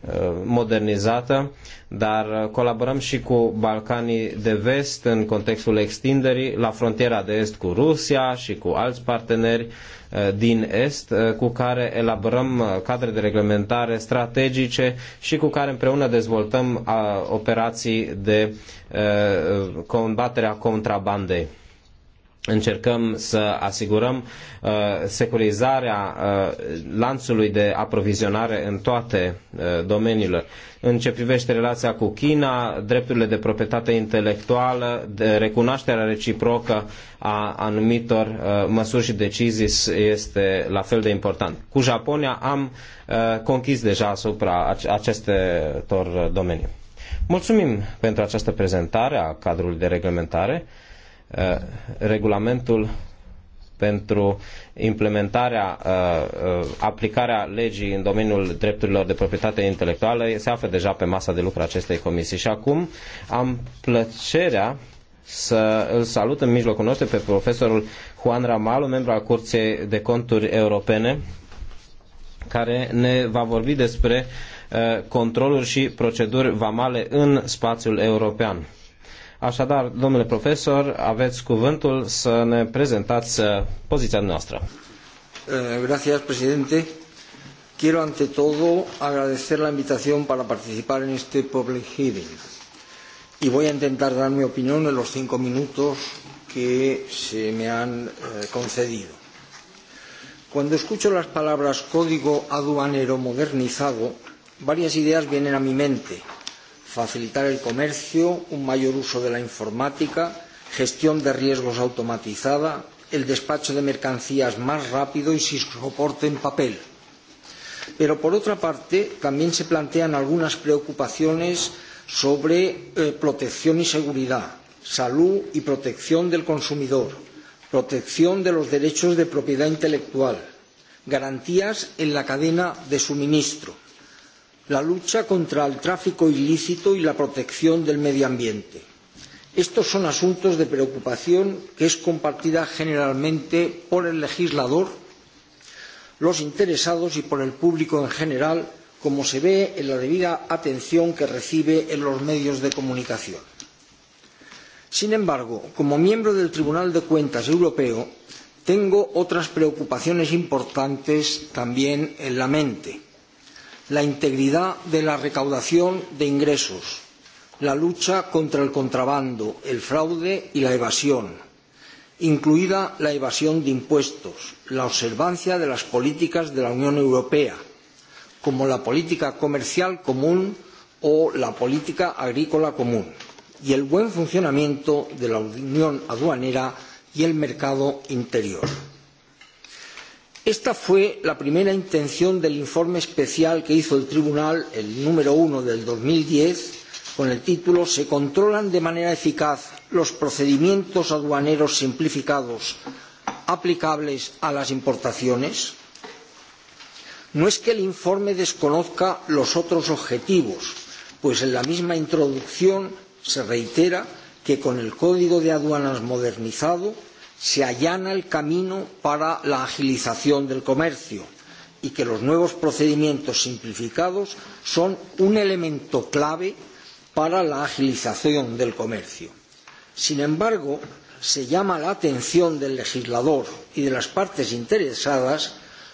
uh, modernizată, dar uh, colaborăm și cu Balcanii de vest în contextul extinderii, la frontiera de est cu Rusia și cu alți parteneri Uh, din Est, uh, cu care elaborăm uh, cadre de reglementare strategice și cu care împreună dezvoltăm operații de combatere a contrabandei încercăm să asigurăm uh, securizarea uh, lanțului de aprovizionare în toate uh, domeniile. În ce privește relația cu China, drepturile de proprietate intelectuală, de recunoașterea reciprocă a anumitor uh, măsuri și decizii este la fel de important. Cu Japonia am uh, conchis deja asupra acestor uh, domenii. Mulțumim pentru această prezentare a cadrului de reglementare. Uh, regulamentul pentru implementarea, uh, uh, aplicarea legii în domeniul drepturilor de proprietate intelectuală se află deja pe masa de lucru acestei comisii. Și acum am plăcerea să îl salut în mijlocul nostru pe profesorul Juan Ramalu, membru al Curții de Conturi Europene, care ne va vorbi despre controluri și proceduri vamale în spațiul european. Așadar, domnule profesor, aveți cuvântul să ne prezentați uh, poziția noastră. Eh, gracias, presidente. Quiero ante todo agradecer la invitación para participar en este public hearing y voy a intentar dar mi opinión en los cinco minutos que se me han eh, concedido. Cuando escucho las palabras código aduanero modernizado, varias ideas vienen a mi mente facilitar el comercio, un mayor uso de la informática, gestión de riesgos automatizada, el despacho de mercancías más rápido y sin soporte en papel. Pero, por otra parte, también se plantean algunas preocupaciones sobre eh, protección y seguridad, salud y protección del consumidor, protección de los derechos de propiedad intelectual, garantías en la cadena de suministro la lucha contra el tráfico ilícito y la protección del medio ambiente. Estos son asuntos de preocupación que es compartida generalmente por el legislador, los interesados y por el público en general, como se ve en la debida atención que recibe en los medios de comunicación. Sin embargo, como miembro del Tribunal de Cuentas Europeo, tengo otras preocupaciones importantes también en la mente la integridad de la recaudación de ingresos, la lucha contra el contrabando, el fraude y la evasión, incluida la evasión de impuestos, la observancia de las políticas de la Unión Europea, como la política comercial común o la política agrícola común, y el buen funcionamiento de la Unión aduanera y el mercado interior. Esta fue la primera intención del informe especial que hizo el Tribunal, el número uno del 2010, con el título Se controlan de manera eficaz los procedimientos aduaneros simplificados aplicables a las importaciones. No es que el informe desconozca los otros objetivos, pues en la misma introducción se reitera que con el Código de Aduanas modernizado se allana el camino para la agilización del comercio y que los nuevos procedimientos simplificados son un elemento clave para la agilización del comercio. Sin embargo, se llama la atención del legislador y de las partes interesadas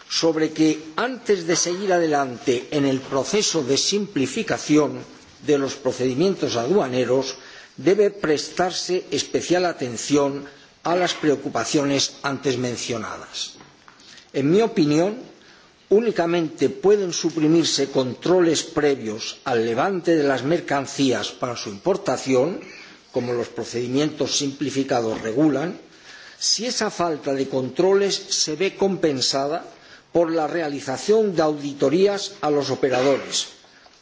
sobre que antes de seguir adelante en el proceso de simplificación de los procedimientos aduaneros debe prestarse especial atención a las preocupaciones antes mencionadas. En mi opinión, únicamente pueden suprimirse controles previos al levante de las mercancías para su importación, como los procedimientos simplificados regulan, si esa falta de controles se ve compensada por la realización de auditorías a los operadores,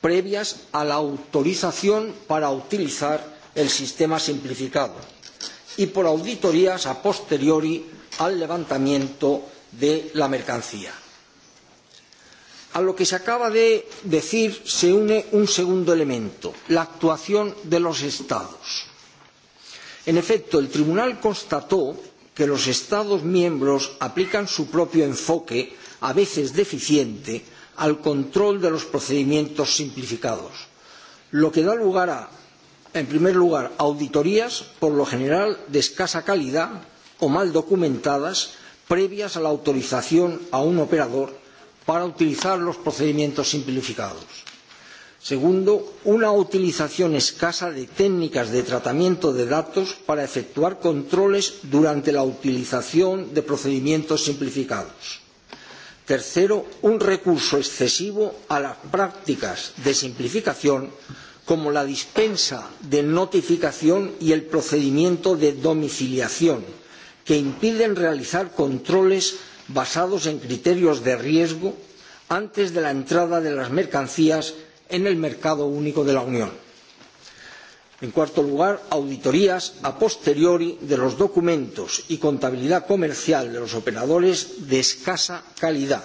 previas a la autorización para utilizar el sistema simplificado y por auditorías a posteriori al levantamiento de la mercancía. A lo que se acaba de decir se une un segundo elemento, la actuación de los Estados. En efecto, el Tribunal constató que los Estados miembros aplican su propio enfoque, a veces deficiente, al control de los procedimientos simplificados, lo que da lugar a en primer lugar, auditorías, por lo general, de escasa calidad o mal documentadas, previas a la autorización a un operador para utilizar los procedimientos simplificados. Segundo, una utilización escasa de técnicas de tratamiento de datos para efectuar controles durante la utilización de procedimientos simplificados. Tercero, un recurso excesivo a las prácticas de simplificación como la dispensa de notificación y el procedimiento de domiciliación, que impiden realizar controles basados en criterios de riesgo antes de la entrada de las mercancías en el mercado único de la Unión. En cuarto lugar, auditorías a posteriori de los documentos y contabilidad comercial de los operadores de escasa calidad,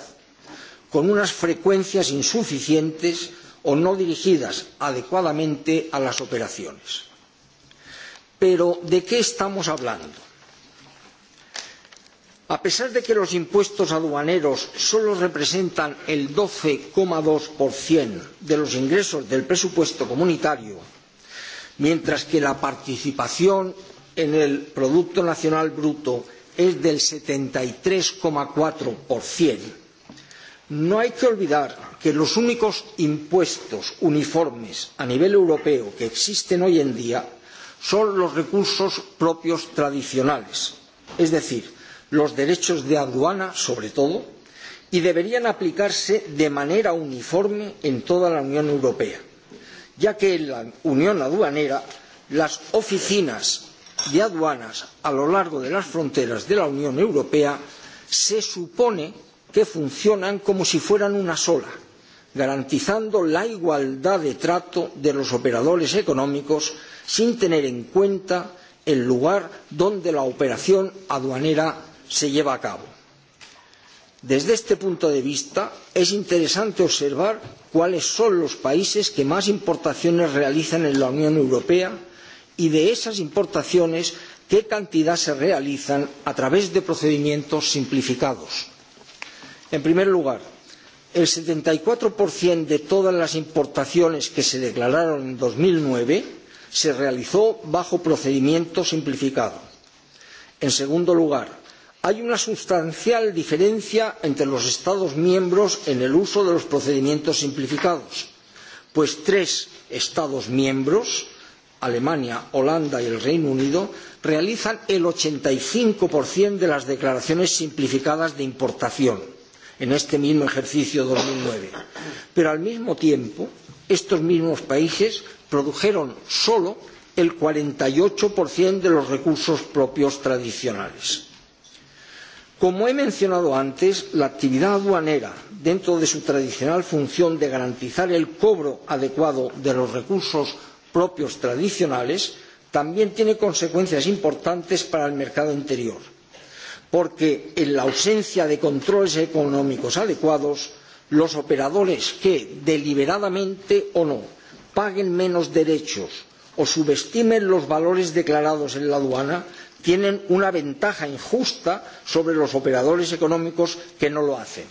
con unas frecuencias insuficientes o no dirigidas adecuadamente a las operaciones. Pero, ¿de qué estamos hablando? A pesar de que los impuestos aduaneros solo representan el 12,2% de los ingresos del presupuesto comunitario, mientras que la participación en el Producto Nacional Bruto es del 73,4%, no hay que olvidar que los únicos impuestos uniformes a nivel europeo que existen hoy en día son los recursos propios tradicionales, es decir, los derechos de aduana sobre todo, y deberían aplicarse de manera uniforme en toda la Unión Europea, ya que en la Unión aduanera las oficinas de aduanas a lo largo de las fronteras de la Unión Europea se supone que funcionan como si fueran una sola garantizando la igualdad de trato de los operadores económicos sin tener en cuenta el lugar donde la operación aduanera se lleva a cabo. Desde este punto de vista, es interesante observar cuáles son los países que más importaciones realizan en la Unión Europea y de esas importaciones qué cantidad se realizan a través de procedimientos simplificados. En primer lugar, el 74% de todas las importaciones que se declararon en 2009 se realizó bajo procedimiento simplificado. En segundo lugar, hay una sustancial diferencia entre los Estados miembros en el uso de los procedimientos simplificados, pues tres Estados miembros Alemania, Holanda y el Reino Unido realizan el 85% de las declaraciones simplificadas de importación en este mismo ejercicio 2009. Pero al mismo tiempo, estos mismos países produjeron solo el 48% de los recursos propios tradicionales. Como he mencionado antes, la actividad aduanera, dentro de su tradicional función de garantizar el cobro adecuado de los recursos propios tradicionales, también tiene consecuencias importantes para el mercado interior porque en la ausencia de controles económicos adecuados, los operadores que, deliberadamente o no, paguen menos derechos o subestimen los valores declarados en la aduana tienen una ventaja injusta sobre los operadores económicos que no lo hacen.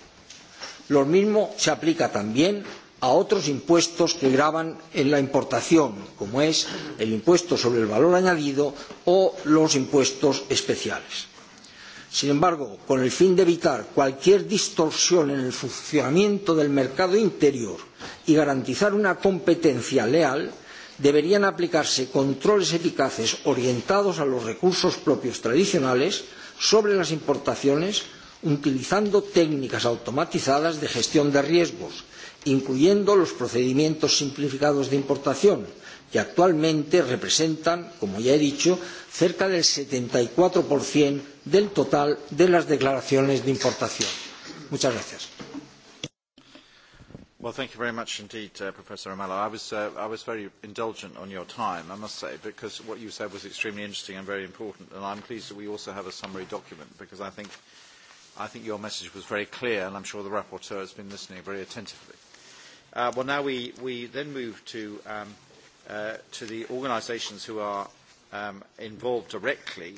Lo mismo se aplica también a otros impuestos que gravan en la importación, como es el impuesto sobre el valor añadido o los impuestos especiales. Sin embargo, con el fin de evitar cualquier distorsión en el funcionamiento del mercado interior y garantizar una competencia leal, deberían aplicarse controles eficaces orientados a los recursos propios tradicionales sobre las importaciones utilizando técnicas automatizadas de gestión de riesgos, incluyendo los procedimientos simplificados de importación, que actualmente representan, como ya he dicho, cerca del 74% del total de las declaraciones de importación. Muchas gracias. Well, thank you very much indeed, uh, Professor Amalo. I was, uh, I was very indulgent on your time, I must say, because what you said was extremely interesting and very important, and I'm pleased that we also have a summary document, because I think, I think your message was very clear, and I'm sure the rapporteur has been listening very attentively. Uh, well, now we, we then move to, um, uh, to the organisations who are um, involved directly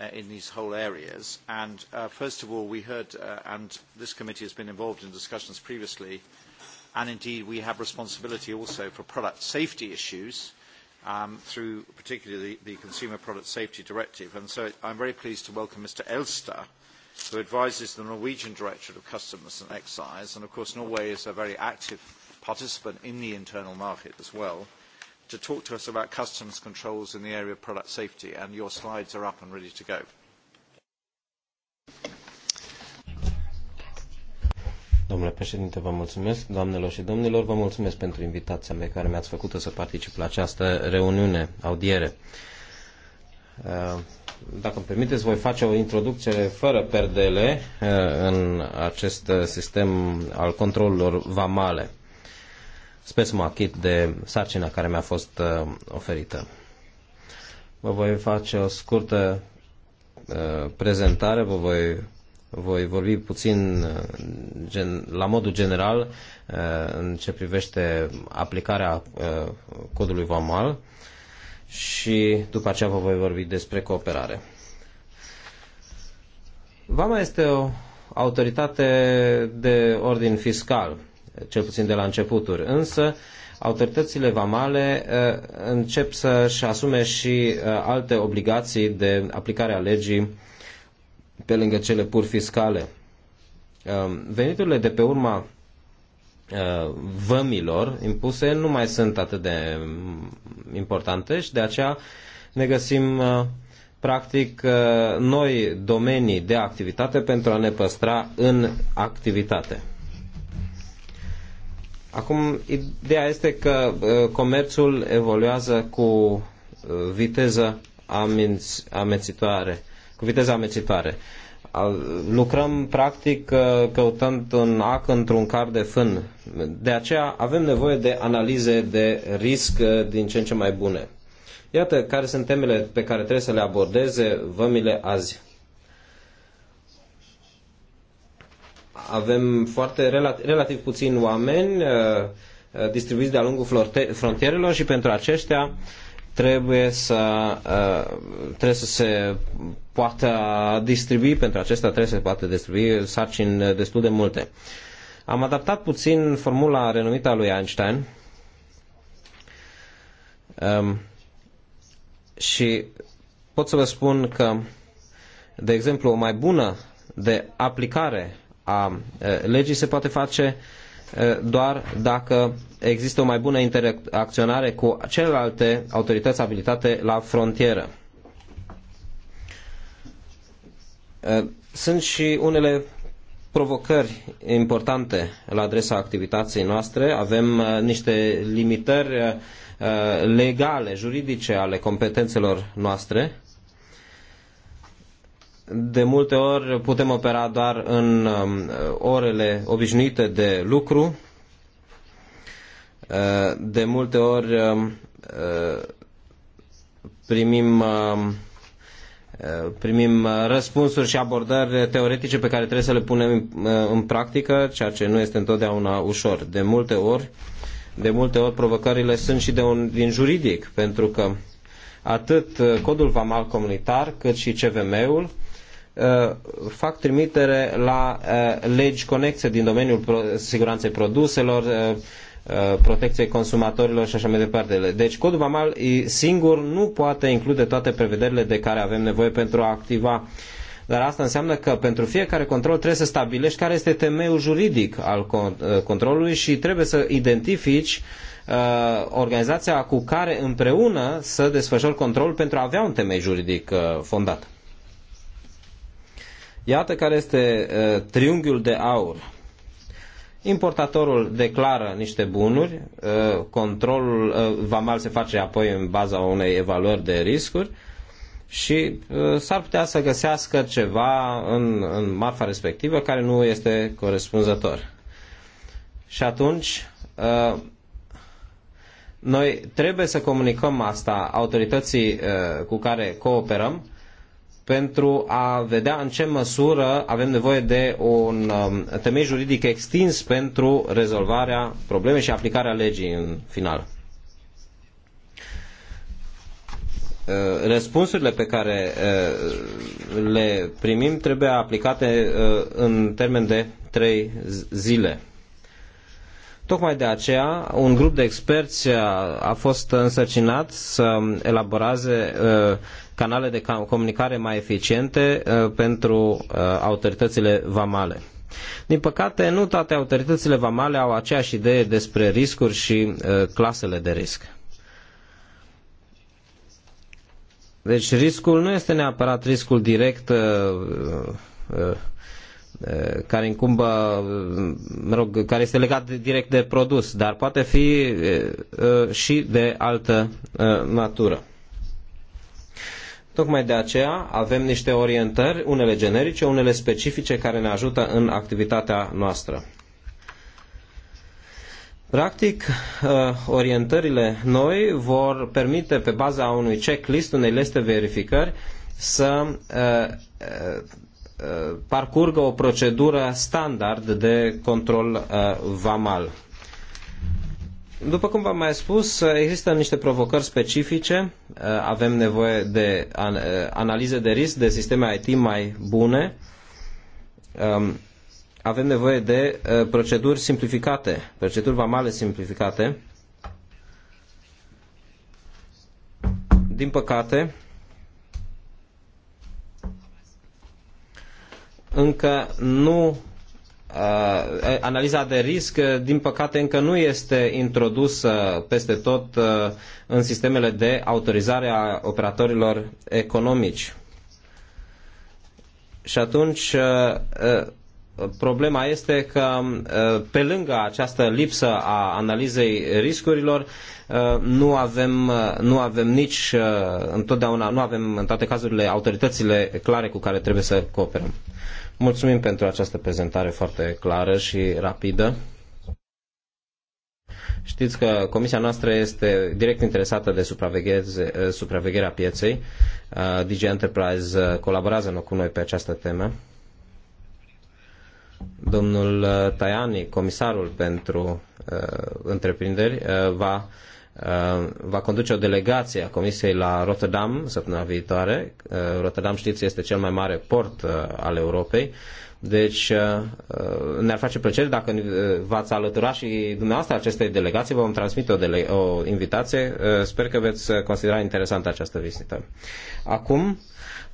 uh, in these whole areas. And uh, first of all, we heard, uh, and this committee has been involved in discussions previously, and indeed we have responsibility also for product safety issues um, through particularly the, the, Consumer Product Safety Directive. And so I'm very pleased to welcome Mr. Elster, who advises the Norwegian Directorate of Customs and Excise. And of course, Norway is a very active participant in the internal market as well to talk to us about customs controls in the area of product safety, and your slides are up and ready to go. Domnule președinte, vă mulțumesc. Doamnelor și domnilor, vă mulțumesc pentru invitația mea care mi-ați făcut să particip la această reuniune, audiere. Uh, dacă îmi permiteți, voi face o introducere fără perdele uh, în acest sistem al controlurilor vamale. Sper să mă achit de sarcina care mi-a fost uh, oferită. Vă voi face o scurtă uh, prezentare, vă voi, voi vorbi puțin uh, gen, la modul general în ce privește aplicarea codului VAMAL și după aceea vă voi vorbi despre cooperare. VAMA este o autoritate de ordin fiscal cel puțin de la începuturi. Însă, autoritățile vamale eh, încep să-și asume și eh, alte obligații de aplicare a legii pe lângă cele pur fiscale. Eh, veniturile de pe urma vămilor impuse nu mai sunt atât de mm, importante și de aceea ne găsim practic noi domenii de activitate pentru a ne păstra în activitate. Acum, ideea este că uh, comerțul evoluează cu uh, viteză amenț, amețitoare, cu viteză amețitoare. Lucrăm, practic, uh, căutând un ac într-un car de fân. De aceea avem nevoie de analize de risc din ce în ce mai bune. Iată care sunt temele pe care trebuie să le abordeze vămile azi. avem foarte relativ, relativ puțini oameni uh, uh, distribuiți de-a lungul frontierelor și pentru aceștia trebuie să, uh, trebuie să se poată distribui, pentru acesta trebuie să se poată distribui sarcini destul de multe. Am adaptat puțin formula renumită a lui Einstein um, și pot să vă spun că, de exemplu, o mai bună de aplicare a legii se poate face doar dacă există o mai bună interacționare cu celelalte autorități abilitate la frontieră. Sunt și unele provocări importante la adresa activității noastre. Avem niște limitări legale, juridice ale competențelor noastre de multe ori putem opera doar în um, orele obișnuite de lucru. Uh, de multe ori um, uh, primim um, uh, primim răspunsuri și abordări teoretice pe care trebuie să le punem în practică, ceea ce nu este întotdeauna ușor. De multe ori, de multe ori provocările sunt și de un, din juridic, pentru că atât codul vamal comunitar cât și CVM-ul Uh, fac trimitere la uh, legi conexe din domeniul siguranței produselor, uh, protecției consumatorilor și așa mai departe. Deci codul VAMAL singur nu poate include toate prevederile de care avem nevoie pentru a activa dar asta înseamnă că pentru fiecare control trebuie să stabilești care este temeiul juridic al controlului și trebuie să identifici uh, organizația cu care împreună să desfășori controlul pentru a avea un temei juridic uh, fondat. Iată care este uh, triunghiul de aur. Importatorul declară niște bunuri, uh, controlul uh, vamal se face apoi în baza unei evaluări de riscuri și uh, s-ar putea să găsească ceva în, în marfa respectivă care nu este corespunzător. Și atunci uh, noi trebuie să comunicăm asta autorității uh, cu care cooperăm pentru a vedea în ce măsură avem nevoie de un um, temei juridic extins pentru rezolvarea problemei și aplicarea legii în final. Uh, răspunsurile pe care uh, le primim trebuie aplicate uh, în termen de trei zile. Tocmai de aceea, un grup de experți a, a fost însărcinat să elaboreze uh, canale de comunicare mai eficiente uh, pentru uh, autoritățile vamale. Din păcate, nu toate autoritățile vamale au aceeași idee despre riscuri și uh, clasele de risc. Deci riscul nu este neapărat riscul direct care incumbă, mă rog, care este legat de, direct de produs, dar poate fi și de altă natură. Tocmai de aceea avem niște orientări, unele generice, unele specifice, care ne ajută în activitatea noastră. Practic, uh, orientările noi vor permite, pe baza unui checklist, unei liste verificări, să uh, uh, parcurgă o procedură standard de control vamal. După cum v-am mai spus, există niște provocări specifice, avem nevoie de analize de risc, de sisteme IT mai bune, um, avem nevoie de uh, proceduri simplificate, proceduri vamale simplificate. Din păcate, încă nu analiza de risc, din păcate, încă nu este introdusă peste tot în sistemele de autorizare a operatorilor economici. Și atunci problema este că pe lângă această lipsă a analizei riscurilor nu avem, nu avem nici întotdeauna, nu avem în toate cazurile autoritățile clare cu care trebuie să cooperăm. Mulțumim pentru această prezentare foarte clară și rapidă. Știți că comisia noastră este direct interesată de eh, supravegherea pieței. Eh, DJ Enterprise eh, colaborează cu noi pe această temă. Domnul Tajani, comisarul pentru întreprinderi, va Uh, va conduce o delegație a Comisiei la Rotterdam săptămâna viitoare. Uh, Rotterdam, știți, este cel mai mare port uh, al Europei. Deci ne-ar face plăcere dacă v-ați alătura și dumneavoastră acestei delegații, vom transmite o, dele- o invitație. Sper că veți considera interesantă această vizită. Acum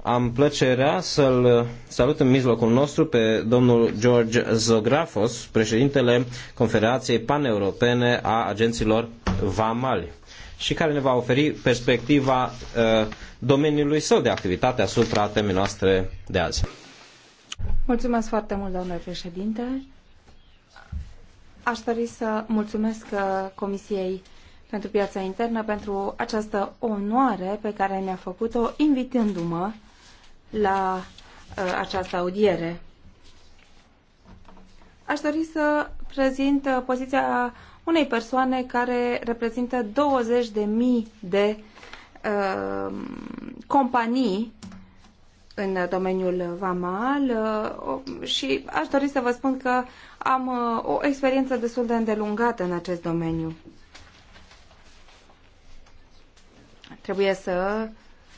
am plăcerea să-l salut în mijlocul nostru pe domnul George Zografos, președintele Confederației Paneuropene a Agenților Vamali și care ne va oferi perspectiva uh, domeniului său de activitate asupra temei noastre de azi. Mulțumesc foarte mult, domnule președinte. Aș dori să mulțumesc uh, Comisiei pentru piața internă pentru această onoare pe care mi-a făcut-o invitându-mă la uh, această audiere. Aș dori să prezint uh, poziția unei persoane care reprezintă 20.000 de uh, companii în domeniul VAMAL uh, și aș dori să vă spun că am uh, o experiență destul de îndelungată în acest domeniu. Trebuie să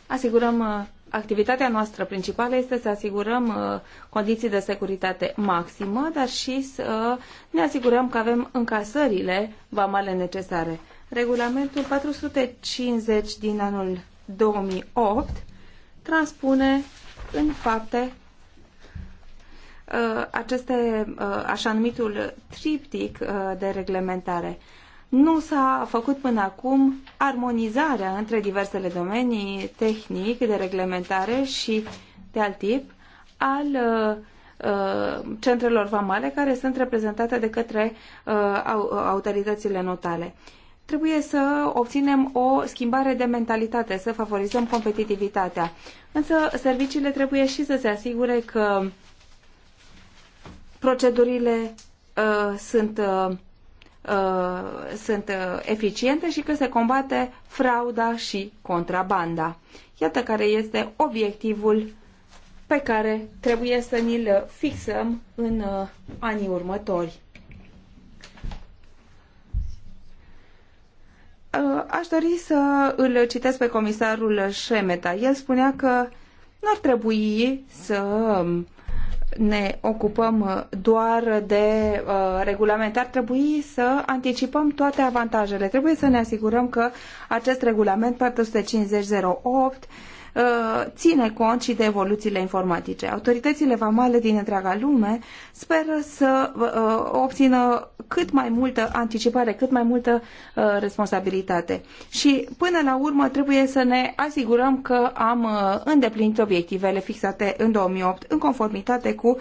asigurăm uh, activitatea noastră principală este să asigurăm uh, condiții de securitate maximă, dar și să ne asigurăm că avem încasările vamale necesare. Regulamentul 450 din anul 2008 transpune în fapte uh, aceste, uh, așa numitul triptic de reglementare nu s-a făcut până acum armonizarea între diversele domenii tehnic de reglementare și de alt tip al uh, uh centrelor vamale care sunt reprezentate de către uh, uh, autoritățile notale. Trebuie să obținem o schimbare de mentalitate, să favorizăm competitivitatea. Însă serviciile trebuie și să se asigure că procedurile uh, sunt uh, Uh, sunt uh, eficiente și că se combate frauda și contrabanda. Iată care este obiectivul pe care trebuie să ni-l fixăm în uh, anii următori. Aș dori să îl citesc pe comisarul Șemeta. El spunea că n-ar trebui să um, ne ocupăm uh, doar de uh, regulament. Ar trebui să anticipăm toate avantajele. Trebuie să ne asigurăm că acest regulament 45008 Uh, ține cont și de evoluțiile informatice. Autoritățile vamale din întreaga lume speră să uh, uh, obțină cât mai multă anticipare, cât mai multă responsabilitate. Și până la urmă trebuie să ne asigurăm că am îndeplinit obiectivele fixate în 2008 în conformitate cu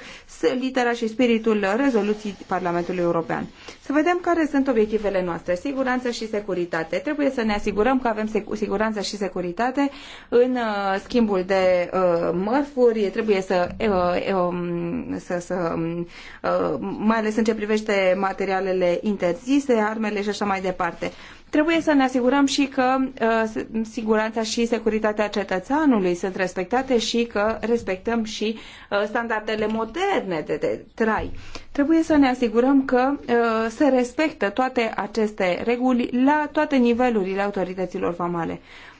litera și spiritul rezoluției Parlamentului European. Să vedem care sunt obiectivele noastre. Siguranță și securitate. Trebuie să ne asigurăm că avem siguranță și securitate în schimbul de uh, mărfuri, trebuie să, uh, um, să, să um, uh, mai ales în ce privește materialele interzise, armele și așa mai departe. Trebuie să ne asigurăm și că uh, siguranța și securitatea cetățeanului sunt respectate și că respectăm și uh, standardele moderne de, de trai. Trebuie să ne asigurăm că uh, se respectă toate aceste reguli la toate nivelurile autorităților Uh,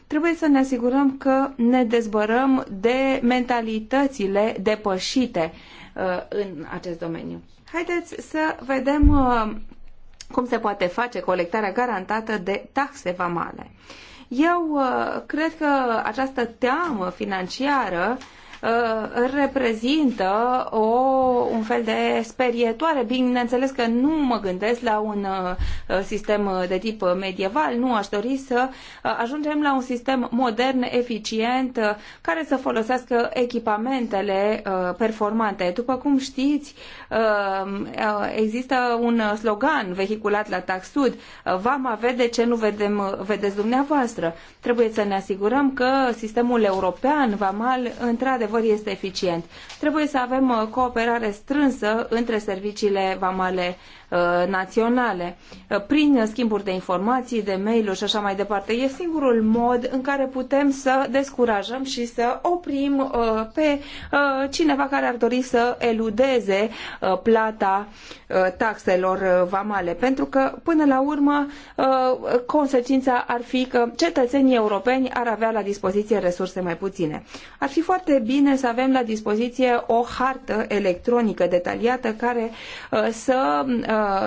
Trebuie să ne asigurăm că ne dezbărăm de mentalitățile depășite uh, în acest domeniu. Haideți să vedem uh, cum se poate face colectarea garantată de taxe vamale. Eu uh, cred că această teamă financiară Uh, reprezintă o, un fel de sperietoare. Bineînțeles că nu mă gândesc la un uh, sistem de tip medieval, nu aș dori să uh, ajungem la un sistem modern, eficient, care să folosească echipamentele performante. După cum știți, Ehm, eh, există un slogan vehiculat la Tax Sud, eh, vama vede ce nu vedem, vedeți dumneavoastră. Trebuie să ne asigurăm că sistemul european vamal într-adevăr este eficient. Trebuie să avem eh, cooperare strânsă între serviciile vamale Uh, naționale, uh, prin schimburi de informații, de mail-uri și așa mai departe. E singurul mod în care putem să descurajăm și să oprim uh, pe cineva care ar dori să eludeze plata taxelor vamale. Pentru că, până la urmă, consecința ar fi că cetățenii europeni ar avea la dispoziție resurse mai puține. Ar fi foarte bine să avem la dispoziție o hartă electronică detaliată care să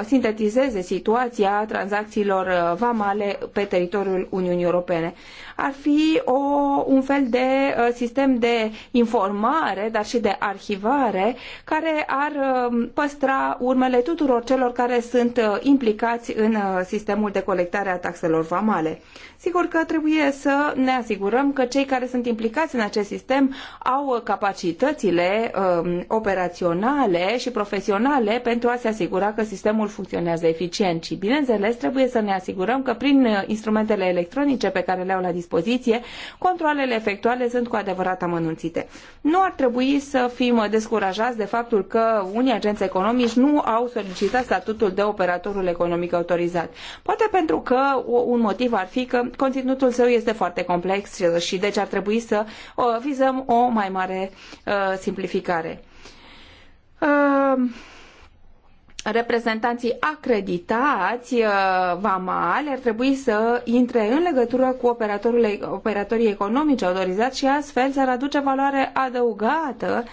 sintetizeze situația tranzacțiilor uh, vamale pe teritoriul Uniunii Europene ar fi o, un fel de uh, sistem de informare, dar și de arhivare, care ar um, păstra urmele tuturor celor care sunt uh, implicați în uh, sistemul de colectare a taxelor vamale. Sigur că trebuie să ne asigurăm că cei care sunt implicați în acest sistem au capacitățile um, operaționale și profesionale pentru a se asigura că sistemul funcționează eficient și, bineînțeles, trebuie să ne asigurăm că prin instrumentele electronice pe care le au la dispoziție dispoziție, controlele efectuale sunt cu adevărat amănunțite. Nu ar trebui să fim descurajați de faptul că unii agenți economici nu au solicitat statutul de operatorul economic autorizat. Poate pentru că un motiv ar fi că conținutul său este foarte complex și deci ar trebui să vizăm o mai mare uh, simplificare. Uh, reprezentanții acreditați uh, vamali ar trebui să intre în legătură cu operatorii economici autorizați și astfel s-ar aduce valoare adăugată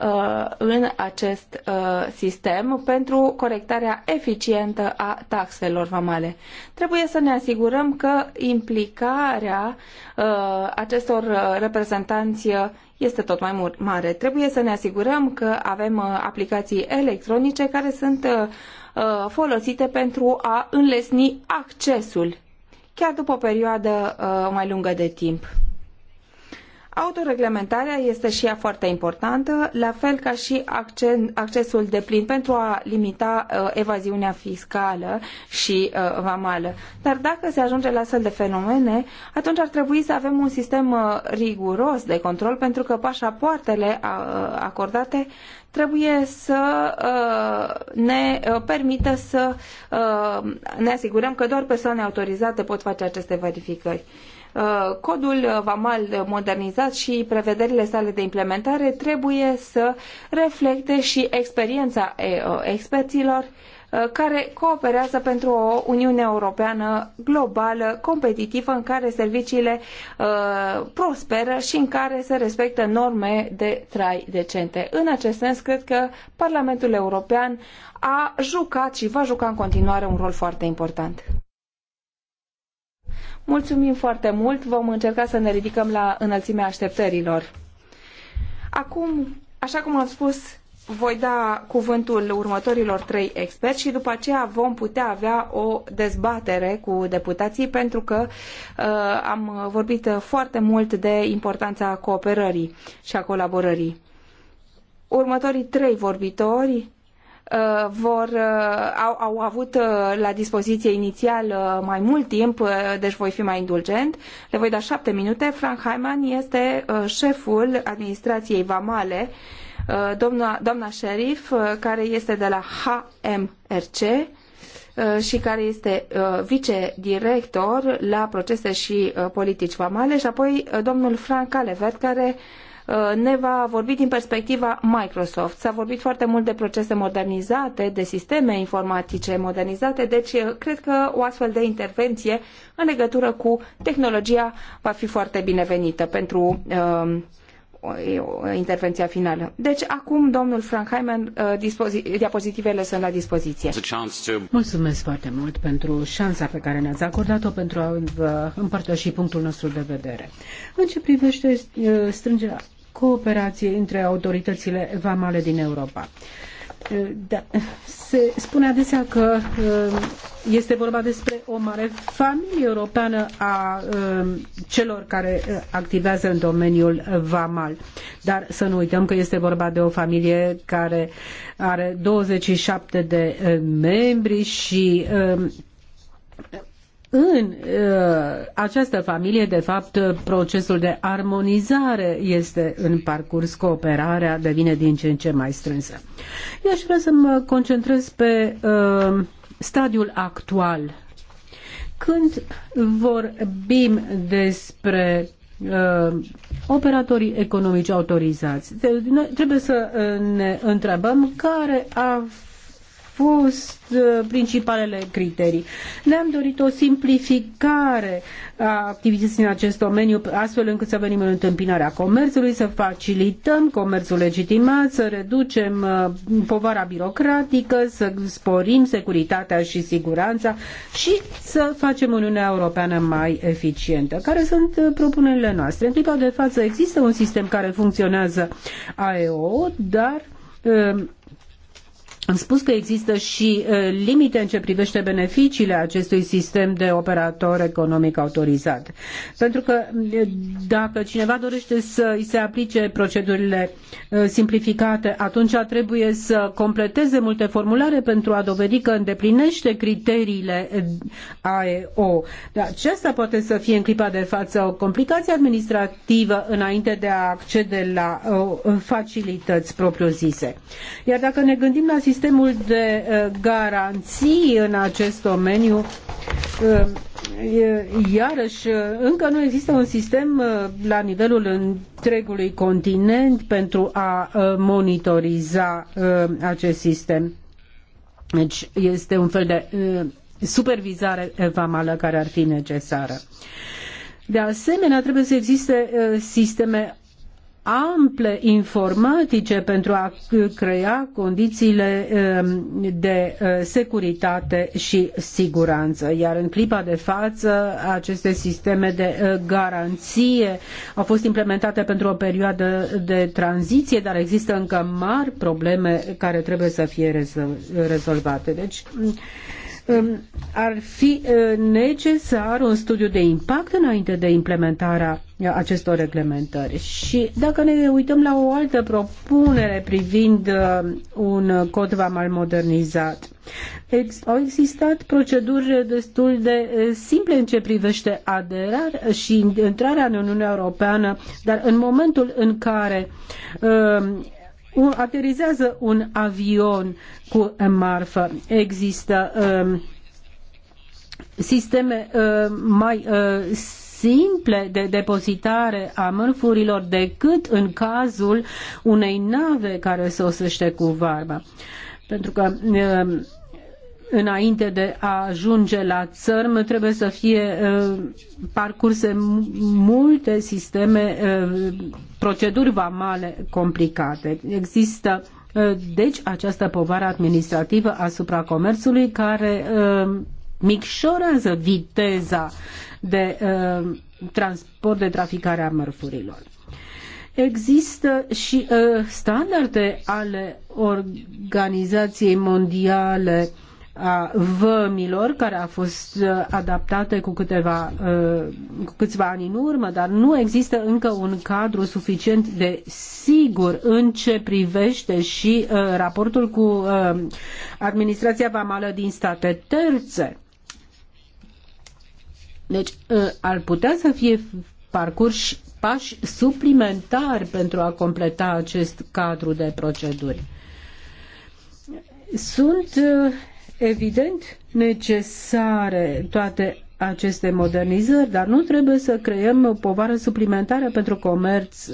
Uh, în acest uh, sistem pentru corectarea eficientă a taxelor vamale. Trebuie să ne asigurăm că implicarea uh, acestor reprezentanți este tot mai mare. Trebuie să ne asigurăm că avem aplicații electronice care sunt folosite pentru a înlesni accesul chiar după o perioadă mai lungă de timp. Autoreglementarea este și ea foarte importantă, la fel ca și accesul de plin pentru a limita uh, evaziunea fiscală și uh, vamală. Dar dacă se ajunge la astfel de fenomene, atunci ar trebui să avem un sistem uh, riguros de control pentru că pașapoartele acordate trebuie să ne permită să ne asigurăm că doar persoane autorizate pot face aceste verificări. Uh, codul VAMAL modernizat și prevederile sale de implementare trebuie să reflecte și experiența uh, experților uh, care cooperează pentru o Uniune Europeană globală, competitivă, în care serviciile prosperă și în care se respectă norme de trai decente. În acest sens, cred că Parlamentul European a jucat și va juca în continuare un rol foarte important. Mulțumim foarte mult, vom încerca să ne ridicăm la înălțimea așteptărilor. Acum, așa cum am spus, voi da cuvântul următorilor trei experți și după aceea vom putea avea o dezbatere cu deputații pentru că uh, am vorbit foarte mult de importanța cooperării și a colaborării. Următorii trei vorbitori Uh, vor, uh, au, au avut uh, la dispoziție inițial mai mult timp, deci voi fi mai indulgent. Le voi da șapte minute. Frank Heimann este șeful administrației Vamale, doamna, doamna șerif, care este de la HMRC și care este vicedirector la procese și politici vamale și apoi domnul Frank Alevert, care Uh, ne va vorbi din perspectiva Microsoft. S-a vorbit foarte mult de procese modernizate, de sisteme informatice modernizate, deci uh, cred că o astfel de intervenție în legătură cu tehnologia va fi foarte binevenită pentru uh, intervenția finală. Deci acum, domnul Frank Heimen, uh, diapozitivele sunt la dispoziție. Mulțumesc foarte mult pentru șansa pe care ne-ați acordat-o pentru a vă împărtăși punctul nostru de vedere. În ce privește strângerea Cooperație între autoritățile vamale din Europa. Da. Se spune adesea că uh, este vorba despre o mare familie europeană a um, celor care uh, activează în domeniul vamal. Dar să nu uităm că este vorba de o familie care are 27 de uh, membri și um, în uh, această familie, de fapt, procesul de armonizare este în parcurs, cooperarea devine din ce în ce mai strânsă. Eu aș vrea să mă concentrez pe uh, stadiul actual. Când vorbim despre uh, operatorii economici autorizați. trebuie să uh, ne întrebăm care a fost uh, principalele criterii. Ne-am dorit o simplificare a activității în acest domeniu, astfel încât să venim în întâmpinarea comerțului, să facilităm comerțul legitimat, să reducem uh, povara birocratică, să sporim securitatea și siguranța și să facem Uniunea Europeană mai eficientă. Care sunt uh, propunerile noastre? În clipa de față există un sistem care funcționează AEO, dar am spus că există și limite în ce privește beneficiile acestui sistem de operator economic autorizat. Pentru că dacă cineva dorește să îi se aplice procedurile simplificate, atunci trebuie să completeze multe formulare pentru a dovedi că îndeplinește criteriile AEO. Dar aceasta poate să fie în clipa de față o complicație administrativă înainte de a accede la facilități propriu-zise. Iar dacă ne gândim la sistem sistemul de eh, garanții în acest domeniu eh, iarăși eh, încă nu există un sistem la nivelul întregului continent pentru a monitoriza acest sistem. Deci este un fel de supervizare vamală care ar fi necesară. De asemenea, trebuie să existe sisteme ample informatice pentru a crea condițiile ehm, de eh, securitate și siguranță. Iar în clipa de față, aceste sisteme de eh, garanție au fost implementate pentru o perioadă de tranziție, dar există încă mari probleme care trebuie să fie rezolvate. Deci, ehm, ar fi eh, necesar un studiu de impact înainte de implementarea acestor reglementări. Și dacă ne uităm la o altă propunere privind uh, un cod vamal modernizat, au existat proceduri destul de uh, simple în ce privește aderarea și intrarea în Uniunea Europeană, dar în momentul în care um, aterizează un avion cu marfă, există um, sisteme uh, mai uh, simple de depozitare a mărfurilor decât în cazul unei nave care sosește cu varba. Pentru că um, înainte de a ajunge la țărm trebuie să fie um, parcurse multe sisteme, um, proceduri vamale complicate. Există uh, deci această povară administrativă asupra comerțului care micșorează viteza de uh, transport, de traficare a mărfurilor. Există și uh, standarde ale Organizației Mondiale a vămilor, care a fost uh, adaptate cu, câteva, uh, cu câțiva ani în urmă, dar nu există încă un cadru suficient de sigur în ce privește și uh, raportul cu administrația vamală din state terțe. Deci ă, ar putea să fie parcurși pași suplimentari pentru a completa acest cadru de proceduri. Sunt ă, evident necesare toate aceste modernizări, dar nu trebuie să creăm o povară suplimentară pentru comerț.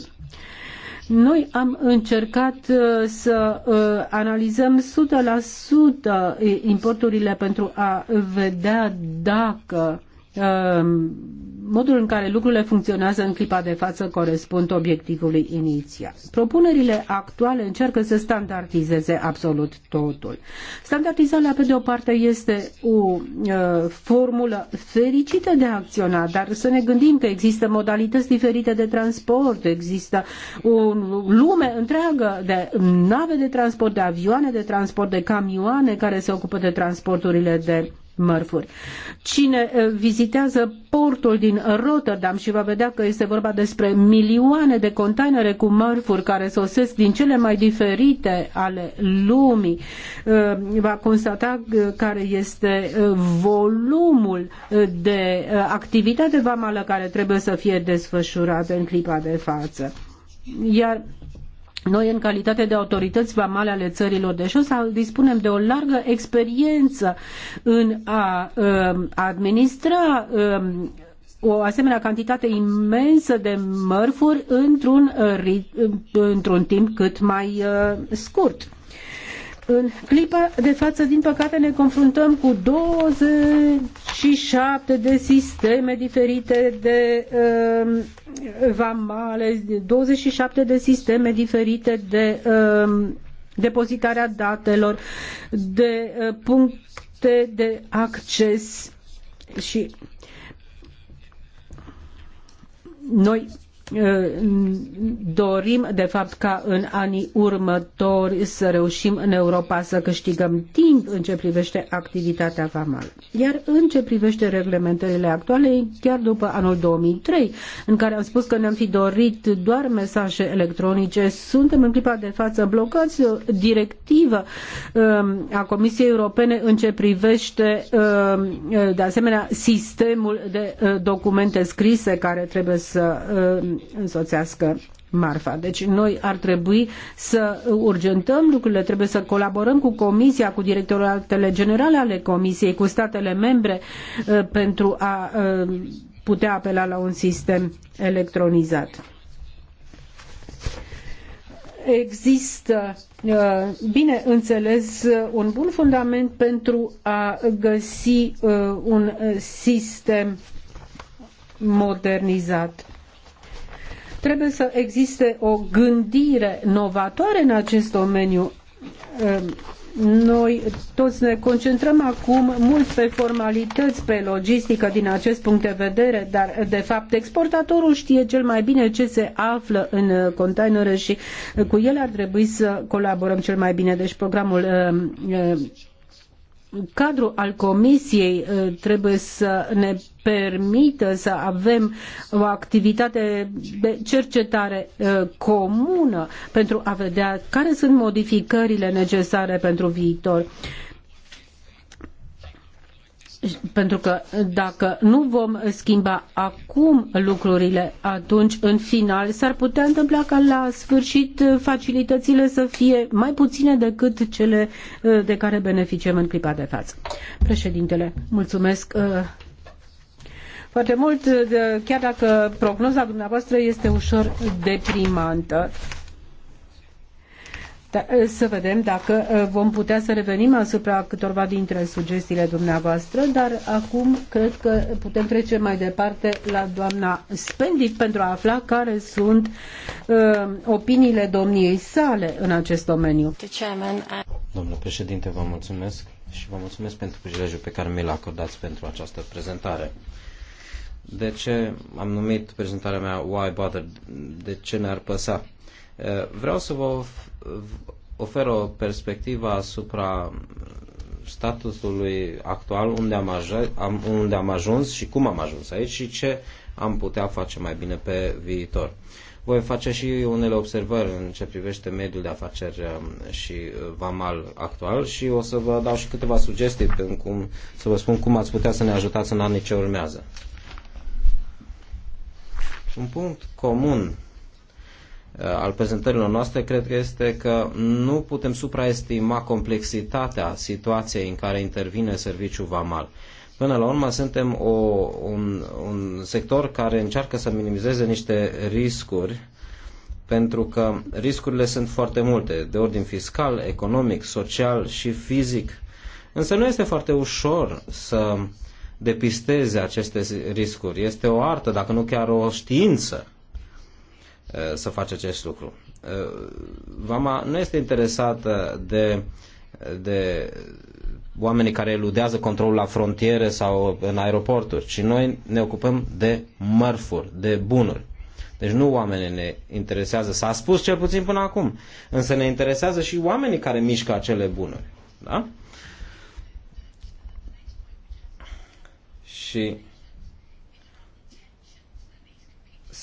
Noi am încercat ă, să analizăm 100% importurile pentru a vedea dacă Ehm, modul în care lucrurile funcționează în clipa de față corespund obiectivului inițial. Propunerile actuale încearcă să standardizeze absolut totul. Standardizarea, pe de o parte, este o uh, formulă fericită de a acționa, dar să ne gândim că există modalități diferite de transport, există o lume întreagă de nave de transport, de avioane de transport, de camioane care se ocupă de transporturile de mărfuri. Cine vizitează portul din Rotterdam și va vedea că este vorba despre milioane de containere cu mărfuri care sosesc din cele mai diferite ale lumii, va constata care este volumul de activitate vamală care trebuie să fie desfășurată în clipa de față. Iar noi, în calitate de autorități vamale ale țărilor de jos, dispunem de o largă experiență în a um, administra um, o asemenea cantitate imensă de mărfuri într-un, uh, într-un timp cât mai uh, scurt. În clipa de față, din păcate, ne confruntăm cu 27 de sisteme diferite de uh, vamale, 27 de sisteme diferite de uh, depozitarea datelor, de uh, puncte de acces și noi dorim, de fapt, ca în anii următori să reușim în Europa să câștigăm timp în ce privește activitatea vamală. Iar în ce privește reglementările actuale, chiar după anul 2003, în care am spus că ne-am fi dorit doar mesaje electronice, suntem în clipa de față blocați uh, directivă um, a Comisiei Europene în ce privește, um, uh, de asemenea, sistemul de uh, documente scrise care trebuie să um, însoțească marfa. Deci noi ar trebui să urgentăm lucrurile, trebuie să colaborăm cu Comisia, cu directoratele generale ale Comisiei, cu statele membre uh, pentru a uh, putea apela la un sistem electronizat există, uh, bine înțeles, un bun fundament pentru a găsi un sistem modernizat. Trebuie să existe o gândire novatoare în acest domeniu. Ehm, noi toți ne concentrăm acum mult pe formalități, pe logistică din acest punct de vedere, dar de fapt exportatorul știe cel mai bine ce se află în containere și cu el ar trebui să colaborăm cel mai bine. Deci programul ehm, ehm, Cadrul al Comisiei uh, trebuie să ne permită să avem o activitate de cercetare uh, comună pentru a vedea care sunt modificările necesare pentru viitor pentru că dacă nu vom schimba acum lucrurile, atunci în final s-ar putea întâmpla ca la sfârșit uh, facilitățile să fie mai puține decât cele uh, de care beneficiem în clipa de față. Președintele, mulțumesc uh, foarte mult, chiar dacă prognoza dumneavoastră este ușor deprimantă. Da, eh, să vedem dacă eh, vom putea să revenim asupra câtorva dintre sugestiile dumneavoastră, dar acum cred că putem trece mai departe la doamna Spendit pentru a afla care sunt uh, opiniile domniei sale în acest domeniu. Domnule președinte, vă mulțumesc și vă mulțumesc pentru privilegiul pe care mi-l a acordat pentru această prezentare. De ce am numit prezentarea mea Why Bother? De ce ne-ar păsa? Vreau să vă oferă o perspectivă asupra statusului actual, unde am, ajuns, unde am ajuns și cum am ajuns aici și ce am putea face mai bine pe viitor. Voi face și unele observări în ce privește mediul de afaceri um, și uh, vamal actual și o să vă dau și câteva sugestii pe cum, să vă spun cum ați putea să ne ajutați în anii ce urmează. Un punct comun Uh, al prezentărilor noastre, cred că este că nu putem supraestima complexitatea situației în care intervine serviciul VAMAL. Până la urmă, suntem o, un, un sector care încearcă să minimizeze niște riscuri, pentru că riscurile sunt foarte multe, de ordin fiscal, economic, social și fizic. Însă nu este foarte ușor să depisteze aceste riscuri. Este o artă, dacă nu chiar o știință Eh, să faci acest lucru. Eh, Vama nu este interesată de, de oamenii care eludează controlul la frontiere sau în aeroporturi, ci noi ne ocupăm de mărfuri, de bunuri. Deci nu oamenii ne interesează, s-a spus cel puțin până acum, însă ne interesează și oamenii care mișcă acele bunuri. Da? Și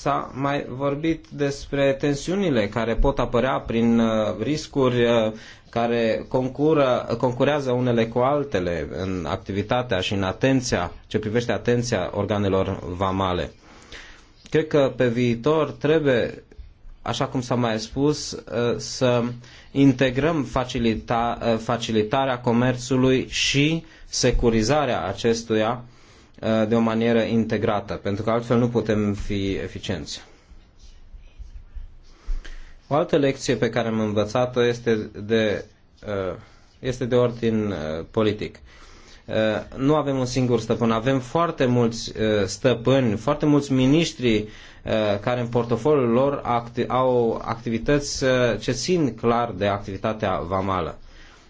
s-a mai vorbit despre tensiunile care pot apărea prin uh, riscuri uh, care concură, concurează unele cu altele în activitatea și în atenția, ce privește atenția organelor vamale. Cred că pe viitor trebuie, așa cum s-a mai spus, uh, să integrăm facilita, facilitarea comerțului și securizarea acestuia Uh, de o manieră integrată, pentru că altfel nu putem fi eficienți. O altă lecție pe care am învățat-o este de, uh, este de ordin uh, politic. Nu avem un singur stăpân, avem foarte mulți stăpâni, foarte mulți miniștri care în portofoliul lor au activități ce țin clar de activitatea vamală.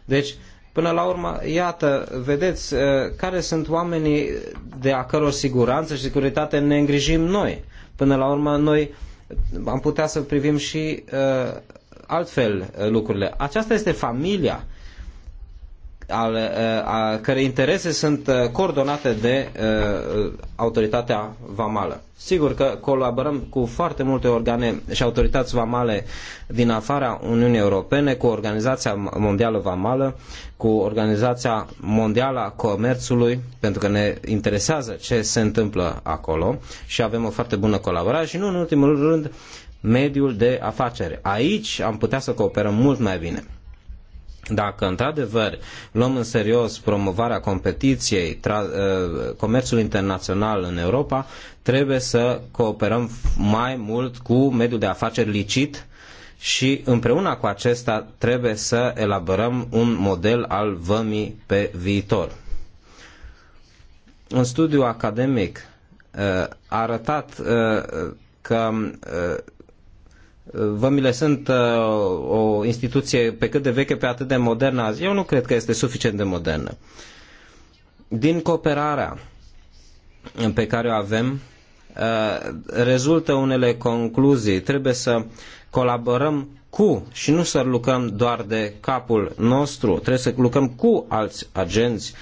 Deci, Până la urmă, iată, vedeți uh, care sunt oamenii de a căror siguranță și securitate ne îngrijim noi. Până la urmă, noi am putea să privim și uh, altfel uh, lucrurile. Aceasta este familia al, a, care interese sunt coordonate de a, autoritatea vamală. Sigur că colaborăm cu foarte multe organe și autorități vamale din afara Uniunii Europene, cu Organizația Mondială Vamală, cu Organizația Mondială a Comerțului, pentru că ne interesează ce se întâmplă acolo și avem o foarte bună colaborare și nu în ultimul rând mediul de afaceri. Aici am putea să cooperăm mult mai bine. Dacă într-adevăr luăm în serios promovarea competiției, uh, comerțul internațional în Europa, trebuie să cooperăm mai mult cu mediul de afaceri licit și împreună cu acesta trebuie să elaborăm un model al vămii pe viitor. Un studiu academic uh, a arătat uh, că Vămile sunt uh, o instituție pe cât de veche, pe atât de modernă azi. Eu nu cred că este suficient de modernă. Din cooperarea pe care o avem, uh, rezultă unele concluzii. Trebuie să colaborăm cu și nu să lucrăm doar de capul nostru. Trebuie să lucrăm cu alți agenți.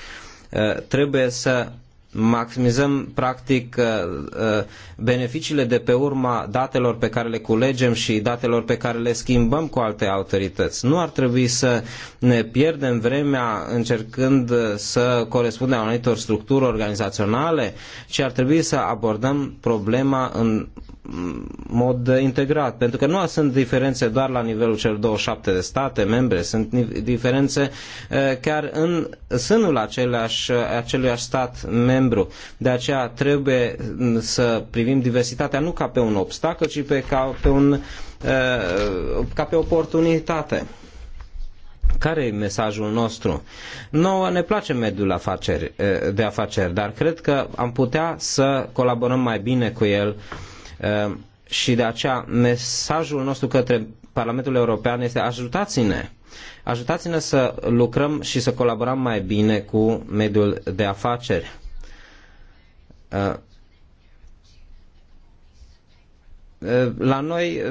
Uh, trebuie să maximizăm practic uh, uh, beneficiile de pe urma datelor pe care le culegem și datelor pe care le schimbăm cu alte autorități. Nu ar trebui să ne pierdem vremea încercând uh, să corespundem anumitor structuri organizaționale, ci ar trebui să abordăm problema în mod integrat, pentru că nu sunt diferențe doar la nivelul celor 27 de state membre, sunt diferențe eh, chiar în sânul aceleași, aceluiași stat membru. De aceea trebuie mm, să privim diversitatea nu ca pe un obstacol, ci pe, ca, pe un, eh, ca pe oportunitate. Care e mesajul nostru? Nouă ne place mediul afaceri, eh, de afaceri, dar cred că am putea să colaborăm mai bine cu el Ehm, și de aceea mesajul nostru către Parlamentul European este ajutați-ne. Ajutați-ne să lucrăm și să colaborăm mai bine cu mediul de afaceri. Ehm, la noi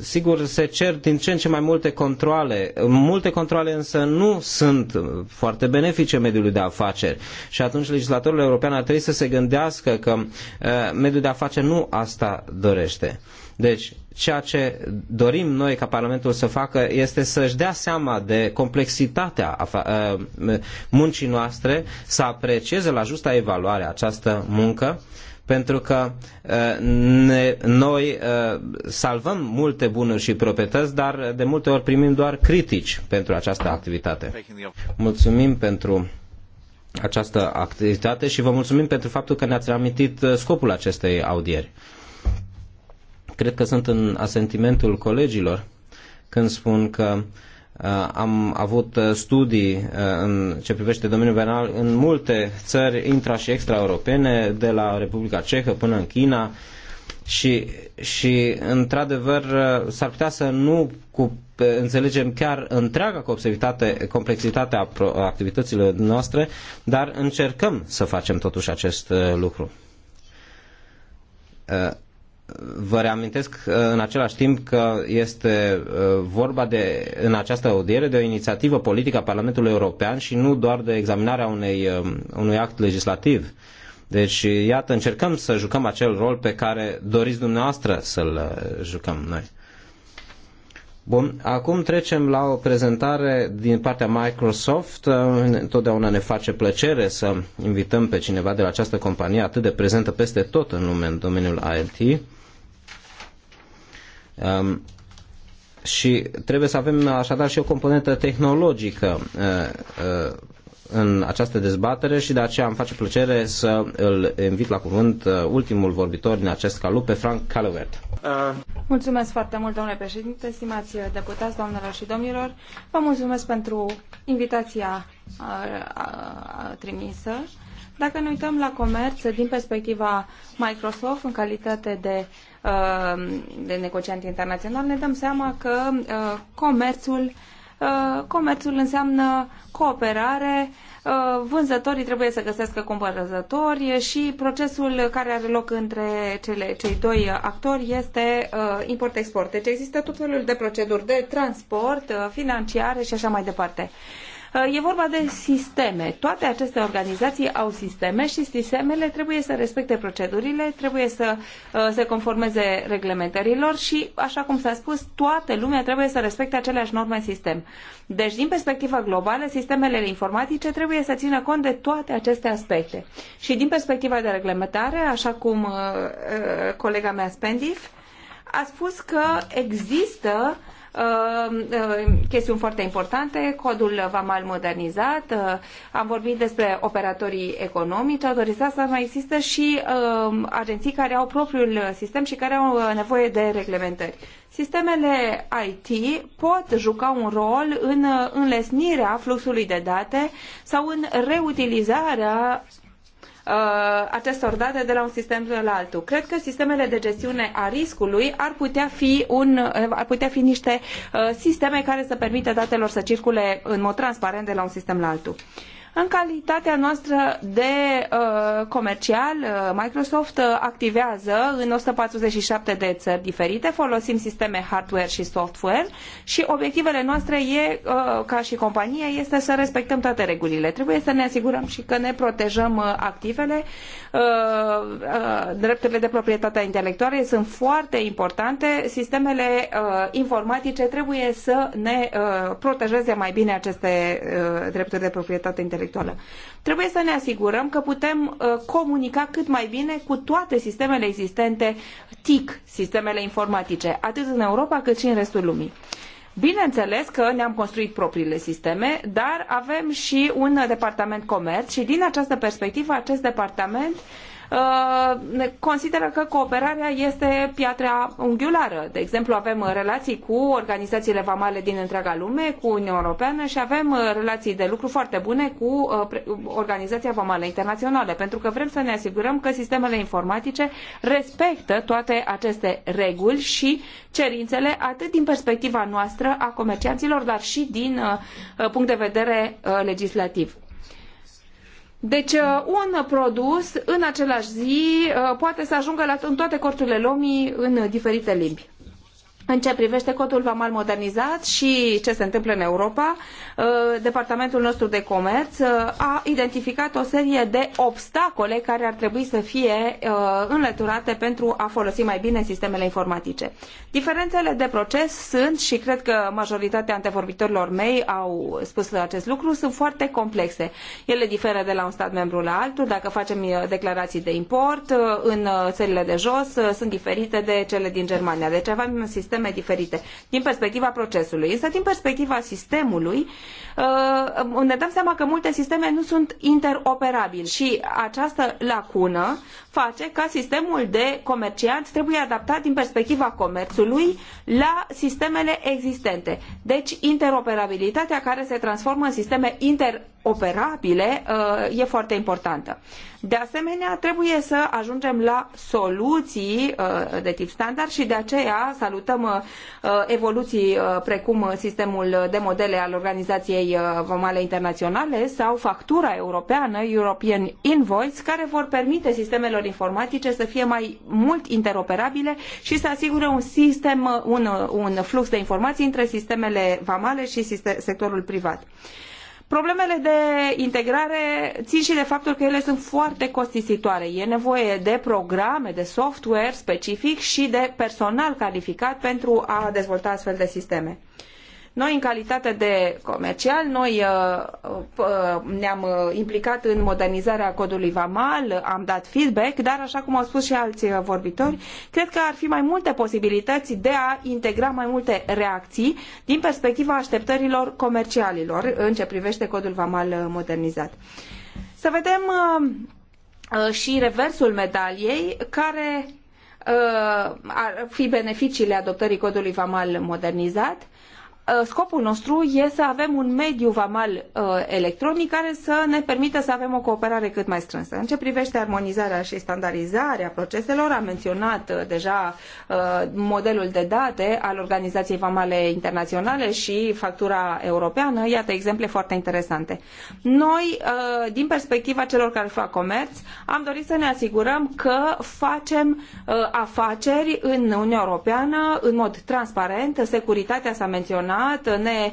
sigur, se cer din ce în ce mai multe controle. Multe controle însă nu sunt foarte benefice mediului de afaceri. Și atunci legislatorul european ar trebui să se gândească că uh, mediul de afaceri nu asta dorește. Deci, ceea ce dorim noi ca Parlamentul să facă este să-și dea seama de complexitatea uh, muncii noastre, să aprecieze la justa evaluare această muncă pentru că uh, ne, noi uh, salvăm multe bunuri și proprietăți, dar de multe ori primim doar critici pentru această activitate. Mulțumim pentru această activitate și vă mulțumim pentru faptul că ne-ați reamintit uh, scopul acestei audieri. Cred că sunt în asentimentul colegilor când spun că uh, Uh, am avut uh, studii uh, în ce privește domeniul penal în multe țări intra- și extraeuropene, de la Republica Cehă până în China și, și într-adevăr s-ar putea să nu cu, înțelegem chiar întreaga complexitate, complexitate a activităților noastre, dar încercăm să facem totuși acest lucru vă reamintesc uh, în același timp că este uh, vorba de, în această audiere de o inițiativă politică a Parlamentului European și nu doar de examinarea unei, uh, unui act legislativ. Deci, iată, încercăm să jucăm acel rol pe care doriți dumneavoastră să-l jucăm noi. Bun, acum trecem la o prezentare din partea Microsoft. Totdeauna ne face plăcere să invităm pe cineva de la această companie atât de prezentă peste tot în lume în domeniul IT. Um, și trebuie să avem așadar și o componentă tehnologică uh, uh, în această dezbatere și de aceea îmi face plăcere să îl invit la cuvânt uh, ultimul vorbitor din acest calup pe Frank Calvert. Mulțumesc foarte mult, domnule președinte, stimați deputați, doamnelor și domnilor. Vă mulțumesc pentru invitația trimisă. Dacă ne uităm la comerț din perspectiva Microsoft în calitate de uh, Uh, de negociant internațional, ne dăm seama că uh, comerțul, uh, comerțul înseamnă cooperare, vânzătorii trebuie să găsească cumpărători și procesul care are loc între cele, cei doi actori este import-export. Deci există tot felul de proceduri de transport, financiare și așa mai departe. E vorba de sisteme. Toate aceste organizații au sisteme și sistemele trebuie să respecte procedurile, trebuie să uh, se conformeze reglementărilor și, așa cum s-a spus, toată lumea trebuie să respecte aceleași norme în sistem. Deci, din perspectiva globală, sistemele informatice trebuie să țină cont de toate aceste aspecte. Și din perspectiva de reglementare, așa cum uh, uh, colega mea Spendif, a spus că există Ehm, ehm, chestiuni foarte importante, codul VAMAL modernizat, ehm, am vorbit despre operatorii economici, autorizați să mai există și agenții care au propriul sistem și care au uh, nevoie de reglementări. Sistemele IT pot juca un rol în uh, înlesnirea fluxului de date sau în reutilizarea Uh, acestor date de la un sistem la altul. Cred că sistemele de gestiune a riscului ar putea fi, un, uh, ar putea fi niște uh, sisteme care să permită datelor să circule în mod transparent de la un sistem la altul. În calitatea noastră de uh, comercial, uh, Microsoft uh, activează în 147 de țări diferite, folosim sisteme hardware și software și obiectivele noastre e, uh, ca și companie este să respectăm toate regulile. Trebuie să ne asigurăm și că ne protejăm uh, activele. Uh, drepturile de proprietate intelectuală sunt foarte importante. Sistemele informatice trebuie să ne protejeze mai bine aceste drepturi de proprietate intelectuală intelectuală. Trebuie să ne asigurăm că putem uh, comunica cât mai bine cu toate sistemele existente TIC, sistemele informatice, atât în Europa cât și în restul lumii. Bineînțeles că ne-am construit propriile sisteme, dar avem și un departament comerț și din această perspectivă acest departament uh, Uh, consideră că cooperarea este piatra unghiulară. De exemplu, avem relații cu organizațiile vamale din întreaga lume, cu Uniunea Europeană și avem uh, relații de lucru foarte bune cu uh, Organizația Vamală Internațională, pentru că vrem să ne asigurăm că sistemele informatice respectă toate aceste reguli și cerințele atât din perspectiva noastră a comercianților, dar și din punct de vedere legislativ. Deci uh, un produs în același zi uh, poate să ajungă la, în toate corturile lumii în diferite limbi în ce privește codul vamal modernizat și ce se întâmplă în Europa, uh, departamentul nostru de comerț uh, a identificat o serie de obstacole care ar trebui să fie uh, înlăturate pentru a folosi mai bine sistemele informatice. Diferențele de proces sunt, și cred că majoritatea antevorbitorilor mei au spus acest lucru, sunt foarte complexe. Ele diferă de la un stat membru la altul, dacă facem declarații de import în țările de jos, sunt diferite de cele din Germania. Deci avem un sistem sisteme diferite din perspectiva procesului. Însă din perspectiva sistemului uh, ne dăm seama că multe sisteme nu sunt interoperabile și această lacună face ca sistemul de comercianți trebuie adaptat din perspectiva comerțului la sistemele existente. Deci interoperabilitatea care se transformă în sisteme interoperabile uh, e foarte importantă. De asemenea, trebuie să ajungem la soluții uh, de tip standard și de aceea salutăm uh, evoluții precum sistemul de modele al Organizației Vamale Internaționale sau factura europeană European Invoice, care vor permite sistemelor sistemelor informatice să fie mai mult interoperabile și să asigure un sistem, un, un flux de informații între sistemele vamale și sectorul privat. Problemele de integrare țin și de faptul că ele sunt foarte costisitoare. E nevoie de programe, de software specific și de personal calificat pentru a dezvolta astfel de sisteme. Uh, noi, în calitate de comercial, noi uh, uh, ne-am uh, implicat în modernizarea codului VAMAL, am dat feedback, dar, așa cum au spus și alții vorbitori, cred că ar fi mai multe posibilități de a integra mai multe reacții din perspectiva așteptărilor comercialilor în ce privește codul VAMAL modernizat. Să vedem și reversul medaliei, care ar fi beneficiile adoptării codului VAMAL modernizat. Uh, scopul nostru e să avem un mediu vamal uh, electronic care să ne permită să avem o cooperare cât mai strânsă. În ce privește armonizarea și standardizarea proceselor, am menționat uh, deja modelul de date al Organizației Vamale Internaționale și factura europeană, iată exemple foarte interesante. Noi, din perspectiva celor care fac comerț, am dorit să ne asigurăm că facem afaceri în Uniunea Europeană în mod transparent, securitatea s-a menționat, minunat, uh, ne,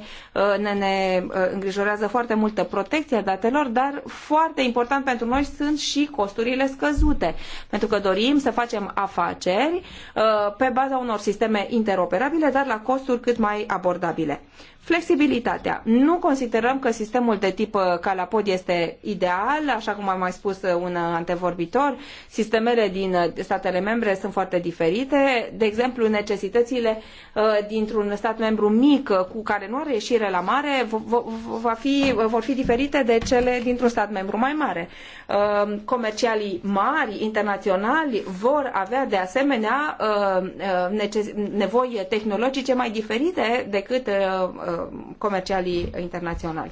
ne, ne uh, îngrijorează foarte multă protecția datelor, dar foarte important pentru noi sunt și costurile scăzute, pentru că dorim să facem afaceri uh, pe baza unor sisteme interoperabile, dar la costuri cât mai abordabile. Flexibilitatea. Nu considerăm că sistemul de tip uh, calapod este ideal, așa cum a mai spus uh, un uh, antevorbitor. Sistemele din statele membre sunt foarte diferite. De exemplu, necesitățile dintr-un stat membru mic cu care nu are ieșire la mare va fi, vor fi diferite de cele dintr-un stat membru mai mare. Comercialii mari, internaționali, vor avea de asemenea nevoi tehnologice mai diferite decât comercialii internaționali.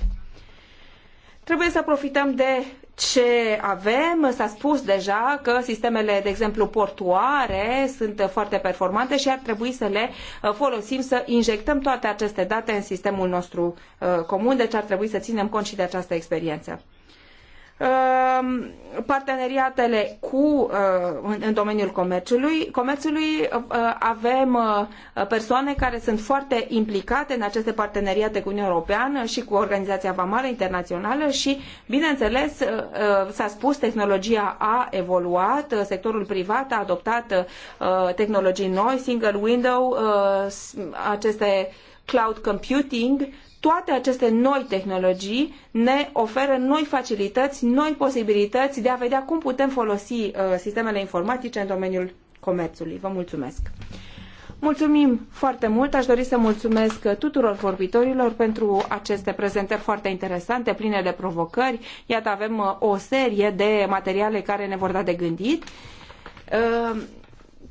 Trebuie să profităm de ce avem. S-a spus deja că sistemele, de exemplu, portoare sunt foarte performante și ar trebui să le uh, folosim, să injectăm toate aceste date în sistemul nostru uh, comun, deci ar trebui să ținem cont și de această experiență. Ehm, parteneriatele cu, eh, în domeniul comerțului. comerțului eh, avem eh, persoane care sunt foarte implicate în aceste parteneriate cu Uniunea Europeană și cu Organizația Vamală Internațională și, bineînțeles, s-a spus, tehnologia a evoluat, sectorul privat a adoptat tehnologii noi, single window, aceste cloud computing, toate aceste noi tehnologii ne oferă noi facilități, noi posibilități de a vedea cum putem folosi uh, sistemele informatice în domeniul comerțului. Vă mulțumesc! Mulțumim foarte mult, aș dori să mulțumesc tuturor vorbitorilor pentru aceste prezentări foarte interesante, pline de provocări. Iată, avem uh, o serie de materiale care ne vor da de gândit. Uh,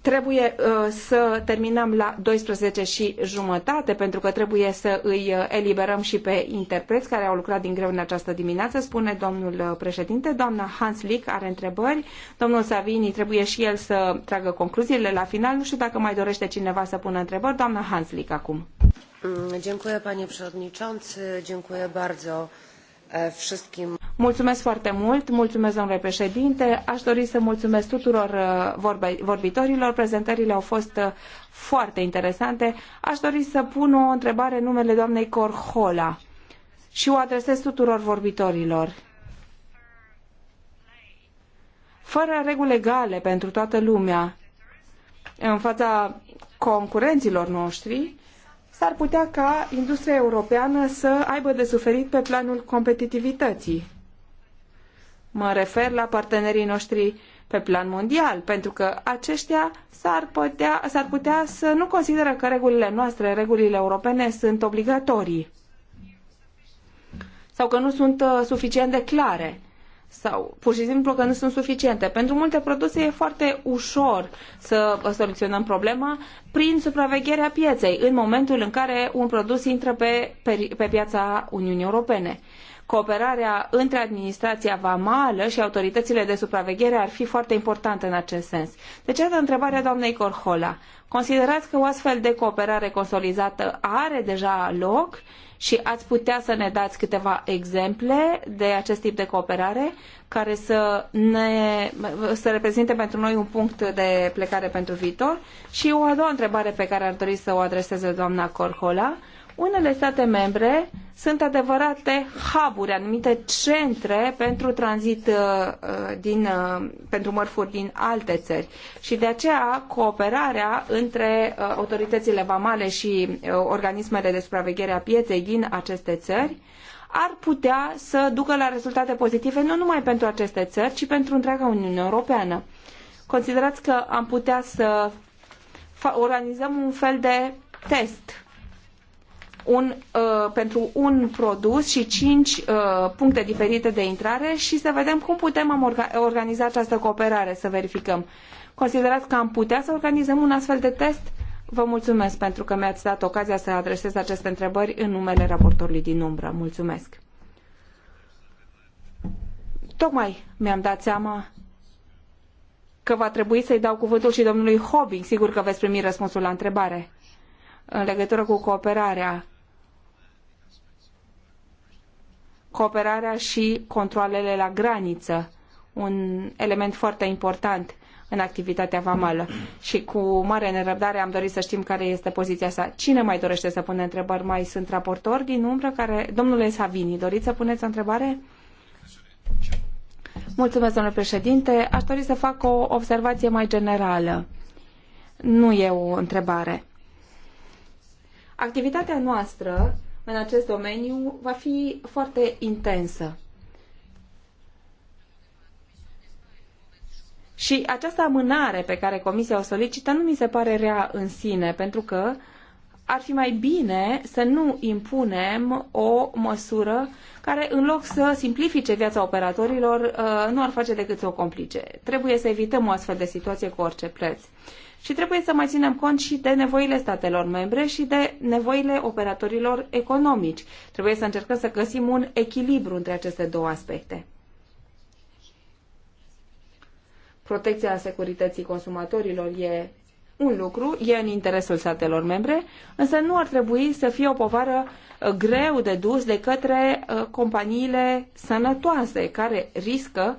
Trebuie uh, să terminăm la 12 și jumătate, pentru că trebuie să îi uh, eliberăm și pe interpreți care au lucrat din greu în această dimineață, spune domnul uh, președinte. Doamna Hanslick are întrebări. Domnul Savini trebuie și el să tragă concluziile la final. Nu știu dacă mai dorește cineva să pună întrebări. Doamna Hanslick acum. Mm, dziękuję panie przewodniczący, dziękuję bardzo a Mulțumesc foarte mult, mulțumesc președinte. Aș dori să mulțumesc tuturor vorbitorilor. Prezentările au fost foarte interesante. Aș dori să pun o întrebare în numele doamnei Corhola și o adresez tuturor vorbitorilor. Fără reguli egale pentru toată lumea, în faa concurenilor notri s-ar putea ca industria europeană să aibă de suferit pe planul competitivității. Mă refer la partenerii noștri pe plan mondial, pentru că aceștia s-ar putea, s-ar putea să nu consideră că regulile noastre, regulile europene, sunt obligatorii sau că nu sunt uh, suficient de clare sau pur și simplu că nu sunt suficiente. Pentru multe produse e foarte ușor să soluționăm problema prin supravegherea pieței în momentul în care un produs intră pe, pe, pe piața Uniunii Europene. Cooperarea între administrația vamală și autoritățile de supraveghere ar fi foarte importantă în acest sens. Deci, iată întrebarea doamnei Corhola. Considerați că o astfel de cooperare consolidată are deja loc și ați putea să ne dați câteva exemple de acest tip de cooperare care să, ne, să reprezinte pentru noi un punct de plecare pentru viitor? Și o a doua întrebare pe care ar dori să o adreseze doamna Corhola unele state membre sunt adevărate hub-uri, anumite centre pentru tranzit uh, uh, din, uh, pentru mărfuri din alte țări. Și de aceea cooperarea între autoritățile vamale și organismele de supraveghere a pieței din aceste țări ar putea să ducă la rezultate pozitive nu numai pentru aceste țări, ci pentru întreaga Uniune Europeană. Considerați că am putea să organizăm un fel de test un, uh, pentru un produs și cinci uh, puncte diferite de intrare și să vedem cum putem organiza această cooperare, să verificăm. Considerați că am putea să organizăm un astfel de test? Vă mulțumesc pentru că mi-ați dat ocazia să adresez aceste întrebări în numele raportorului din umbră. Mulțumesc! Tocmai mi-am dat seama că va trebui să-i dau cuvântul și domnului Hobbing. Sigur că veți primi răspunsul la întrebare în legătură cu cooperarea cooperarea și controlele la graniță, un element foarte important în activitatea vamală. Și cu mare nerăbdare am dorit să știm care este poziția sa. Cine mai dorește să pună întrebări? Mai sunt raportori din umbră care... Domnule Savini, doriți să puneți o întrebare? Mulțumesc, domnule președinte. Aș dori să fac o observație mai generală. Nu e o întrebare. Activitatea noastră în acest domeniu va fi foarte intensă. Și această amânare pe care Comisia o solicită nu mi se pare rea în sine, pentru că ar fi mai bine să nu impunem o măsură care, în loc să simplifice viața operatorilor, uh, nu ar face decât să o complice. Trebuie să evităm o astfel de situație cu orice preț. Și trebuie să mai ținem cont și de nevoile statelor membre și de nevoile operatorilor economici. Trebuie să încercăm să găsim un echilibru între aceste două aspecte. Protecția securității consumatorilor e un lucru, e în interesul statelor membre, însă nu ar trebui să fie o povară uh, greu de dus de către uh, companiile sănătoase care riscă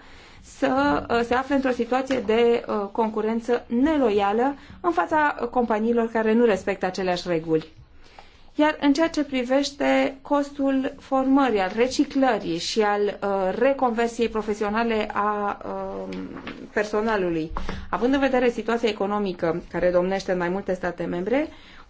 să uh, se afle într-o situație de uh, concurență neloială în fața companiilor care nu respectă aceleași reguli. Iar în ceea ce privește costul formării, al reciclării și al uh, reconversiei profesionale a um, personalului, având în vedere situația economică care domnește în mai multe state membre,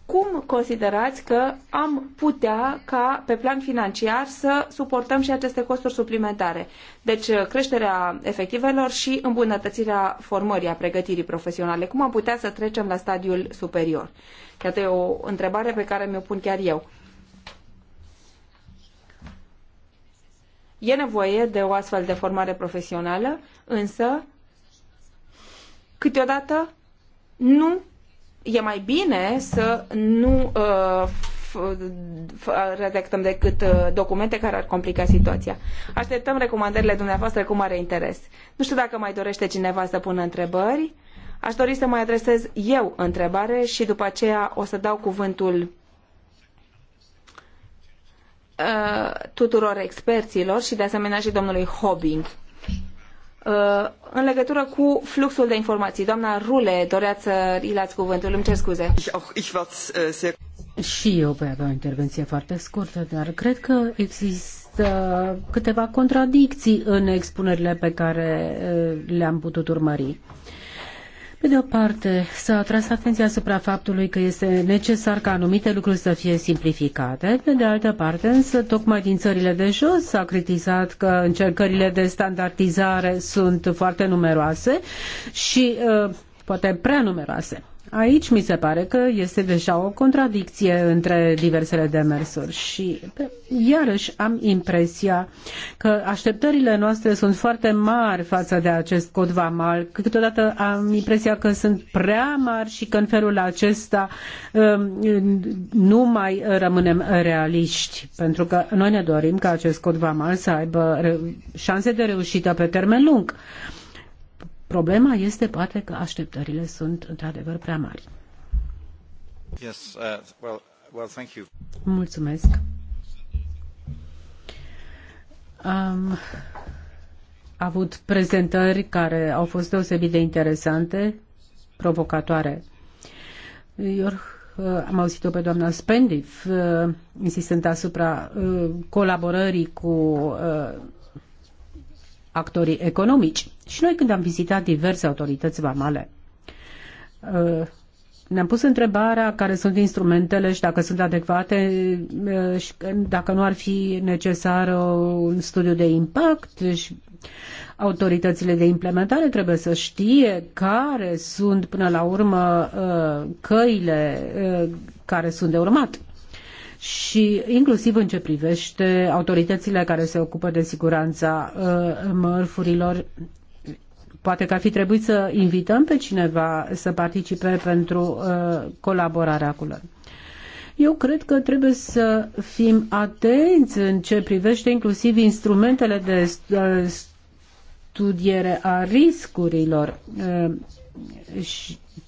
cum considerați că am putea ca pe plan financiar să suportăm și aceste costuri suplimentare? Deci uh, creșterea efectivelor și îmbunătățirea formării, a pregătirii profesionale. Cum am putea să trecem la stadiul superior? Iată e o întrebare pe care mi-o pun chiar eu. E nevoie de o astfel de formare profesională, însă câteodată nu e mai bine să nu uh, redactăm decât uh, documente care ar complica situația. Așteptăm recomandările dumneavoastră cu mare interes. Nu știu dacă mai dorește cineva să pună întrebări. Aș dori să mai adresez eu întrebare și după aceea o să dau cuvântul uh, tuturor experților și de asemenea și domnului Hobbing. Uh, în legătură cu fluxul de informații. Doamna Rule, doreați să ilați cuvântul, îmi cer scuze. Äh, Și eu voi avea o intervenție foarte scurtă, dar cred că există câteva contradicții în expunerile pe care uh, le-am putut urmări. Uh, pe de o parte, s-a atras atenția asupra faptului că este necesar ca anumite lucruri să fie simplificate, pe de altă parte, însă, tocmai din țările de jos s-a criticat că încercările de standardizare sunt foarte numeroase și uh, poate prea numeroase. Aici mi se pare că este deja o contradicție între diversele demersuri și iarăși am impresia că așteptările noastre sunt foarte mari față de acest cod vamal. Câteodată am impresia că sunt prea mari și că în felul acesta um, nu mai rămânem realiști, pentru că noi ne dorim ca acest cod vamal să aibă șanse de reușită pe termen lung. Problema este poate că așteptările sunt într-adevăr prea mari. Yes, uh, well, well, thank you. Mulțumesc. Am avut prezentări care au fost deosebit de interesante, provocatoare. Eu uh, am auzit-o pe doamna Spendif uh, insistând asupra uh, colaborării cu actorii economici. Și noi când am vizitat diverse autorități vamale, uh, ne-am pus întrebarea care sunt instrumentele și dacă sunt adecvate uh, și dacă nu ar fi necesar un studiu de impact și autoritățile de implementare trebuie să știe care sunt până la urmă uh, căile care sunt de urmat și inclusiv în ce privește autoritățile care se ocupă de siguranța uh, mărfurilor. Poate că ar fi trebuit să invităm pe cineva să participe pentru uh, colaborarea cu lor. Eu cred că trebuie să fim atenți în ce privește inclusiv instrumentele de uh, studiere a riscurilor,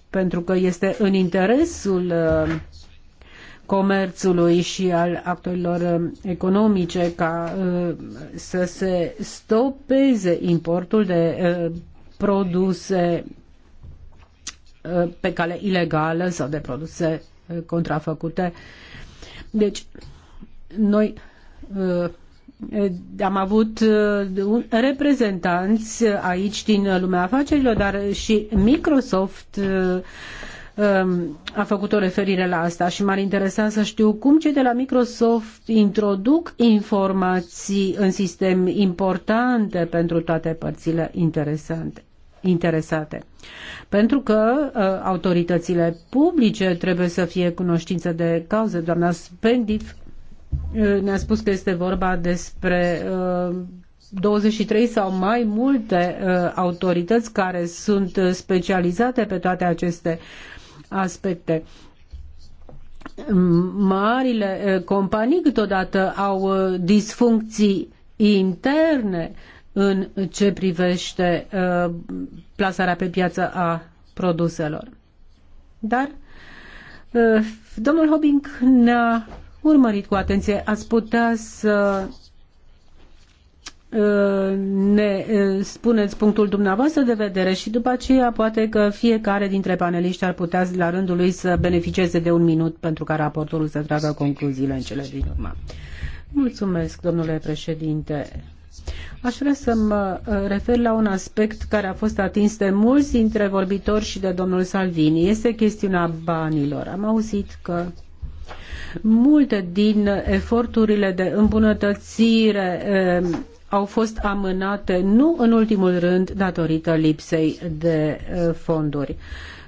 pentru că este în interesul comerțului și al actorilor um, economice ca um, să se stopeze importul de um, produse pe cale ilegală sau de produse uh, contrafăcute. Deci, noi uh, am avut uh, reprezentanți aici din lumea afacerilor, dar și Microsoft Um, a făcut o referire la asta și m-ar interesa să știu cum cei de la Microsoft introduc informații în sistem importante pentru toate părțile interesante interesate. Pentru că uh, autoritățile publice trebuie să fie cunoștință de cauze. Doamna Spendif uh, ne-a spus că este vorba despre uh, 23 sau mai multe uh, autorități care sunt uh, specializate pe toate aceste uh, aspecte marile eh, companii câteodată au eh, disfuncții interne în ce privește eh, plasarea pe piață a produselor. Dar domnul Hobbing ne-a urmărit cu atenție. Ați putea să ne eh, spuneți punctul dumneavoastră de vedere și după aceea poate că fiecare dintre paneliști ar putea la rândul lui să beneficieze de un minut pentru ca raportorul să tragă concluziile în cele din urmă. Mulțumesc, domnule președinte. Aș vrea să mă eh, refer la un aspect care a fost atins de mulți dintre vorbitori și de domnul Salvini. Este chestiunea banilor. Am auzit că multe din eforturile de îmbunătățire eh, au fost amânate nu în ultimul rând datorită lipsei de uh, fonduri.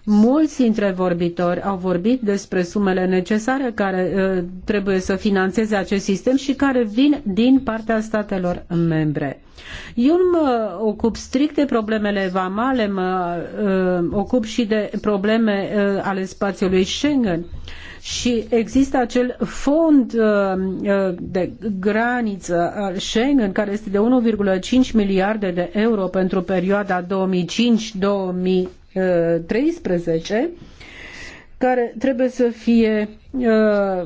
Mulți dintre vorbitori au vorbit despre sumele necesare care uh, trebuie să financeze acest sistem și care vin din partea statelor membre. Eu mă ocup strict de problemele vamale, mă uh, ocup și de probleme ale spațiului Schengen. Uh, și există acel fond uh, uh, de graniță al Schengen care este de 1,5 miliarde de euro pentru perioada 2005-2013 care trebuie să fie uh,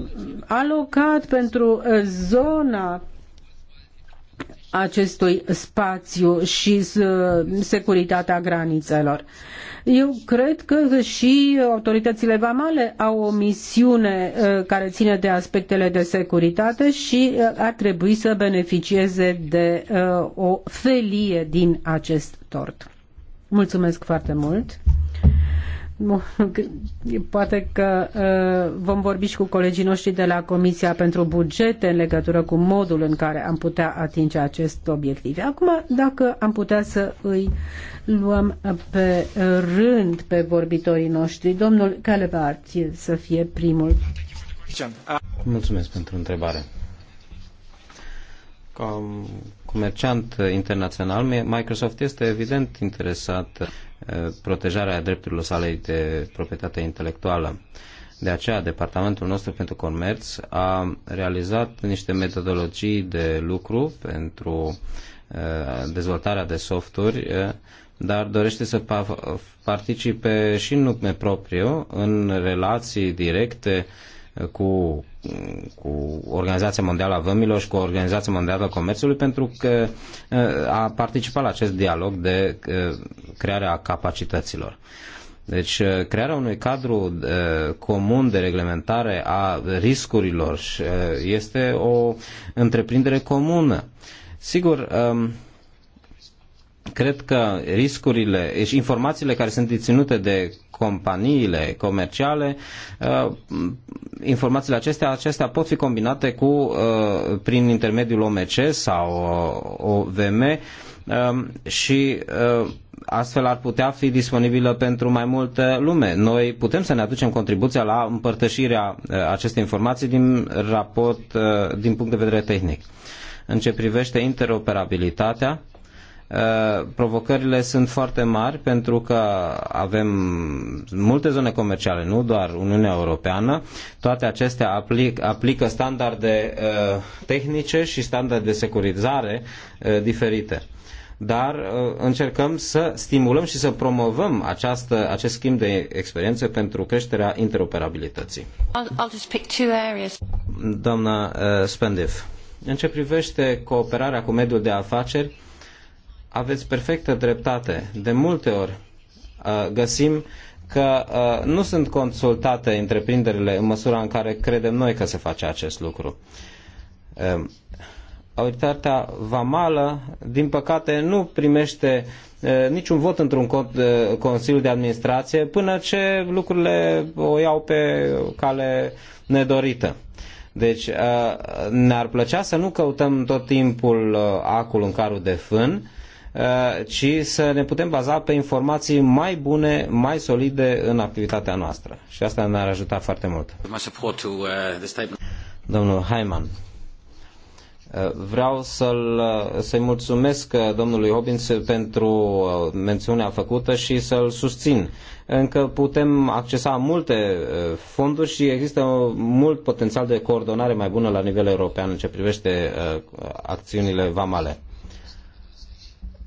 alocat pentru zona acestui spațiu și uh, securitatea granițelor. Eu cred că și autoritățile vamale au o misiune uh, care ține de aspectele de securitate și uh, ar trebui să beneficieze de o felie din acest tort. Mulțumesc foarte mult! Poate că uh, vom vorbi și cu colegii noștri de la Comisia pentru Bugete în legătură cu modul în care am putea atinge acest obiectiv. Acum, dacă am putea să îi luăm pe rând pe vorbitorii noștri, domnul Calebart să fie primul. Mulțumesc pentru întrebare. Ca comerciant internațional, Microsoft este evident interesat Eh, protejarea drepturilor sale de proprietate intelectuală. De aceea, Departamentul nostru pentru Comerț a realizat niște metodologii de lucru pentru eh, dezvoltarea de softuri, eh, dar dorește să participe și în nume propriu, în relații directe cu cu Organizația Mondială a Vămilor și cu Organizația Mondială a Comerțului pentru că uh, a participat la acest dialog de uh, crearea capacităților. Deci uh, crearea unui cadru comun de reglementare a riscurilor este o întreprindere comună. Sigur, um, cred că riscurile și informațiile care sunt deținute de companiile comerciale, uh, informațiile acestea, acestea pot fi combinate cu, uh, prin intermediul OMC sau uh, OVM um, și astfel ar putea fi disponibilă pentru mai multă lume. Noi putem să ne aducem contribuția la împărtășirea acestei informații din raport, din punct de vedere tehnic. În ce privește interoperabilitatea, Uh, provocările sunt foarte mari pentru că avem multe zone comerciale, nu doar Uniunea Europeană. Toate acestea aplic, aplică standarde uh, tehnice și standarde de securizare uh, diferite. Dar încercăm să stimulăm și să promovăm această, acest schimb de experiențe pentru creșterea interoperabilității. Doamna Spendiv, în ce privește cooperarea cu mediul de afaceri, aveți perfectă dreptate. De multe ori uh, găsim că uh, nu sunt consultate întreprinderile în măsura în care credem noi că se face acest lucru. Um, autoritatea Vamală, din păcate, nu primește uh, niciun vot într-un Consiliu de Administrație până ce lucrurile o iau pe cale nedorită. Deci ne-ar plăcea să nu căutăm tot timpul acul în carul de fân, Uh, ci să ne putem baza pe informații mai bune, mai solide în activitatea noastră. Și asta ne-ar ajuta foarte mult. Uh, Domnul Haiman, uh, vreau să-l, să-i mulțumesc domnului Hobbins pentru mențiunea făcută și să-l susțin. Încă putem accesa multe fonduri și există mult potențial de coordonare mai bună la nivel european în ce privește acțiunile vamale.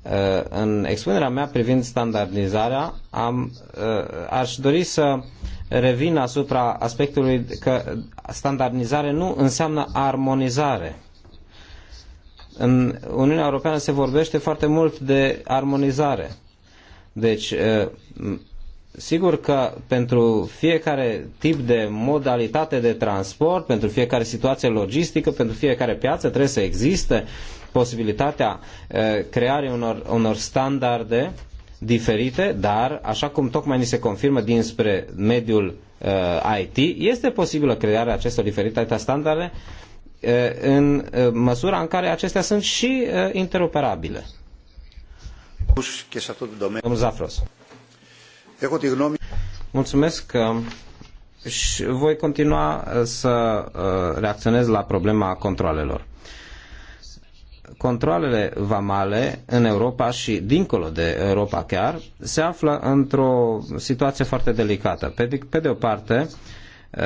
Uh, în expunerea mea privind standardizarea, am, uh, aș dori să revin asupra aspectului că standardizare nu înseamnă armonizare. În Uniunea Europeană se vorbește foarte mult de armonizare. Deci, uh, sigur că pentru fiecare tip de modalitate de transport, pentru fiecare situație logistică, pentru fiecare piață trebuie să existe uh, posibilitatea creării unor, unor standarde diferite, dar, așa cum tocmai ni se confirmă dinspre mediul IT, este posibilă crearea acestor diferite standarde în măsura în care acestea sunt și interoperabile. Domnul Zafros. Mulțumesc și voi continua să reacționez la problema controlelor controlele vamale în Europa și dincolo de Europa chiar se află într-o situație foarte delicată. Pe de, pe de o parte, uh,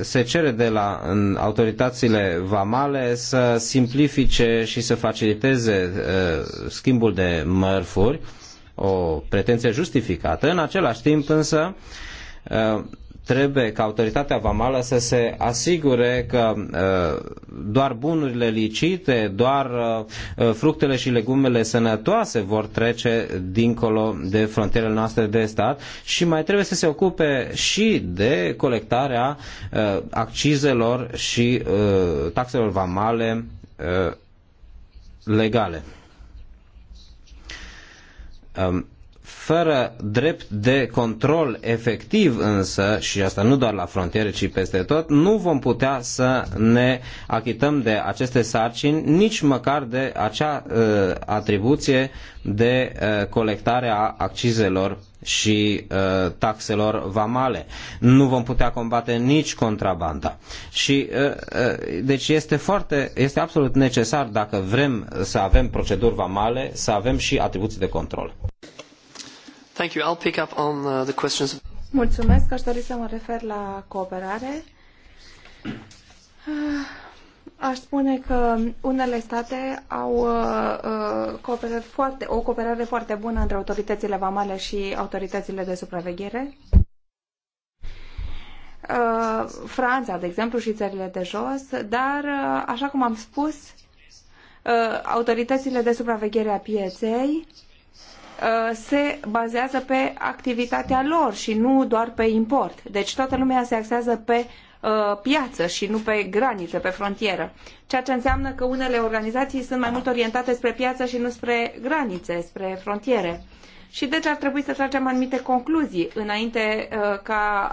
se cere de la autoritățile vamale să simplifice și să faciliteze uh, schimbul de mărfuri, o pretenție justificată. În același timp însă uh, trebuie ca autoritatea vamală să se asigure că uh, doar bunurile licite, doar uh, uh, fructele și legumele sănătoase vor trece dincolo de frontierele noastre de stat și mai trebuie să se ocupe și de colectarea accizelor și taxelor vamale legale. Um, fără drept de control efectiv însă, și asta nu doar la frontiere, ci peste tot, nu vom putea să ne achităm de aceste sarcini, nici măcar de acea uh, atribuție de uh, colectare a accizelor și uh, taxelor vamale. Nu vom putea combate nici contrabanda. Și uh, uh deci este foarte este absolut necesar dacă vrem să avem proceduri vamale, să avem și atribuții de control. Thank you. I'll pick up on uh, the questions. Mulțumesc, aș dori să mă refer la cooperare. Ah, aș spune că unele state au uh, uh, cooperare foarte, o cooperare foarte bună între autoritățile vamale și autoritățile de supraveghere. Uh, Franța, de exemplu, și țările de jos, dar, așa cum am spus, autoritățile de supraveghere a pieței Uh, se bazează pe activitatea lor și nu doar pe import. Deci toată lumea se axează pe uh, piață și nu pe graniță, pe frontieră. Ceea ce înseamnă că unele organizații sunt mai mult orientate spre piață și nu spre granițe, spre frontiere. Și deci ar trebui să tragem anumite concluzii înainte uh, ca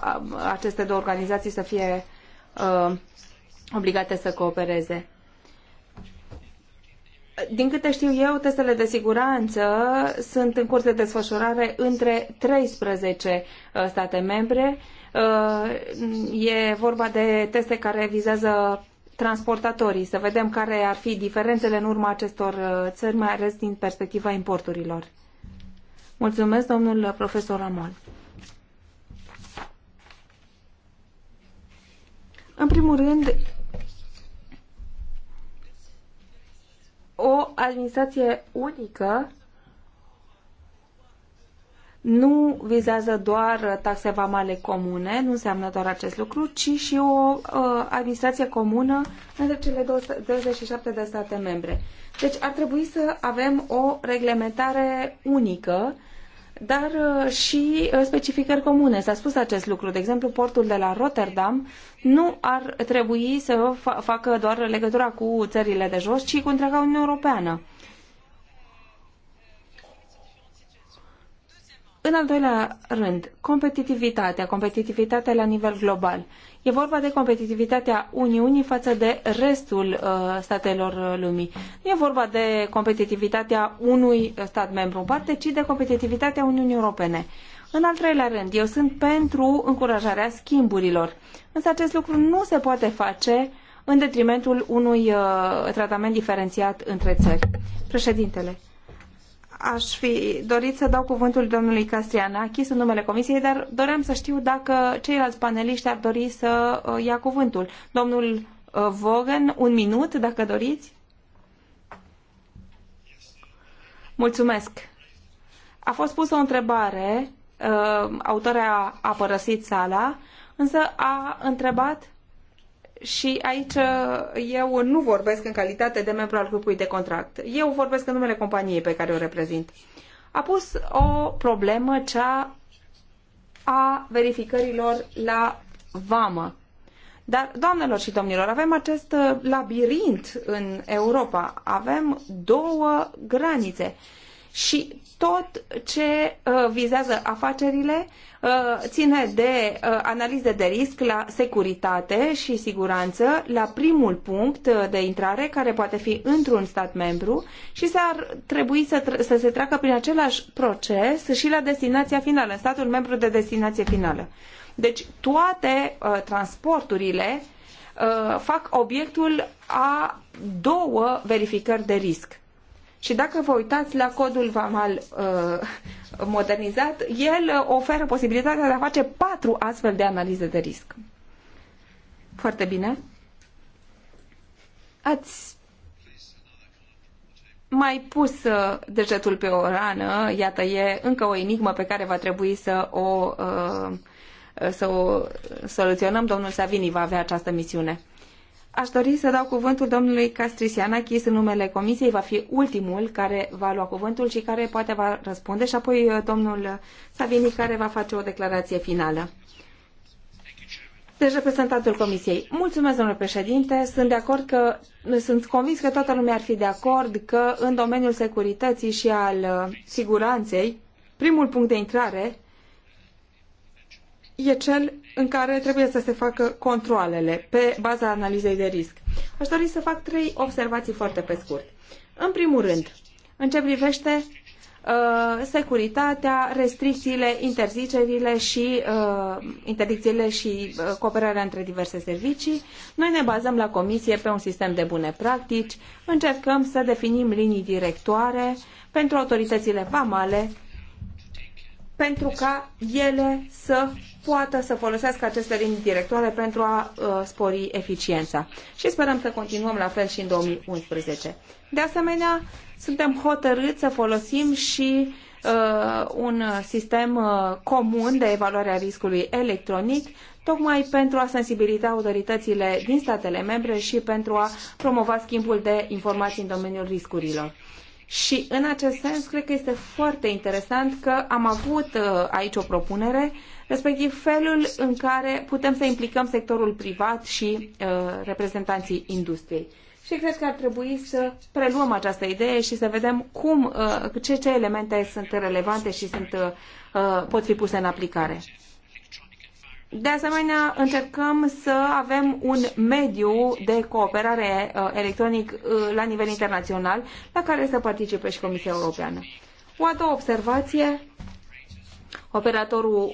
aceste două organizații să fie obligate să coopereze. Din câte știu eu, testele de siguranță sunt în curs de desfășurare între 13 uh, state membre. Uh, e vorba de teste care vizează transportatorii, să vedem care ar fi diferențele în urma acestor uh, țări, mai ales din perspectiva importurilor. Mulțumesc, domnul profesor Amol. În primul rând, o administrație unică nu vizează doar taxe vamale comune, nu înseamnă doar acest lucru, ci și o uh, administrație comună între cele 27 de state membre. Deci ar trebui să avem o reglementare unică dar uh, și uh, specificări comune. S-a spus acest lucru. De exemplu, portul de la Rotterdam nu ar trebui să facă doar legătura cu țările de jos, ci cu întreaga Uniune Europeană. În al doilea rând, competitivitatea, competitivitatea la nivel global. E vorba de competitivitatea Uniunii față de restul uh, statelor lumii. Nu e vorba de competitivitatea unui stat membru în parte, ci de competitivitatea Uniunii Europene. În al treilea rând, eu sunt pentru încurajarea schimburilor. Însă acest lucru nu se poate face în detrimentul unui uh, tratament diferențiat între țări. Președintele aș fi dorit să dau cuvântul domnului Castrianachis în numele comisiei, dar doream să știu dacă ceilalți paneliști ar dori să uh, ia cuvântul. Domnul uh, Vogan, un minut, dacă doriți. Mulțumesc. A fost pusă o întrebare, uh, autoarea a părăsit sala, însă a întrebat și aici uh, eu nu vorbesc în calitate de membru al grupului de contract. Eu vorbesc în numele companiei pe care o reprezint. A pus o problemă cea a verificărilor la vamă. Dar, doamnelor și domnilor, avem acest uh, labirint în Europa. Avem două granițe. Și tot ce uh, vizează afacerile uh, ține de uh, analize de risc la securitate și siguranță, la primul punct de intrare care poate fi într-un stat membru și s-ar trebui să, să se treacă prin același proces și la destinația finală, în statul membru de destinație finală. Deci toate transporturile fac obiectul a două verificări de risc și dacă vă uitați la codul VAMAL uh, modernizat, el uh, oferă posibilitatea de a face patru astfel de analize de risc. Foarte bine. Ați mai pus uh, degetul pe o rană, iată, e încă o enigmă pe care va trebui să o, uh, să o soluționăm. Domnul Savini va avea această misiune. Aș dori să dau cuvântul domnului Castrisianachis în numele comisiei. Va fi ultimul care va lua cuvântul și care poate va răspunde și apoi uh, domnul Savini care va face o declarație finală. Deci reprezentantul comisiei. Mulțumesc, domnule președinte. Sunt de acord că, sunt convins că toată lumea ar fi de acord că în domeniul securității și al uh, siguranței, primul punct de intrare e cel în care trebuie să se facă controlele pe baza analizei de risc. Aș dori să fac trei observații foarte pe scurt. În primul rând, în ce privește uh, securitatea, restricțiile, interzicerile și uh, interdicțiile și uh, cooperarea între diverse servicii. Noi ne bazăm la comisie pe un sistem de bune practici, încercăm să definim linii directoare pentru autoritățile vamale pentru ca ele să poată să folosească aceste linii directoare pentru a uh, spori eficiența. Și sperăm să continuăm la fel și în 2011. De asemenea, suntem hotărâți să folosim și uh, un sistem uh, comun de evaluare a riscului electronic, tocmai pentru a sensibiliza autoritățile din statele membre și pentru a promova schimbul de informații în domeniul riscurilor. Și în acest sens, cred că este foarte interesant că am avut uh, aici o propunere uh, respectiv felul în care putem să implicăm sectorul privat și uh, reprezentanții industriei. Și cred că ar trebui să preluăm această idee și să vedem cum, uh, ce, ce elemente sunt relevante și sunt, uh, uh pot fi puse în aplicare. De asemenea, încercăm să avem un mediu de cooperare uh, electronic uh, la nivel internațional la care să participe și Comisia Europeană. O a doua observație operatorul, uh,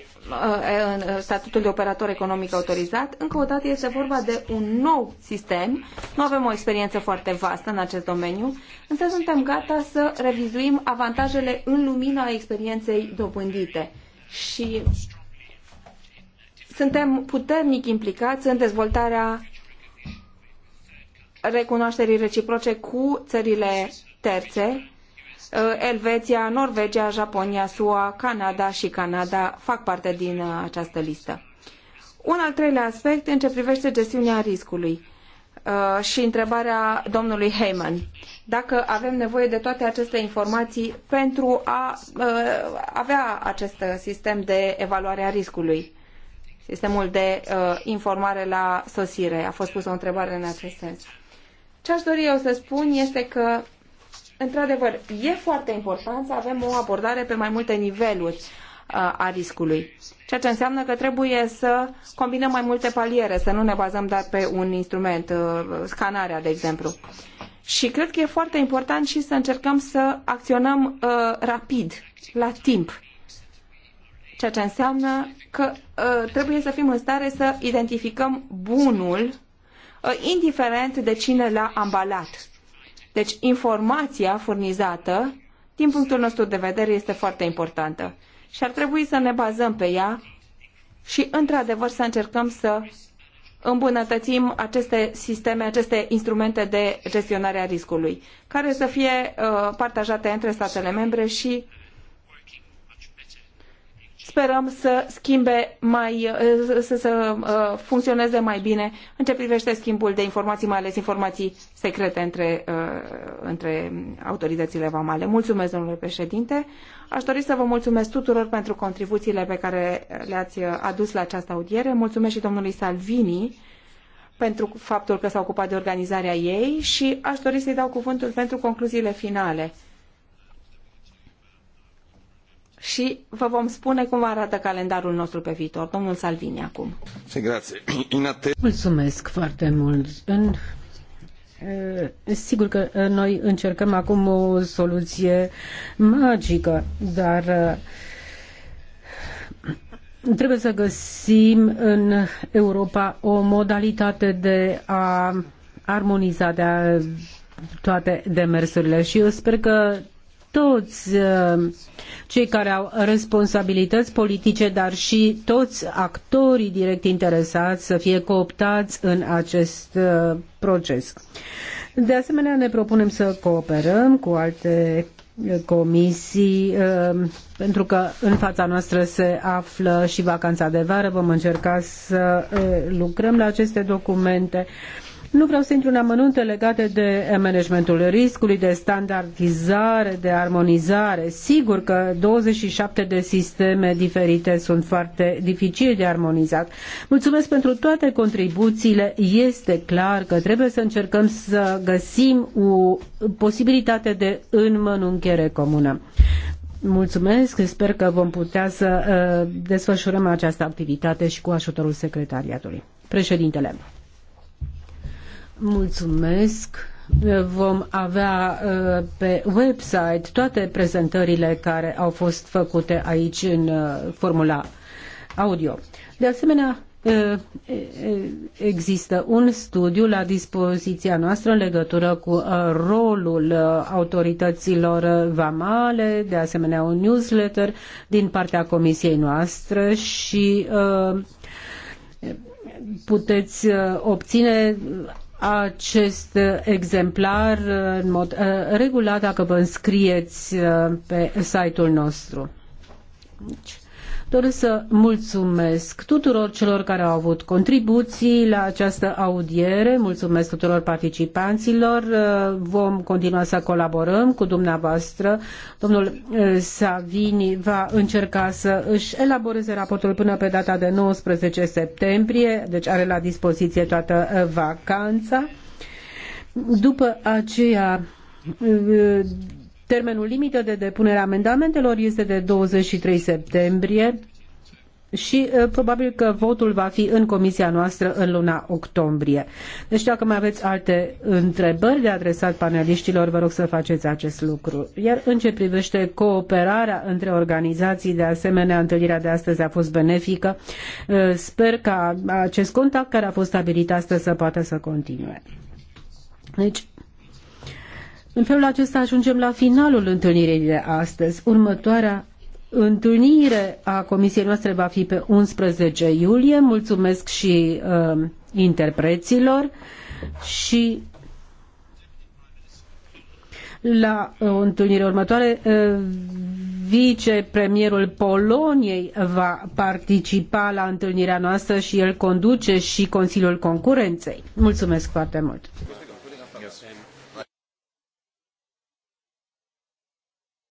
uh, statutul de operator economic autorizat. Încă o dată este vorba de un nou sistem. Nu avem o experiență foarte vastă în acest domeniu, însă suntem gata să revizuim avantajele în lumina experienței dobândite. Și suntem puternic implicați în dezvoltarea recunoașterii reciproce cu țările terțe Uh, Elveția, Norvegia, Japonia, SUA, Canada și Canada fac parte din uh, această listă. Un al treilea aspect în ce privește gestiunea riscului uh, și întrebarea domnului Heyman. Dacă avem nevoie de toate aceste informații pentru a avea acest sistem de evaluare a riscului, sistemul de informare la sosire, a fost pusă o întrebare în acest sens. Ce aș dori eu să spun este că într-adevăr, e foarte important să avem o abordare pe mai multe niveluri uh, a riscului. Ceea ce înseamnă că trebuie să combinăm mai multe paliere, să nu ne bazăm doar pe un instrument, uh, scanarea, de exemplu. Și cred că e foarte important și să încercăm să acționăm uh, rapid, la timp, ceea ce înseamnă că uh, trebuie să fim în stare să identificăm bunul, uh, indiferent de cine l-a ambalat. Deci informația furnizată, din punctul nostru de vedere, este foarte importantă și ar trebui să ne bazăm pe ea și, într-adevăr, să încercăm să îmbunătățim aceste sisteme, aceste instrumente de gestionare a riscului, care să fie uh, partajate între statele membre și sperăm să schimbe mai, să, să uh, funcționeze mai bine în ce privește schimbul de informații, mai ales informații secrete între, uh, între autoritățile vamale. Mulțumesc, domnule președinte. Aș dori să vă mulțumesc tuturor pentru contribuțiile pe care le-ați adus la această audiere. Mulțumesc și domnului Salvini pentru faptul că s-a ocupat de organizarea ei și aș dori să-i dau cuvântul pentru concluziile finale și vă vom spune cum arată calendarul nostru pe viitor. Domnul Salvini acum. Mulțumesc foarte mult. În Sigur că noi încercăm acum o soluție magică, dar trebuie să găsim în Europa o modalitate de a armoniza de a toate demersurile și eu sper că toți uh, cei care au responsabilități politice, dar și toți actorii direct interesați să fie cooptați în acest uh, proces. De asemenea, ne propunem să cooperăm cu alte comisii, uh, pentru că în fața noastră se află și vacanța de vară. Vom încerca să lucrăm la aceste documente. Nu vreau să intru în amănunte legate de managementul riscului, de standardizare, de armonizare. Sigur că 27 de sisteme diferite sunt foarte dificil de armonizat. Mulțumesc pentru toate contribuțiile. Este clar că trebuie să încercăm să găsim o posibilitate de înmănunchere comună. Mulțumesc, sper că vom putea să uh, desfășurăm această activitate și cu ajutorul secretariatului. Președintele. Mulțumesc. Vom avea uh, pe website toate prezentările care au fost făcute aici în uh, formula audio. De asemenea, uh, există un studiu la dispoziția noastră în legătură cu rolul autorităților vamale, de asemenea un newsletter din partea comisiei noastre și puteți obține acest exemplar uh, în mod uh, regulat dacă vă înscrieți uh, pe site-ul nostru. Deci, Doresc să mulțumesc tuturor celor care au avut contribuții la această audiere, mulțumesc tuturor participanților. Vom continua să colaborăm cu dumneavoastră. Domnul eh, Savini va încerca să își elaboreze raportul până pe data de 19 septembrie, deci are la dispoziție toată eh, vacanța. După aceea eh, Termenul limită de depunere a amendamentelor este de 23 septembrie și probabil că votul va fi în comisia noastră în luna octombrie. Deci dacă mai aveți alte întrebări de adresat paneliștilor, vă rog să faceți acest lucru. Iar în ce privește cooperarea între organizații, de asemenea, întâlnirea de astăzi a fost benefică. Sper ca acest contact care a fost stabilit astăzi să poată să continue. Deci, în felul acesta ajungem la finalul întâlnirii de astăzi. Următoarea întâlnire a comisiei noastre va fi pe 11 iulie. Mulțumesc și uh, interpreților și la o întâlnire următoare uh, vicepremierul Poloniei va participa la întâlnirea noastră și el conduce și Consiliul Concurenței. Mulțumesc foarte mult!